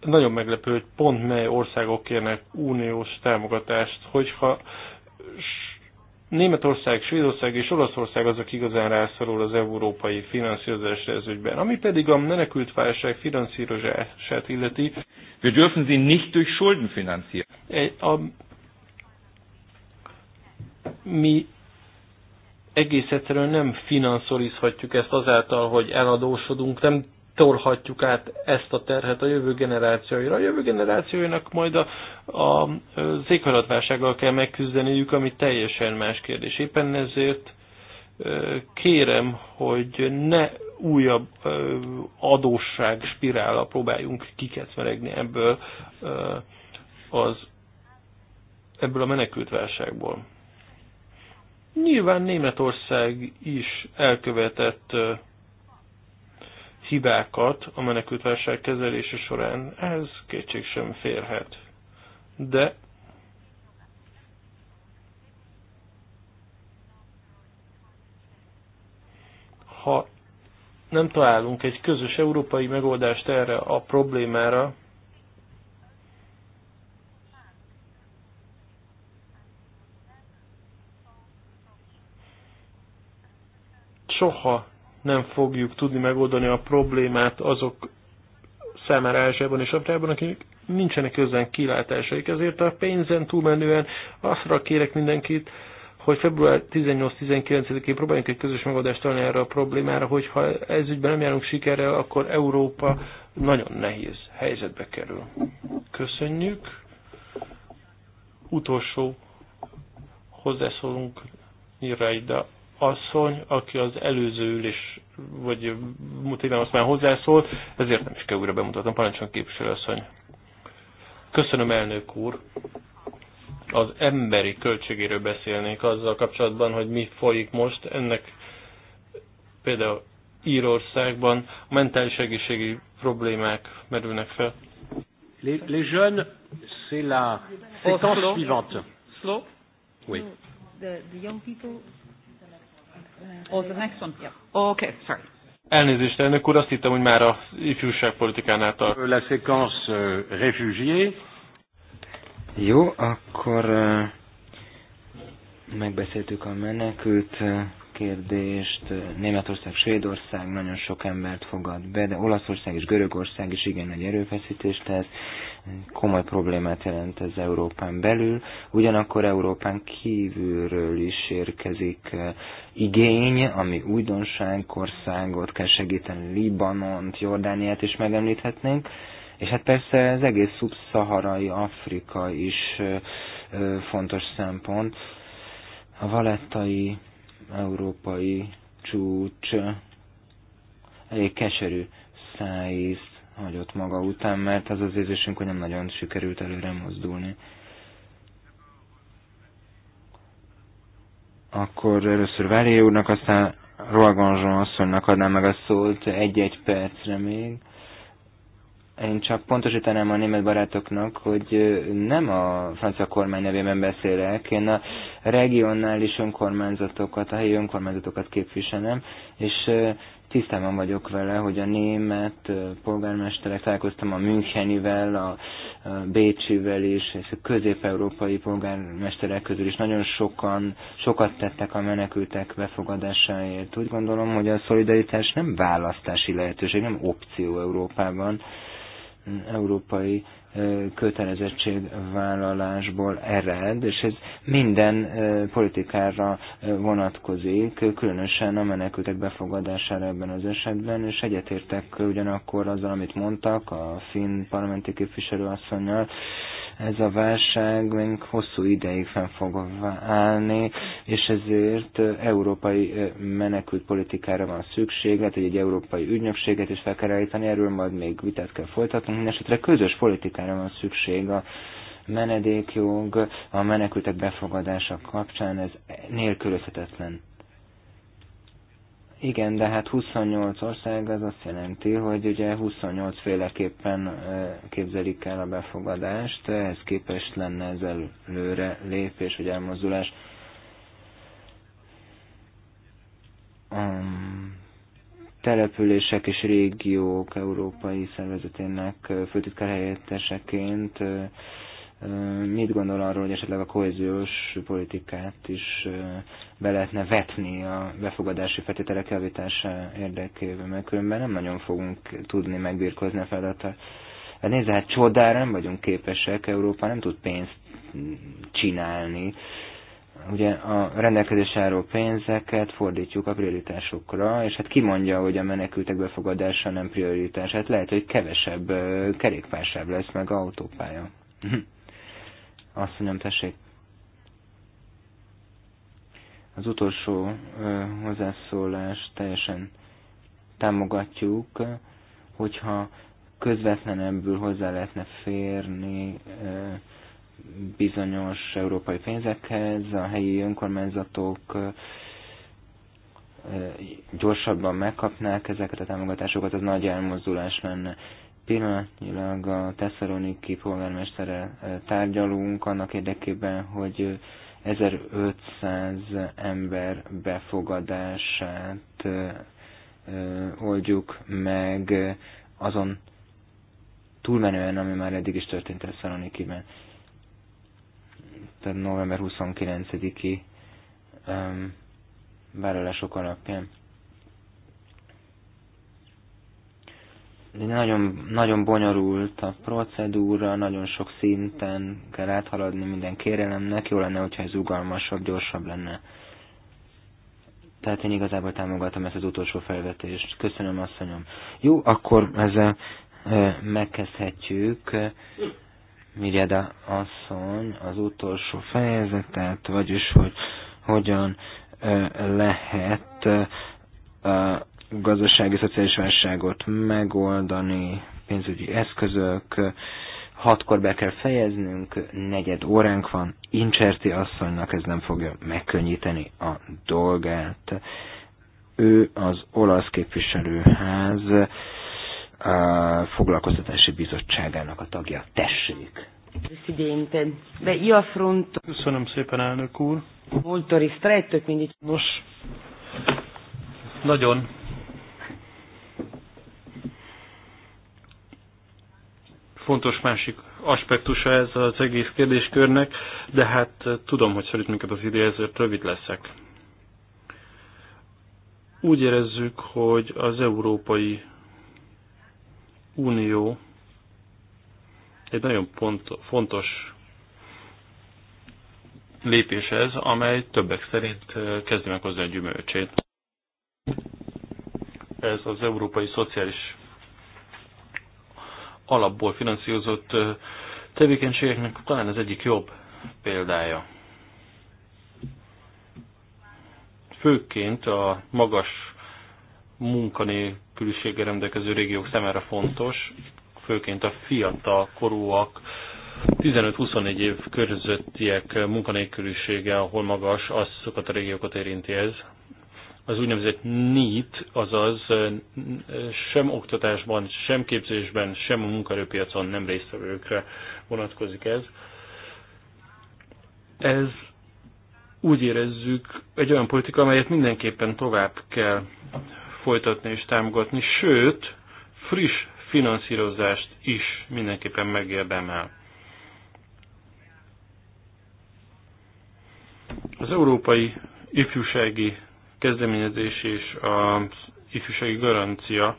Nagyon meglepő, hogy pont mely országok kérnek uniós támogatást, hogyha Németország, Svédország és Olaszország azok igazán rászorul az európai finanszírozásra ez ügyben. Ami pedig a menekült válság finanszírozását illeti. Wir dürfen sie nicht durch Schulden finanzieren. A, mi egész egyszerűen nem finanszírozhatjuk ezt azáltal, hogy eladósodunk, nem tolhatjuk át ezt a terhet a jövő generációira. A jövő generációinak majd a, a, az éghajlatválsággal kell megküzdeniük, ami teljesen más kérdés. Éppen ezért kérem, hogy ne újabb adósság spirála próbáljunk kikecmeregni ebből az ebből a menekült válságból. Nyilván Németország is elkövetett hibákat a menekültválság kezelése során, ez kétség sem férhet. De ha nem találunk egy közös európai megoldást erre a problémára, soha nem fogjuk tudni megoldani a problémát azok számára Ázsiában és Afrikában, akik nincsenek közben kilátásaik. Ezért a pénzen túlmenően azra kérek mindenkit, hogy február 18-19-én próbáljunk egy közös megoldást találni erre a problémára, hogyha ez ügyben nem járunk sikerrel, akkor Európa nagyon nehéz helyzetbe kerül. Köszönjük. Utolsó hozzászólunk Niraida asszony, aki az előző ülés, vagy múlt azt már hozzászólt, ezért nem is kell újra bemutatnom. parancsolom képviselő asszony. Köszönöm, elnök úr. Az emberi költségéről beszélnék azzal kapcsolatban, hogy mi folyik most. Ennek például Írországban a mentális egészségi problémák merülnek fel. Les, les jeunes, c'est la séquence oh, suivante. Slow? Oui. The, the young people Oh, the next one. Yeah. Okay, sorry. Elnézést, elnök úr, azt hittem, hogy már a ifjúságpolitikánál tart. Euh, la séquence euh, réfugié. Jó, akkor euh, megbeszéltük a menekült euh, kérdést. Németország, Svédország nagyon sok embert fogad be, de Olaszország és Görögország is igen nagy erőfeszítést tesz komoly problémát jelent ez Európán belül, ugyanakkor Európán kívülről is érkezik eh, igény, ami újdonság, országot kell segíteni, Libanont, Jordániát is megemlíthetnénk, és hát persze az egész szubszaharai Afrika is eh, eh, fontos szempont. A valettai európai csúcs elég keserű szájíz hagyott maga után, mert az az érzésünk, hogy nem nagyon sikerült előre mozdulni. Akkor először Vári úrnak, aztán Rolgonzson asszonynak adnám meg a szót egy-egy percre még. Én csak pontosítanám a német barátoknak, hogy nem a francia kormány nevében beszélek, én a regionális önkormányzatokat, a helyi önkormányzatokat képviselem, és tisztában vagyok vele, hogy a német polgármesterek találkoztam a Münchenivel, a Bécsivel is, és a közép-európai polgármesterek közül is nagyon sokan, sokat tettek a menekültek befogadásáért. Úgy gondolom, hogy a szolidaritás nem választási lehetőség, nem opció Európában, európai kötelezettségvállalásból ered, és ez minden politikára vonatkozik, különösen a menekültek befogadására ebben az esetben, és egyetértek ugyanakkor azzal, amit mondtak a finn parlamenti képviselőasszonynal, ez a válság még hosszú ideig fenn fog állni, és ezért európai menekült politikára van szükség, lehet, hogy egy európai ügynökséget is fel kell állítani, erről majd még vitát kell folytatnunk, esetre közös politikára van szükség a menedékjog, a menekültek befogadása kapcsán, ez nélkülözhetetlen. Igen, de hát 28 ország az azt jelenti, hogy ugye 28 féleképpen képzelik el a befogadást, ehhez képest lenne ez előre lépés vagy elmozdulás. A települések és régiók európai szervezetének főtitkár helyetteseként Mit gondol arról, hogy esetleg a kohéziós politikát is be lehetne vetni a befogadási feltételek javítása érdekében, mert különben nem nagyon fogunk tudni megbírkozni a feladattal. Hát nézze, hát csodára nem vagyunk képesek, Európa nem tud pénzt csinálni. Ugye a rendelkezés álló pénzeket fordítjuk a prioritásokra, és hát ki mondja, hogy a menekültek befogadása nem prioritás? Hát lehet, hogy kevesebb kerékpársáv lesz, meg autópálya. Hm. Azt mondjam, tessék. Az utolsó ö, hozzászólás teljesen támogatjuk, hogyha közvetlenebbül hozzá lehetne férni ö, bizonyos európai pénzekhez, a helyi önkormányzatok ö, gyorsabban megkapnák ezeket a támogatásokat, az nagy elmozdulás lenne. Pillanatnyilag a Tesszaloniki polgármesterrel tárgyalunk annak érdekében, hogy 1500 ember befogadását oldjuk meg azon túlmenően, ami már eddig is történt Tesszalonikiben. Tehát november 29-i vállalások alapján. nagyon, nagyon bonyolult a procedúra, nagyon sok szinten kell áthaladni minden kérelemnek, jó lenne, hogyha ez ugalmasabb, gyorsabb lenne. Tehát én igazából támogatom ezt az utolsó felvetést. Köszönöm, asszonyom. Jó, akkor ezzel e, megkezdhetjük. Mirjada asszony az utolsó fejezetet, vagyis hogy hogyan e, lehet e, gazdasági szociális válságot megoldani, pénzügyi eszközök, hatkor be kell fejeznünk, negyed óránk van, Incserti asszonynak ez nem fogja megkönnyíteni a dolgát. Ő az olasz képviselőház a foglalkoztatási bizottságának a tagja. Tessék! Köszönöm szépen, elnök úr! Molto ristretto, e quindi... Nos, nagyon fontos másik aspektusa ez az egész kérdéskörnek, de hát eh, tudom, hogy szerint minket az idő, ezért rövid leszek. Úgy érezzük, hogy az Európai Unió egy nagyon pont, fontos lépés ez, amely többek szerint eh, kezdi meghozni a gyümölcsét. Ez az európai szociális alapból finanszírozott tevékenységeknek talán az egyik jobb példája. Főként a magas munkanélküliséggel rendelkező régiók szemére fontos, főként a fiatal korúak, 15-24 év körzöttiek munkanélkülisége, ahol magas, azokat a régiókat érinti ez az úgynevezett NEET, azaz sem oktatásban, sem képzésben, sem a munkaerőpiacon nem résztvevőkre vonatkozik ez. Ez úgy érezzük egy olyan politika, amelyet mindenképpen tovább kell folytatni és támogatni, sőt, friss finanszírozást is mindenképpen megérdemel. Az európai ifjúsági kezdeményezés és az ifjúsági garancia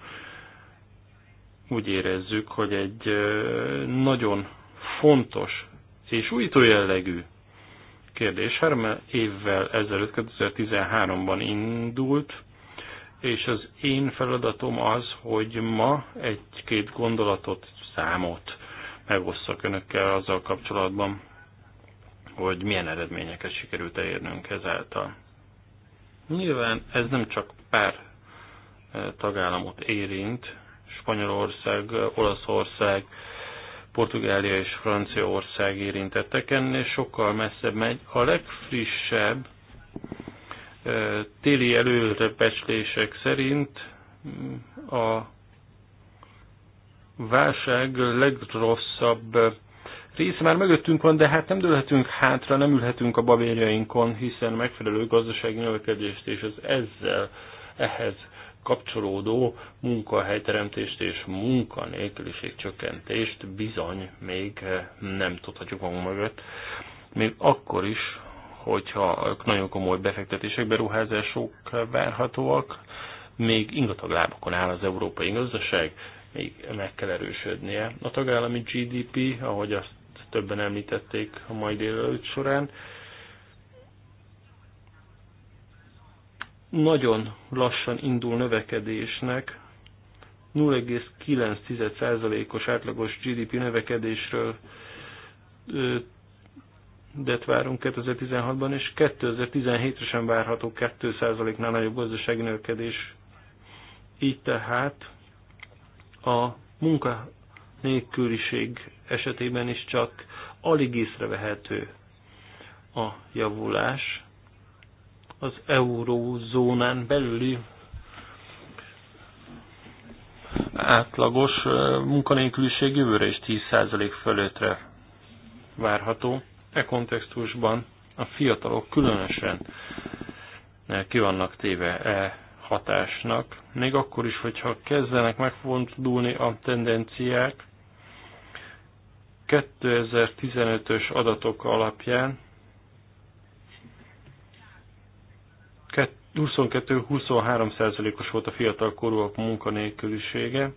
úgy érezzük, hogy egy nagyon fontos és újító jellegű kérdés. Három évvel ezelőtt, 2013-ban indult, és az én feladatom az, hogy ma egy-két gondolatot, számot megosszak önökkel azzal kapcsolatban, hogy milyen eredményeket sikerült elérnünk ezáltal. Nyilván ez nem csak pár e, tagállamot érint, Spanyolország, Olaszország, Portugália és Franciaország érintettek, ennél sokkal messzebb megy. A legfrissebb e, téli előrebecslések szerint mm, a válság legrosszabb része már mögöttünk van, de hát nem dőlhetünk hátra, nem ülhetünk a babérjainkon, hiszen megfelelő gazdasági növekedést és az ezzel ehhez kapcsolódó munkahelyteremtést és munkanélküliség csökkentést bizony még eh, nem tudhatjuk magunk mögött. Még akkor is, hogyha nagyon komoly befektetések, beruházások várhatóak, még ingatag lábakon áll az európai gazdaság, még meg kell erősödnie. A tagállami GDP, ahogy azt többen említették a mai délelőtt során. Nagyon lassan indul növekedésnek, 0,9%-os átlagos GDP növekedésről det várunk 2016-ban, és 2017-re sem várható 2%-nál nagyobb gazdasági növekedés. Így tehát a munka nélküliség esetében is csak alig észrevehető a javulás. Az eurózónán belüli átlagos munkanélküliség jövőre is 10% fölöttre várható. E kontextusban a fiatalok különösen ki vannak téve e hatásnak, még akkor is, hogyha kezdenek megfontulni a tendenciák, 2015-ös adatok alapján 22-23%-os volt a fiatal korúak munkanélkülisége.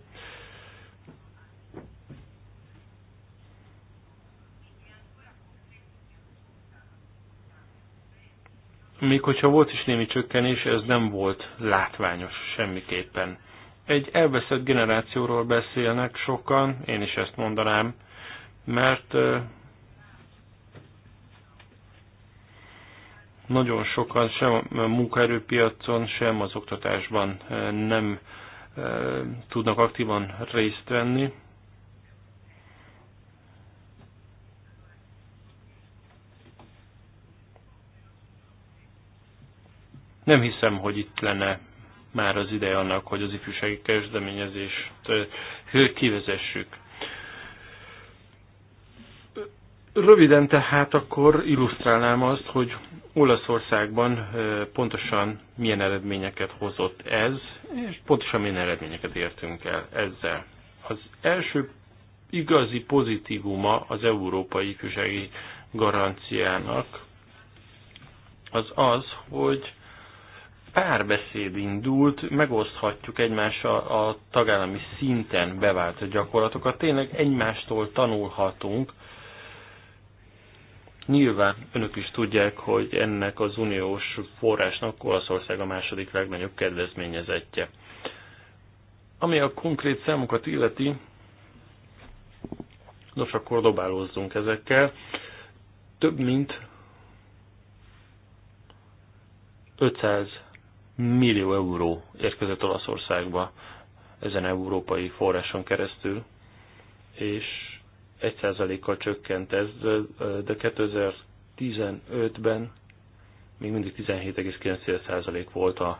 Még hogyha volt is némi csökkenés, ez nem volt látványos semmiképpen. Egy elveszett generációról beszélnek sokan, én is ezt mondanám, mert nagyon sokan sem a munkaerőpiacon, sem az oktatásban nem tudnak aktívan részt venni. Nem hiszem, hogy itt lenne már az ideje annak, hogy az ifjúsági kezdeményezést kivezessük. Röviden tehát akkor illusztrálnám azt, hogy Olaszországban pontosan milyen eredményeket hozott ez, és pontosan milyen eredményeket értünk el ezzel. Az első igazi pozitívuma az európai ifjúsági garanciának az az, hogy párbeszéd indult, megoszthatjuk egymással a tagállami szinten bevált gyakorlatokat, tényleg egymástól tanulhatunk, Nyilván önök is tudják, hogy ennek az uniós forrásnak Olaszország a második legnagyobb kedvezményezettje. Ami a konkrét számokat illeti, nos akkor dobálózzunk ezekkel. Több mint 500 millió euró érkezett Olaszországba ezen európai forráson keresztül, és 1%-kal csökkent ez, de 2015-ben még mindig 17,9% volt a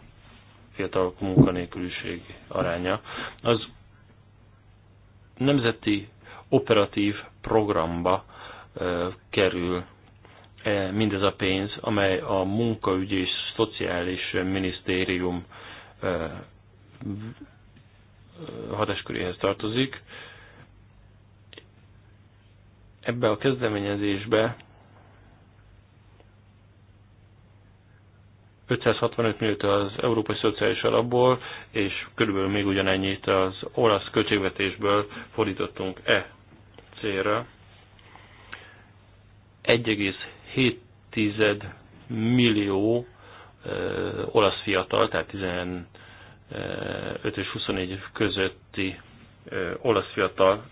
fiatal munkanélküliség aránya. Az nemzeti operatív programba kerül mindez a pénz, amely a munkaügyi és szociális minisztérium hatásköréhez tartozik ebbe a kezdeményezésbe 565 milliót az Európai Szociális Alapból, és körülbelül még ugyanennyit az olasz költségvetésből fordítottunk e célra. 1,7 millió olasz fiatal, tehát 15 és 24 év közötti olasz fiatal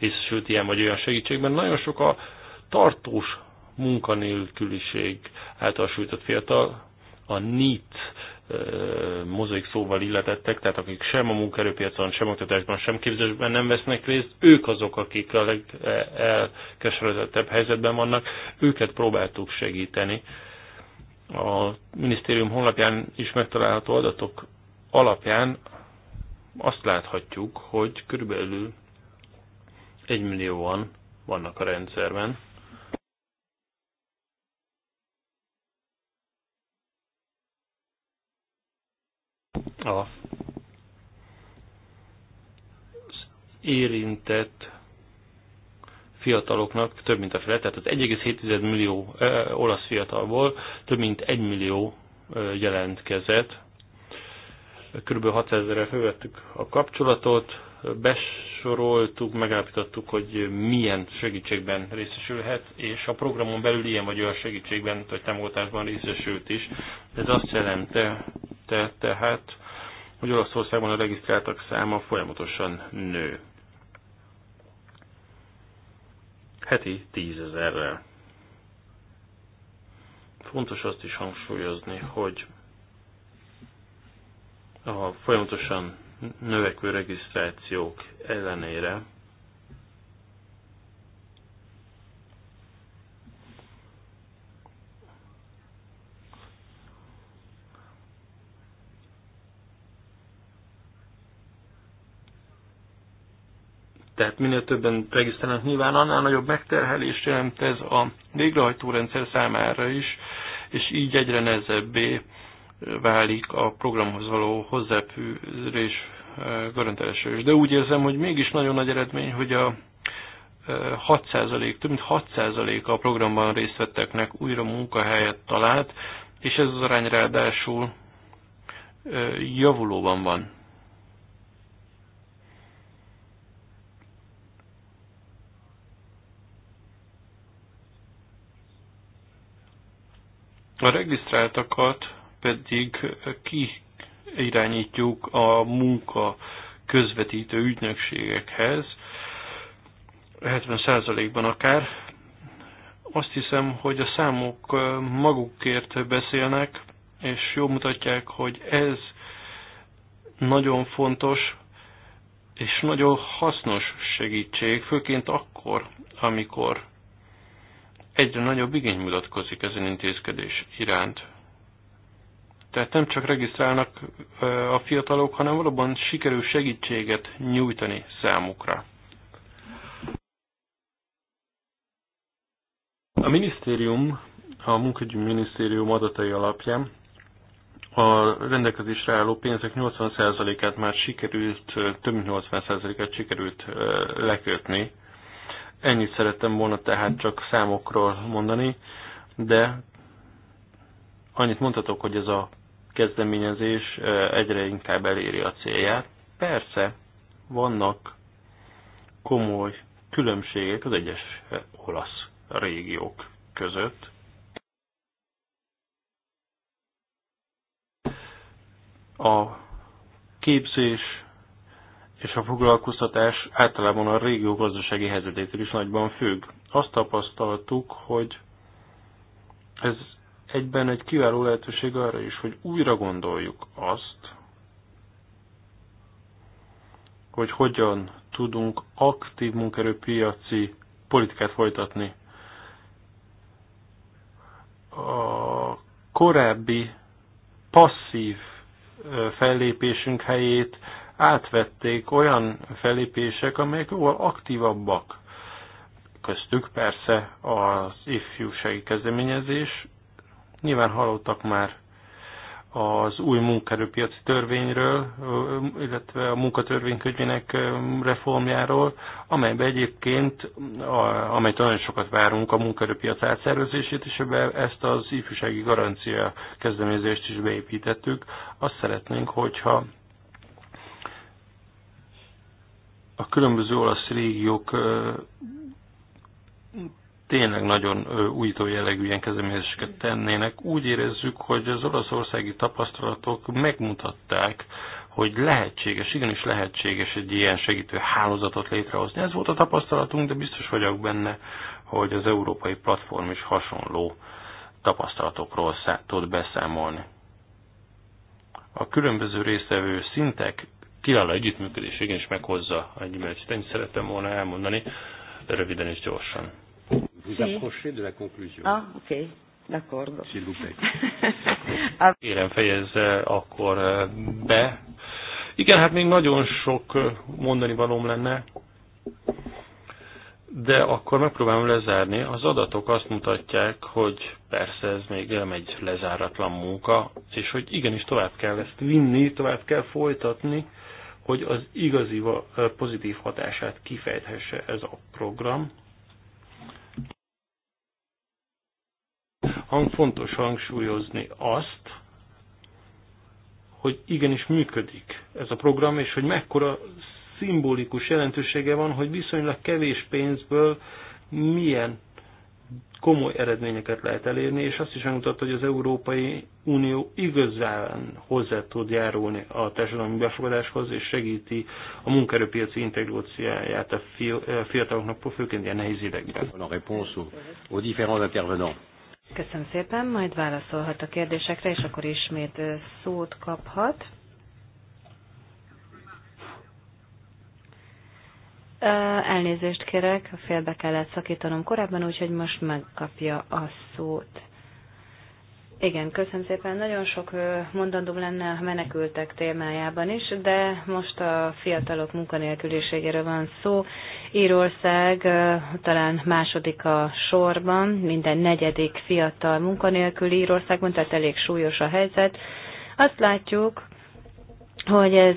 részesült ilyen vagy olyan segítségben. Nagyon sok a tartós munkanélküliség által sújtott fiatal, a NIT mozaik szóval illetettek, tehát akik sem a munkaerőpiacon, sem oktatásban, sem képzésben nem vesznek részt, ők azok, akik a legelkeseredettebb helyzetben vannak, őket próbáltuk segíteni. A minisztérium honlapján is megtalálható adatok alapján azt láthatjuk, hogy körülbelül egymillióan vannak a rendszerben. A érintett fiataloknak több mint a fele, tehát az 1,7 millió olasz fiatalból több mint 1 millió jelentkezett. Körülbelül 600 ezerrel fölvettük a kapcsolatot, besoroltuk, megállapítottuk, hogy milyen segítségben részesülhet, és a programon belül ilyen vagy olyan segítségben vagy támogatásban részesült is. Ez azt jelenti te, tehát, hogy Olaszországban a regisztráltak száma folyamatosan nő. Heti tízezerrel. Fontos azt is hangsúlyozni, hogy a folyamatosan növekvő regisztrációk ellenére Tehát minél többen regisztrálnak, nyilván annál nagyobb megterhelést jelent ez a végrehajtórendszer számára is, és így egyre nehezebbé válik a programhoz való hozzáfűzés eh, garantálása. De úgy érzem, hogy mégis nagyon nagy eredmény, hogy a 6%, eh, több mint 6% a programban részt vetteknek újra munkahelyet talált, és ez az arány ráadásul eh, javulóban van. A regisztráltakat pedig ki irányítjuk a munka közvetítő ügynökségekhez, 70%-ban akár. Azt hiszem, hogy a számok magukért beszélnek, és jól mutatják, hogy ez nagyon fontos és nagyon hasznos segítség, főként akkor, amikor egyre nagyobb igény mutatkozik ezen intézkedés iránt. Tehát nem csak regisztrálnak a fiatalok, hanem valóban sikerül segítséget nyújtani számukra. A minisztérium, a munkahogyi minisztérium adatai alapján a rendelkezésre álló pénzek 80%-át már sikerült, több mint 80%-át sikerült lekötni. Ennyit szerettem volna tehát csak számokról mondani, de annyit mondhatok, hogy ez a kezdeményezés egyre inkább eléri a célját. Persze, vannak komoly különbségek az egyes olasz régiók között. A képzés és a foglalkoztatás általában a régió gazdasági helyzetétől is nagyban függ. Azt tapasztaltuk, hogy ez egyben egy kiváló lehetőség arra is, hogy újra gondoljuk azt, hogy hogyan tudunk aktív munkerőpiaci politikát folytatni. A korábbi passzív fellépésünk helyét átvették olyan fellépések, amelyek jóval aktívabbak. Köztük persze az ifjúsági kezdeményezés, Nyilván hallottak már az új munkaerőpiaci törvényről, illetve a munkatörvénykönyvének reformjáról, amelyben egyébként, amely nagyon sokat várunk a munkaerőpiac átszervezését, és ebbe ezt az ifjúsági garancia kezdeményezést is beépítettük. Azt szeretnénk, hogyha a különböző olasz régiók tényleg nagyon újító jellegű ilyen kezdeményezéseket tennének, úgy érezzük, hogy az olaszországi tapasztalatok megmutatták, hogy lehetséges, igenis lehetséges egy ilyen segítő hálózatot létrehozni. Ez volt a tapasztalatunk, de biztos vagyok benne, hogy az európai platform is hasonló tapasztalatokról tud beszámolni. A különböző résztvevő szintek kiváló együttműködés igenis meghozza a gyümölcsöt. Ennyit szerettem volna elmondani, röviden és gyorsan. Vous si. approchez de la conclusion. Ah, ok. D'accord. S'il vous plaît. Ah. Kérem fejezze akkor eh, be. Igen, hát még nagyon sok eh, mondani valóm lenne, de akkor megpróbálom lezárni. Az adatok azt mutatják, hogy persze ez még nem egy lezáratlan munka, és hogy igenis tovább kell ezt vinni, tovább kell folytatni, hogy az igazi eh, pozitív hatását kifejthesse ez a program, hang, fontos hangsúlyozni azt, hogy igenis működik ez a program, és hogy mekkora szimbolikus jelentősége van, hogy viszonylag kevés pénzből milyen komoly eredményeket lehet elérni, és azt is megmutatta, hogy az Európai Unió igazán hozzá tud járulni a társadalmi befogadáshoz, és segíti a munkaerőpiaci integrációját a fiataloknak, főként ilyen nehéz idegben. Köszönöm szépen, majd válaszolhat a kérdésekre, és akkor ismét szót kaphat. Elnézést kérek, félbe kellett szakítanom korábban, úgyhogy most megkapja a szót. Igen, köszönöm szépen. Nagyon sok mondandóm lenne a menekültek témájában is, de most a fiatalok munkanélküliségéről van szó. Írország talán második a sorban, minden negyedik fiatal munkanélküli Írországban, tehát elég súlyos a helyzet. Azt látjuk, hogy ez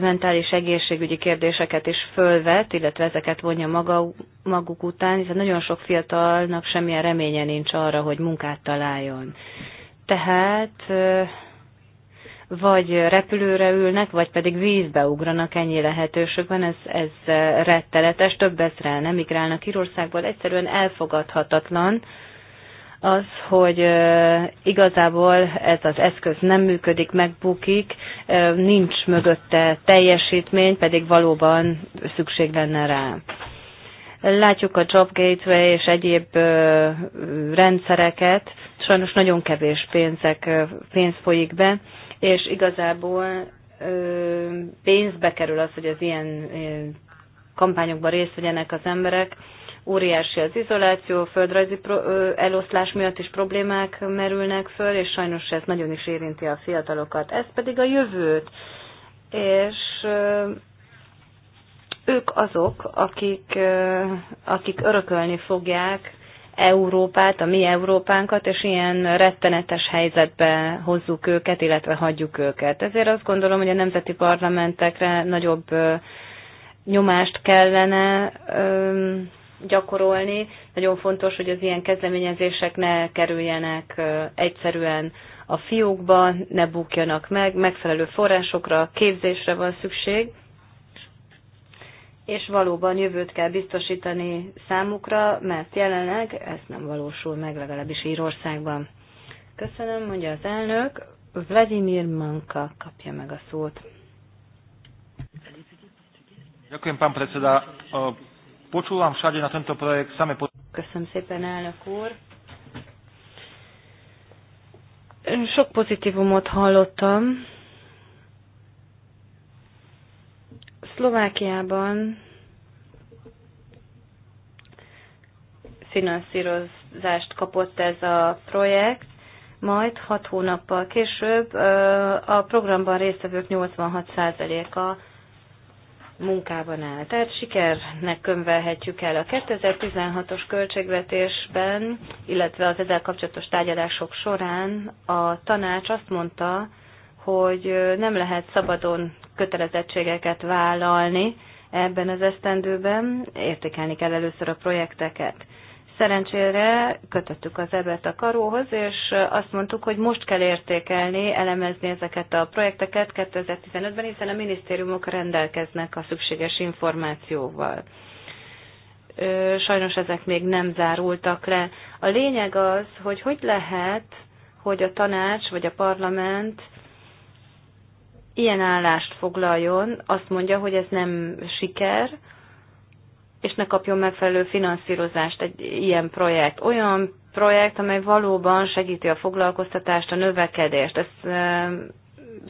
mentális egészségügyi kérdéseket is fölvet, illetve ezeket vonja maga, maguk után, hiszen nagyon sok fiatalnak semmilyen reménye nincs arra, hogy munkát találjon. Tehát vagy repülőre ülnek, vagy pedig vízbe ugranak, ennyi lehetőség van, ez, ez retteletes, több ezrel nem migrálnak Írországból, egyszerűen elfogadhatatlan az, hogy igazából ez az eszköz nem működik, megbukik, nincs mögötte teljesítmény, pedig valóban szükség lenne rá. Látjuk a Job Gateway és egyéb rendszereket, sajnos nagyon kevés pénzek, pénz folyik be, és igazából pénzbe kerül az, hogy az ilyen kampányokban részt vegyenek az emberek. Óriási az izoláció, földrajzi eloszlás miatt is problémák merülnek föl, és sajnos ez nagyon is érinti a fiatalokat. Ez pedig a jövőt. És ők azok, akik, akik örökölni fogják Európát, a mi Európánkat, és ilyen rettenetes helyzetbe hozzuk őket, illetve hagyjuk őket. Ezért azt gondolom, hogy a nemzeti parlamentekre nagyobb nyomást kellene gyakorolni. Nagyon fontos, hogy az ilyen kezdeményezések ne kerüljenek egyszerűen a fiókba, ne bukjanak meg, megfelelő forrásokra, képzésre van szükség, és valóban jövőt kell biztosítani számukra, mert jelenleg ez nem valósul meg, legalábbis Írországban. Köszönöm, mondja az elnök. Vladimir Manka kapja meg a szót. projekt Köszönöm szépen, elnök úr. Sok pozitívumot hallottam Szlovákiában finanszírozást kapott ez a projekt, majd hat hónappal később a programban résztvevők 86%-a munkában áll. Tehát sikernek könyvelhetjük el a 2016-os költségvetésben, illetve az ezzel kapcsolatos tárgyalások során a tanács azt mondta, hogy nem lehet szabadon kötelezettségeket vállalni ebben az esztendőben, értékelni kell először a projekteket. Szerencsére kötöttük az ebet a karóhoz, és azt mondtuk, hogy most kell értékelni, elemezni ezeket a projekteket 2015-ben, hiszen a minisztériumok rendelkeznek a szükséges információval. Sajnos ezek még nem zárultak le. A lényeg az, hogy hogy lehet, hogy a tanács vagy a parlament ilyen állást foglaljon, azt mondja, hogy ez nem siker, és ne kapjon megfelelő finanszírozást egy ilyen projekt. Olyan projekt, amely valóban segíti a foglalkoztatást, a növekedést. Ez e,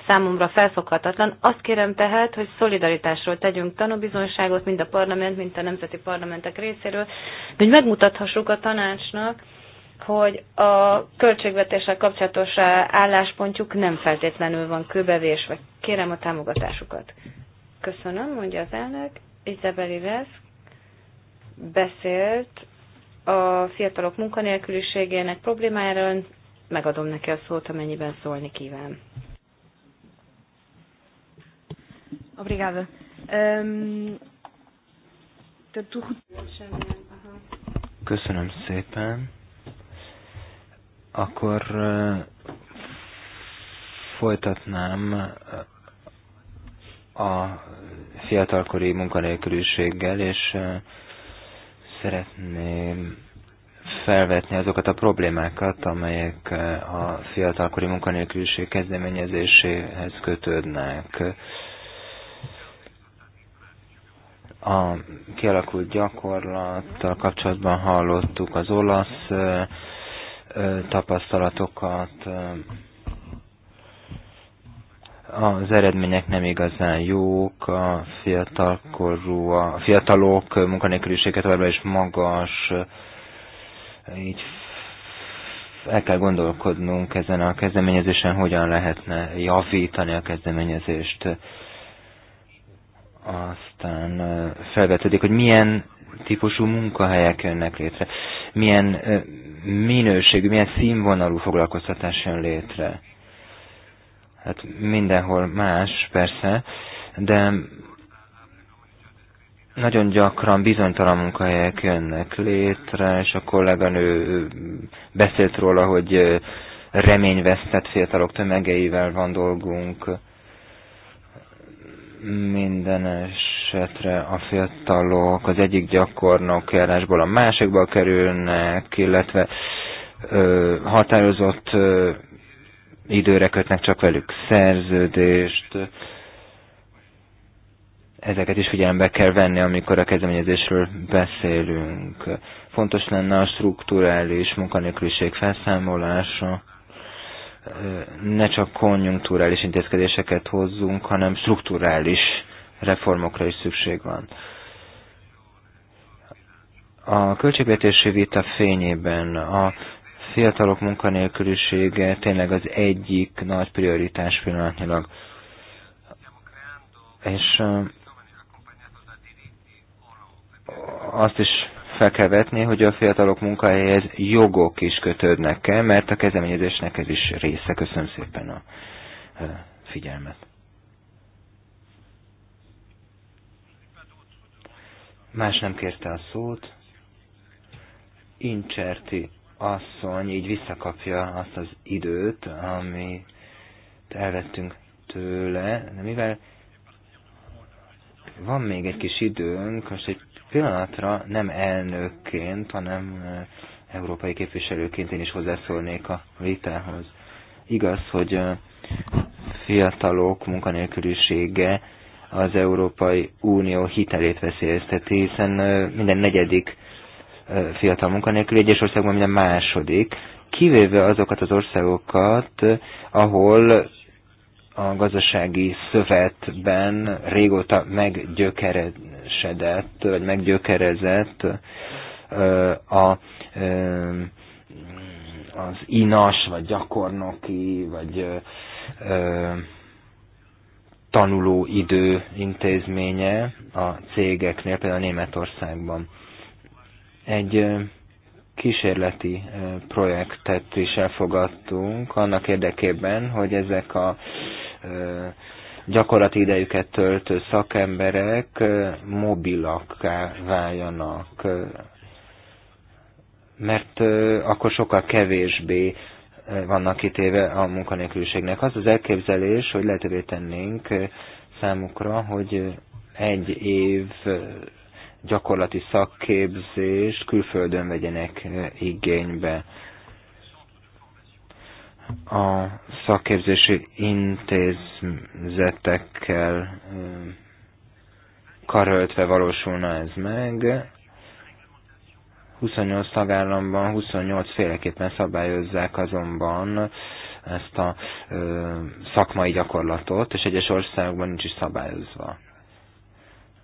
számomra felfoghatatlan. Azt kérem tehát, hogy szolidaritásról tegyünk tanúbizonyságot, mind a parlament, mind a nemzeti parlamentek részéről, hogy megmutathassuk a tanácsnak, hogy a költségvetéssel kapcsolatos álláspontjuk nem feltétlenül van kőbevésve Kérem a támogatásukat. Köszönöm, mondja az elnök. Izabeli Resz beszélt a fiatalok munkanélküliségének problémájáról. Megadom neki a szót, amennyiben szólni kíván. Obrigada. Ehm, Köszönöm szépen. Akkor eh, folytatnám a fiatalkori munkanélküliséggel, és szeretném felvetni azokat a problémákat, amelyek a fiatalkori munkanélküliség kezdeményezéséhez kötődnek. A kialakult gyakorlattal kapcsolatban hallottuk az olasz tapasztalatokat, az eredmények nem igazán jók, a fiatalkorú, a fiatalok munkanélkülisége továbbra is magas, így el kell gondolkodnunk ezen a kezdeményezésen, hogyan lehetne javítani a kezdeményezést. Aztán felvetődik, hogy milyen típusú munkahelyek jönnek létre, milyen minőségű, milyen színvonalú foglalkoztatás jön létre Hát mindenhol más, persze, de nagyon gyakran bizonytalan munkahelyek jönnek létre, és a kolléganő beszélt róla, hogy reményvesztett fiatalok tömegeivel van dolgunk. Minden esetre a fiatalok az egyik gyakornok járásból a másikba kerülnek, illetve ö, határozott ö, időre kötnek csak velük szerződést. Ezeket is figyelembe kell venni, amikor a kezdeményezésről beszélünk. Fontos lenne a strukturális munkanélküliség felszámolása. Ne csak konjunkturális intézkedéseket hozzunk, hanem strukturális reformokra is szükség van. A költségvetési vita fényében a fiatalok munkanélkülisége tényleg az egyik nagy prioritás pillanatnyilag. És azt is fel kell vetni, hogy a fiatalok munkahelyhez jogok is kötődnek el, mert a kezdeményezésnek ez is része. Köszönöm szépen a figyelmet. Más nem kérte a szót. Incserti asszony így visszakapja azt az időt, amit elvettünk tőle, de mivel van még egy kis időnk, most egy pillanatra nem elnökként, hanem eh, európai képviselőként én is hozzászólnék a vitához. Igaz, hogy eh, fiatalok munkanélkülisége az Európai Unió hitelét veszélyezteti, hiszen eh, minden negyedik fiatal munkanélkül, egyes országban minden második, kivéve azokat az országokat, ahol a gazdasági szövetben régóta meggyökeresedett, vagy meggyökerezett a, az inas, vagy gyakornoki, vagy tanulóidő intézménye a cégeknél, például Németországban. Egy kísérleti projektet is elfogadtunk annak érdekében, hogy ezek a gyakorlati idejüket töltő szakemberek mobilakká váljanak, mert akkor sokkal kevésbé vannak kitéve a munkanélküliségnek. Az az elképzelés, hogy lehetővé tennénk számukra, hogy egy év gyakorlati szakképzést külföldön vegyenek eh, igénybe. A szakképzési intézetekkel eh, karöltve valósulna ez meg. 28 tagállamban 28 féleképpen szabályozzák azonban ezt a ö, eh, szakmai gyakorlatot, és egyes országokban nincs is szabályozva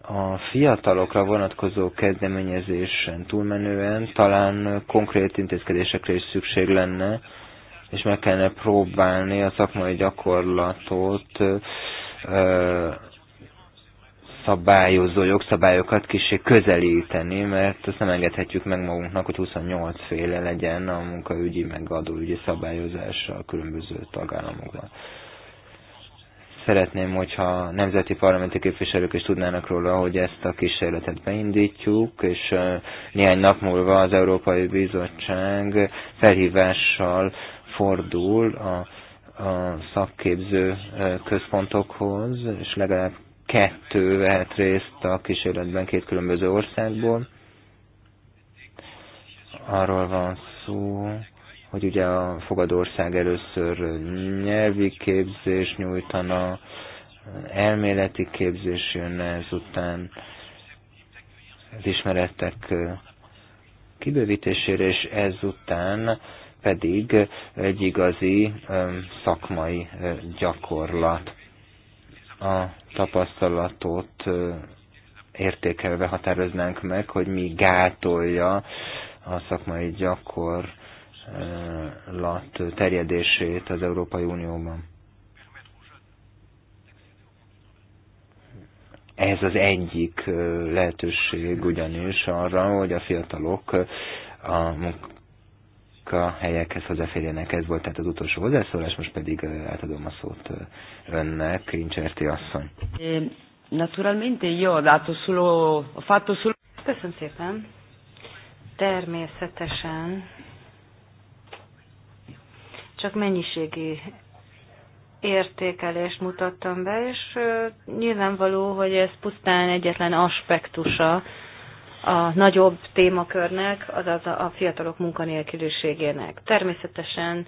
a fiatalokra vonatkozó kezdeményezésen túlmenően talán konkrét intézkedésekre is szükség lenne, és meg kellene próbálni a szakmai gyakorlatot ö, szabályozó jogszabályokat kicsi közelíteni, mert azt nem engedhetjük meg magunknak, hogy 28 féle legyen a munkaügyi meg adóügyi szabályozása a különböző tagállamokban. Szeretném, hogyha nemzeti parlamenti képviselők is tudnának róla, hogy ezt a kísérletet beindítjuk, és néhány nap múlva az Európai Bizottság felhívással fordul a, a szakképző központokhoz, és legalább kettő vehet részt a kísérletben két különböző országból. Arról van szó, hogy ugye a fogadország először nyelvi képzés nyújtana, elméleti képzés jönne ezután, az ismeretek kibővítésére, és ezután pedig egy igazi szakmai gyakorlat. A tapasztalatot értékelve határoznánk meg, hogy mi gátolja a szakmai gyakorlat, lat terjedését az Európai Unióban. Ez az egyik lehetőség ugyanis arra, hogy a fiatalok a munkahelyekhez hozzáférjenek. Ez volt tehát az utolsó hozzászólás, most pedig átadom a szót önnek, Incserti asszony. Naturalmente io dato solo, fatto solo... Köszönöm szépen. Természetesen csak mennyiségi értékelést mutattam be, és nyilvánvaló, hogy ez pusztán egyetlen aspektusa a nagyobb témakörnek, azaz a fiatalok munkanélküliségének. Természetesen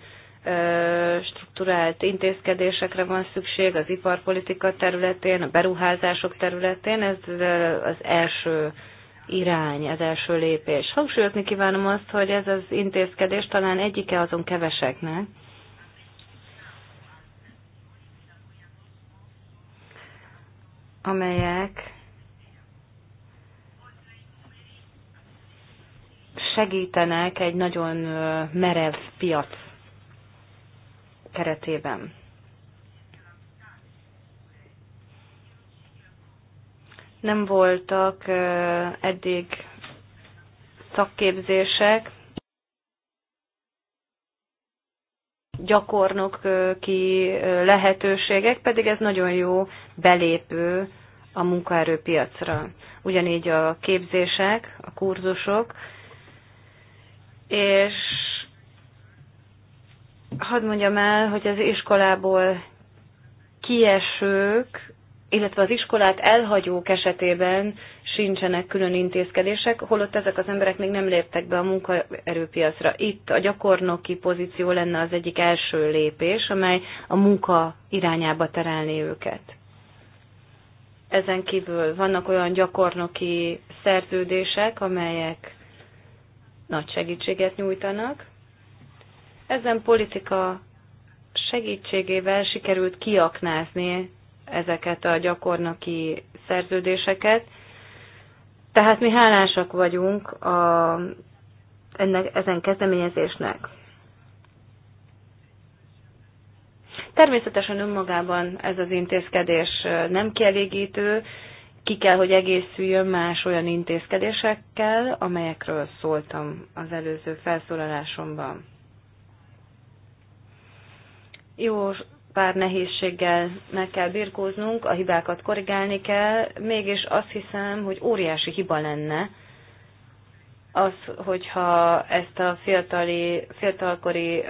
strukturált intézkedésekre van szükség az iparpolitika területén, a beruházások területén, ez az első irány, az első lépés. Hangsúlyozni kívánom azt, hogy ez az intézkedés talán egyike azon keveseknek, amelyek segítenek egy nagyon merev piac keretében. nem voltak eddig szakképzések, gyakornoki lehetőségek, pedig ez nagyon jó belépő a munkaerőpiacra. Ugyanígy a képzések, a kurzusok, és hadd mondjam el, hogy az iskolából kiesők illetve az iskolát elhagyók esetében sincsenek külön intézkedések, holott ezek az emberek még nem léptek be a munkaerőpiacra. Itt a gyakornoki pozíció lenne az egyik első lépés, amely a munka irányába terelné őket. Ezen kívül vannak olyan gyakornoki szerződések, amelyek nagy segítséget nyújtanak. Ezen politika segítségével sikerült kiaknázni ezeket a gyakornoki szerződéseket. Tehát mi hálásak vagyunk a, ennek, ezen kezdeményezésnek. Természetesen önmagában ez az intézkedés nem kielégítő, ki kell, hogy egészüljön más olyan intézkedésekkel, amelyekről szóltam az előző felszólalásomban. Jó pár nehézséggel meg kell birkóznunk, a hibákat korrigálni kell, mégis azt hiszem, hogy óriási hiba lenne az, hogyha ezt a fiatali, fiatalkori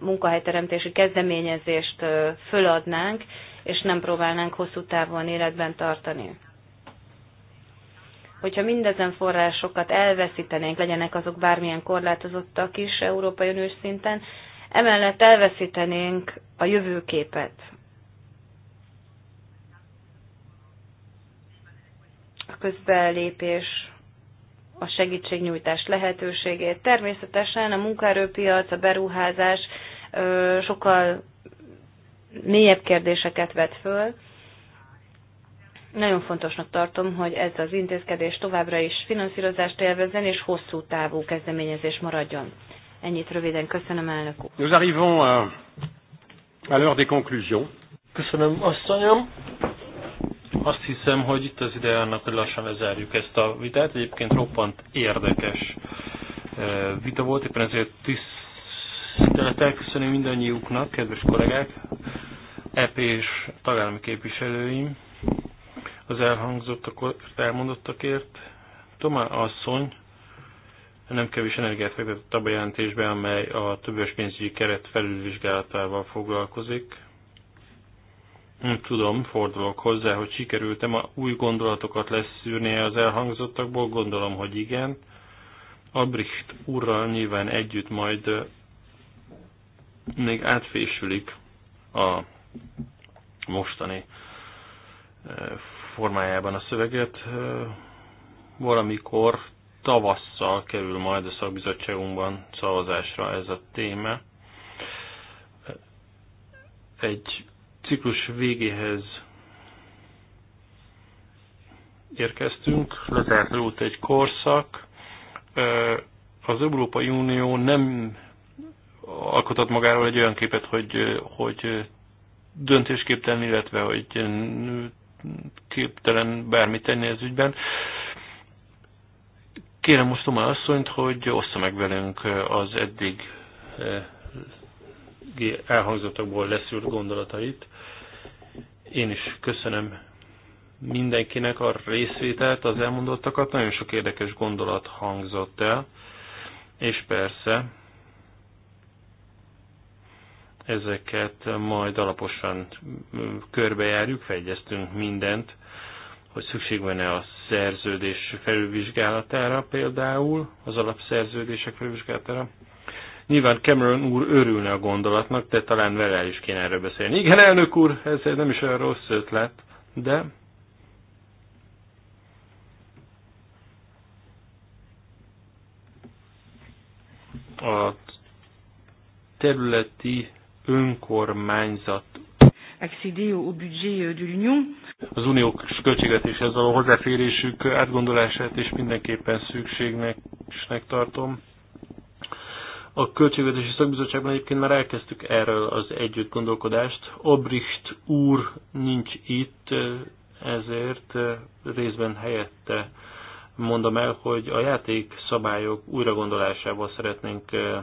munkahelyteremtési kezdeményezést föladnánk, és nem próbálnánk hosszú távon életben tartani. Hogyha mindezen forrásokat elveszítenénk, legyenek azok bármilyen korlátozottak is Európai Uniós szinten, Emellett elveszítenénk a jövőképet. A közbelépés a segítségnyújtás lehetőségét. Természetesen a munkaerőpiac, a beruházás sokkal mélyebb kérdéseket vet föl. Nagyon fontosnak tartom, hogy ez az intézkedés továbbra is finanszírozást élvezzen és hosszú távú kezdeményezés maradjon. Ennyit röviden. Köszönöm, elnök úr. Nous arrivons à, euh, à l'heure des conclusions. Köszönöm, asszonyom. Azt hiszem, hogy itt az ideje annak, hogy lassan lezárjuk ezt a vitát. Egyébként roppant érdekes vita volt, éppen ezért tiszteletel köszönöm mindannyiuknak, kedves kollégák, EP és tagállami képviselőim, az elhangzottakért, elmondottakért. Tomá asszony, nem kevés energiát fektetett a bejelentésbe, amely a többes pénzügyi keret felülvizsgálatával foglalkozik. Nem tudom, fordulok hozzá, hogy sikerültem a új gondolatokat leszűrnie az elhangzottakból, gondolom, hogy igen. Abricht úrral nyilván együtt majd még átfésülik a mostani formájában a szöveget. Valamikor tavasszal kerül majd a szakbizottságunkban szavazásra ez a téma. Egy ciklus végéhez érkeztünk, lezárult egy korszak. Az Európai Unió nem alkotott magáról egy olyan képet, hogy, hogy döntésképtelen, illetve hogy képtelen bármit tenni az ügyben. Kérem most Toma asszonyt, hogy ossza meg velünk eh, az eddig eh, elhangzottakból leszűrt gondolatait. Én is köszönöm mindenkinek a részvételt, az elmondottakat, nagyon sok érdekes gondolat hangzott el, és persze ezeket majd alaposan mm, körbejárjuk, fejlesztünk mindent, hogy szükség van-e a szerződés felülvizsgálatára például, az alapszerződések felülvizsgálatára. Nyilván Cameron úr örülne a gondolatnak, de talán vele is kéne erről beszélni. Igen, elnök úr, ez nem is olyan rossz ötlet, de a területi önkormányzat Euh, az uniós költségvetéshez való hozzáférésük átgondolását is mindenképpen szükségnek tartom. A Költségvetési Szakbizottságban egyébként már elkezdtük erről az együtt gondolkodást. Obricht úr nincs itt, ezért részben helyette mondom el, hogy a játék szabályok újragondolásával szeretnénk eh,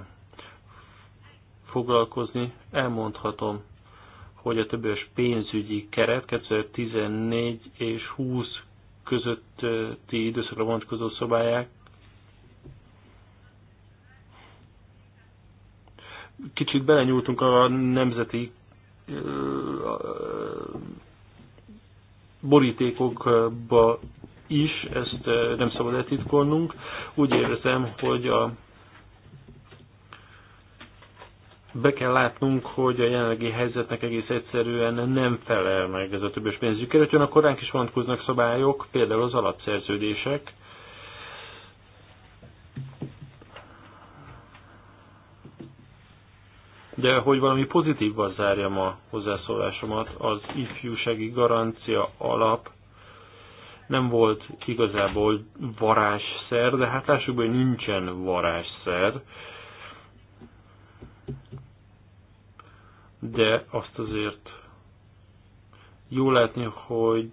foglalkozni. Elmondhatom hogy a többös pénzügyi keret 2014 és 20 közötti időszakra vonatkozó szobáják kicsit belenyúltunk a nemzeti borítékokba is, ezt nem szabad eltitkolnunk. Úgy érzem, hogy a be kell látnunk, hogy a jelenlegi helyzetnek egész egyszerűen nem felel meg ez a többes pénzügyi keret, akkor ránk is vonatkoznak szabályok, például az alapszerződések, De hogy valami pozitívban zárjam a hozzászólásomat, az ifjúsági garancia alap nem volt igazából varásszer, de hát lássuk, hogy nincsen varásszer de azt azért jó látni, hogy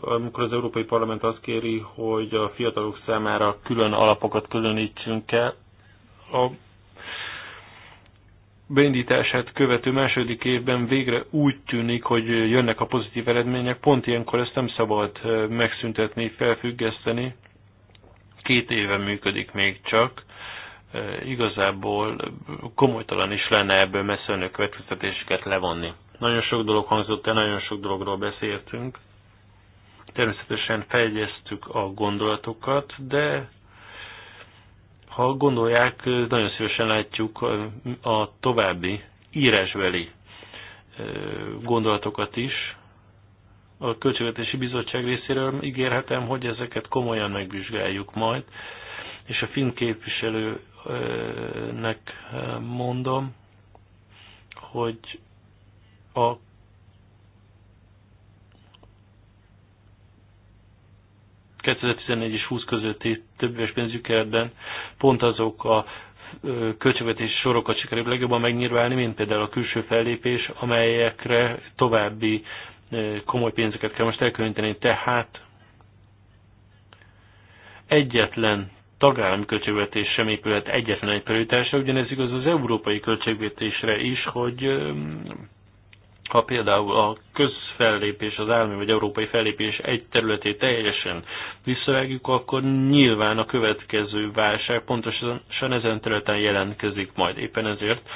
amikor az Európai Parlament azt kéri, hogy a fiatalok számára külön alapokat különítsünk el, a beindítását követő második évben végre úgy tűnik, hogy jönnek a pozitív eredmények, pont ilyenkor ezt nem szabad megszüntetni, felfüggeszteni. Két éve működik még csak, igazából komolytalan is lenne ebből messzeönő következtetéseket levonni. Nagyon sok dolog hangzott el, nagyon sok dologról beszéltünk. Természetesen fejegyeztük a gondolatokat, de ha gondolják, nagyon szívesen látjuk a további írásbeli gondolatokat is. A Költségvetési Bizottság részéről ígérhetem, hogy ezeket komolyan megvizsgáljuk majd, és a finn képviselő nek mondom, hogy a ...2014 és 20 közötti többes pénzükerben pont azok a költségvetési sorokat sikerül legjobban megnyírválni, mint például a külső fellépés, amelyekre további komoly pénzeket kell most elkülöníteni. Tehát egyetlen tagállami költségvetés sem épülhet egyetlen egy prioritásra, ugyanez igaz az európai költségvetésre is, hogy ha például a közfellépés, az állami vagy európai fellépés egy területét teljesen visszavágjuk, akkor nyilván a következő válság pontosan ezen területen jelentkezik majd. Éppen ezért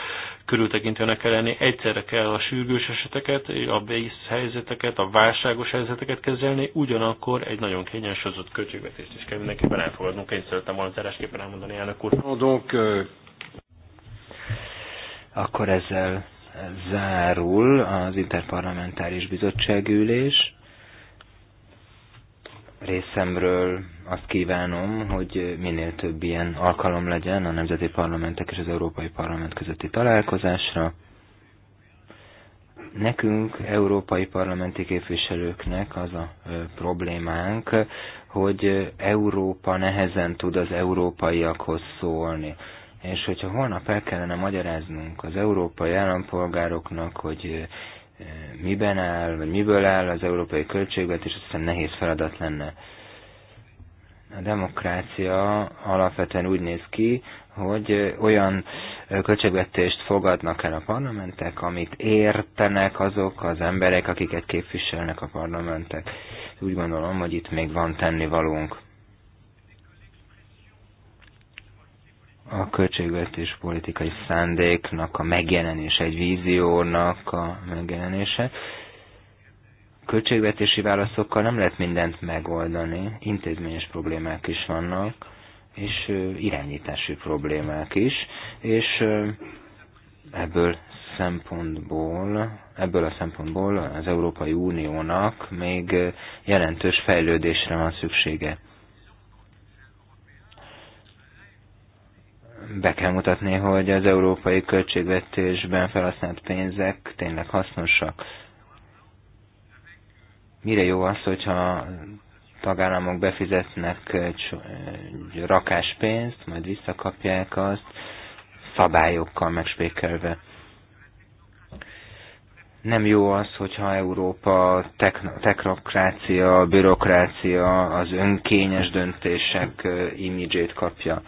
körültekintőnek kell lenni, egyszerre kell a sürgős eseteket, a vész helyzeteket, a válságos helyzeteket kezelni, ugyanakkor egy nagyon kényensúlyozott költségvetést is kell mindenképpen elfogadnunk. Én szerettem volna zárásképpen elmondani, elnök úr. Adok, euh, akkor ezzel zárul az interparlamentáris bizottságülés. Részemről azt kívánom, hogy minél több ilyen alkalom legyen a nemzeti parlamentek és az Európai Parlament közötti találkozásra. Nekünk, európai parlamenti képviselőknek az a problémánk, hogy Európa nehezen tud az európaiakhoz szólni és hogyha holnap el kellene magyaráznunk az európai állampolgároknak, hogy miben áll, vagy miből áll az európai költségvetés, hiszem nehéz feladat lenne. A demokrácia alapvetően úgy néz ki, hogy olyan költségvetést fogadnak el a parlamentek, amit értenek azok az emberek, akiket képviselnek a parlamentek. Úgy gondolom, hogy itt még van tennivalónk. a költségvetés politikai szándéknak a megjelenése, egy víziónak a megjelenése. Költségvetési válaszokkal nem lehet mindent megoldani, intézményes problémák is vannak, és irányítási problémák is, és ebből szempontból, ebből a szempontból az Európai Uniónak még jelentős fejlődésre van szüksége. be kell mutatni, hogy az európai költségvetésben felhasznált pénzek tényleg hasznosak. Mire jó az, hogyha tagállamok befizetnek rakáspénzt, majd visszakapják azt, szabályokkal megspékelve. Nem jó az, hogyha Európa technokrácia, bürokrácia, az önkényes döntések imidzsét kapja.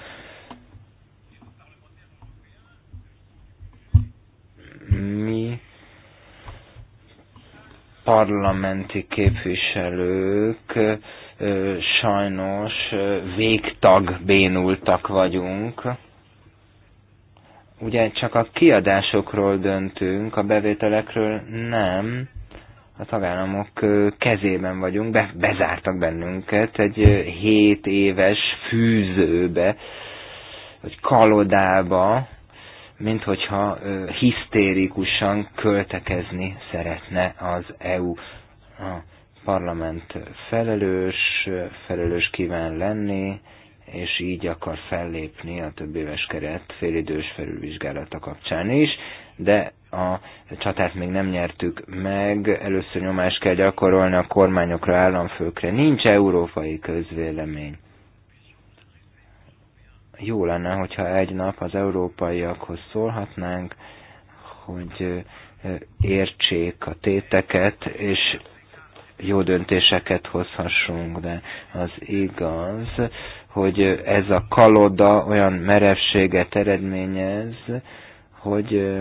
mi parlamenti képviselők sajnos végtag bénultak vagyunk. Ugye csak a kiadásokról döntünk, a bevételekről nem. A tagállamok kezében vagyunk, be, bezártak bennünket egy 7 éves fűzőbe, vagy kalodába, mint hogyha hisztérikusan költekezni szeretne az EU. A parlament felelős, felelős kíván lenni, és így akar fellépni a több éves keret félidős felülvizsgálata kapcsán is, de a csatát még nem nyertük meg, először nyomást kell gyakorolni a kormányokra, államfőkre. Nincs európai közvélemény jó lenne, hogyha egy nap az európaiakhoz szólhatnánk, hogy értsék a téteket, és jó döntéseket hozhassunk, de az igaz, hogy ez a kaloda olyan merevséget eredményez, hogy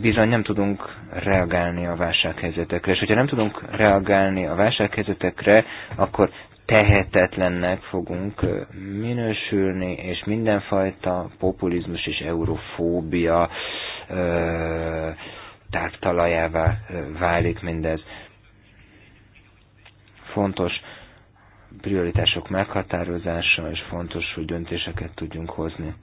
bizony nem tudunk reagálni a válsághelyzetekre. És hogyha nem tudunk reagálni a válsághelyzetekre, akkor tehetetlennek fogunk minősülni, és mindenfajta populizmus és eurofóbia tártalajává válik mindez. Fontos prioritások meghatározása, és fontos, hogy döntéseket tudjunk hozni.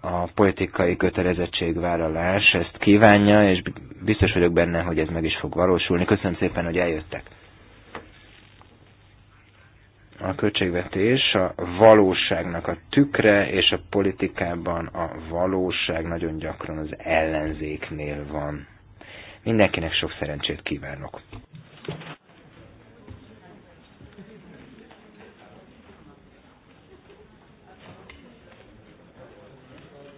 A politikai kötelezettségvállalás ezt kívánja, és biztos vagyok benne, hogy ez meg is fog valósulni. Köszönöm szépen, hogy eljöttek a költségvetés a valóságnak a tükre, és a politikában a valóság nagyon gyakran az ellenzéknél van. Mindenkinek sok szerencsét kívánok!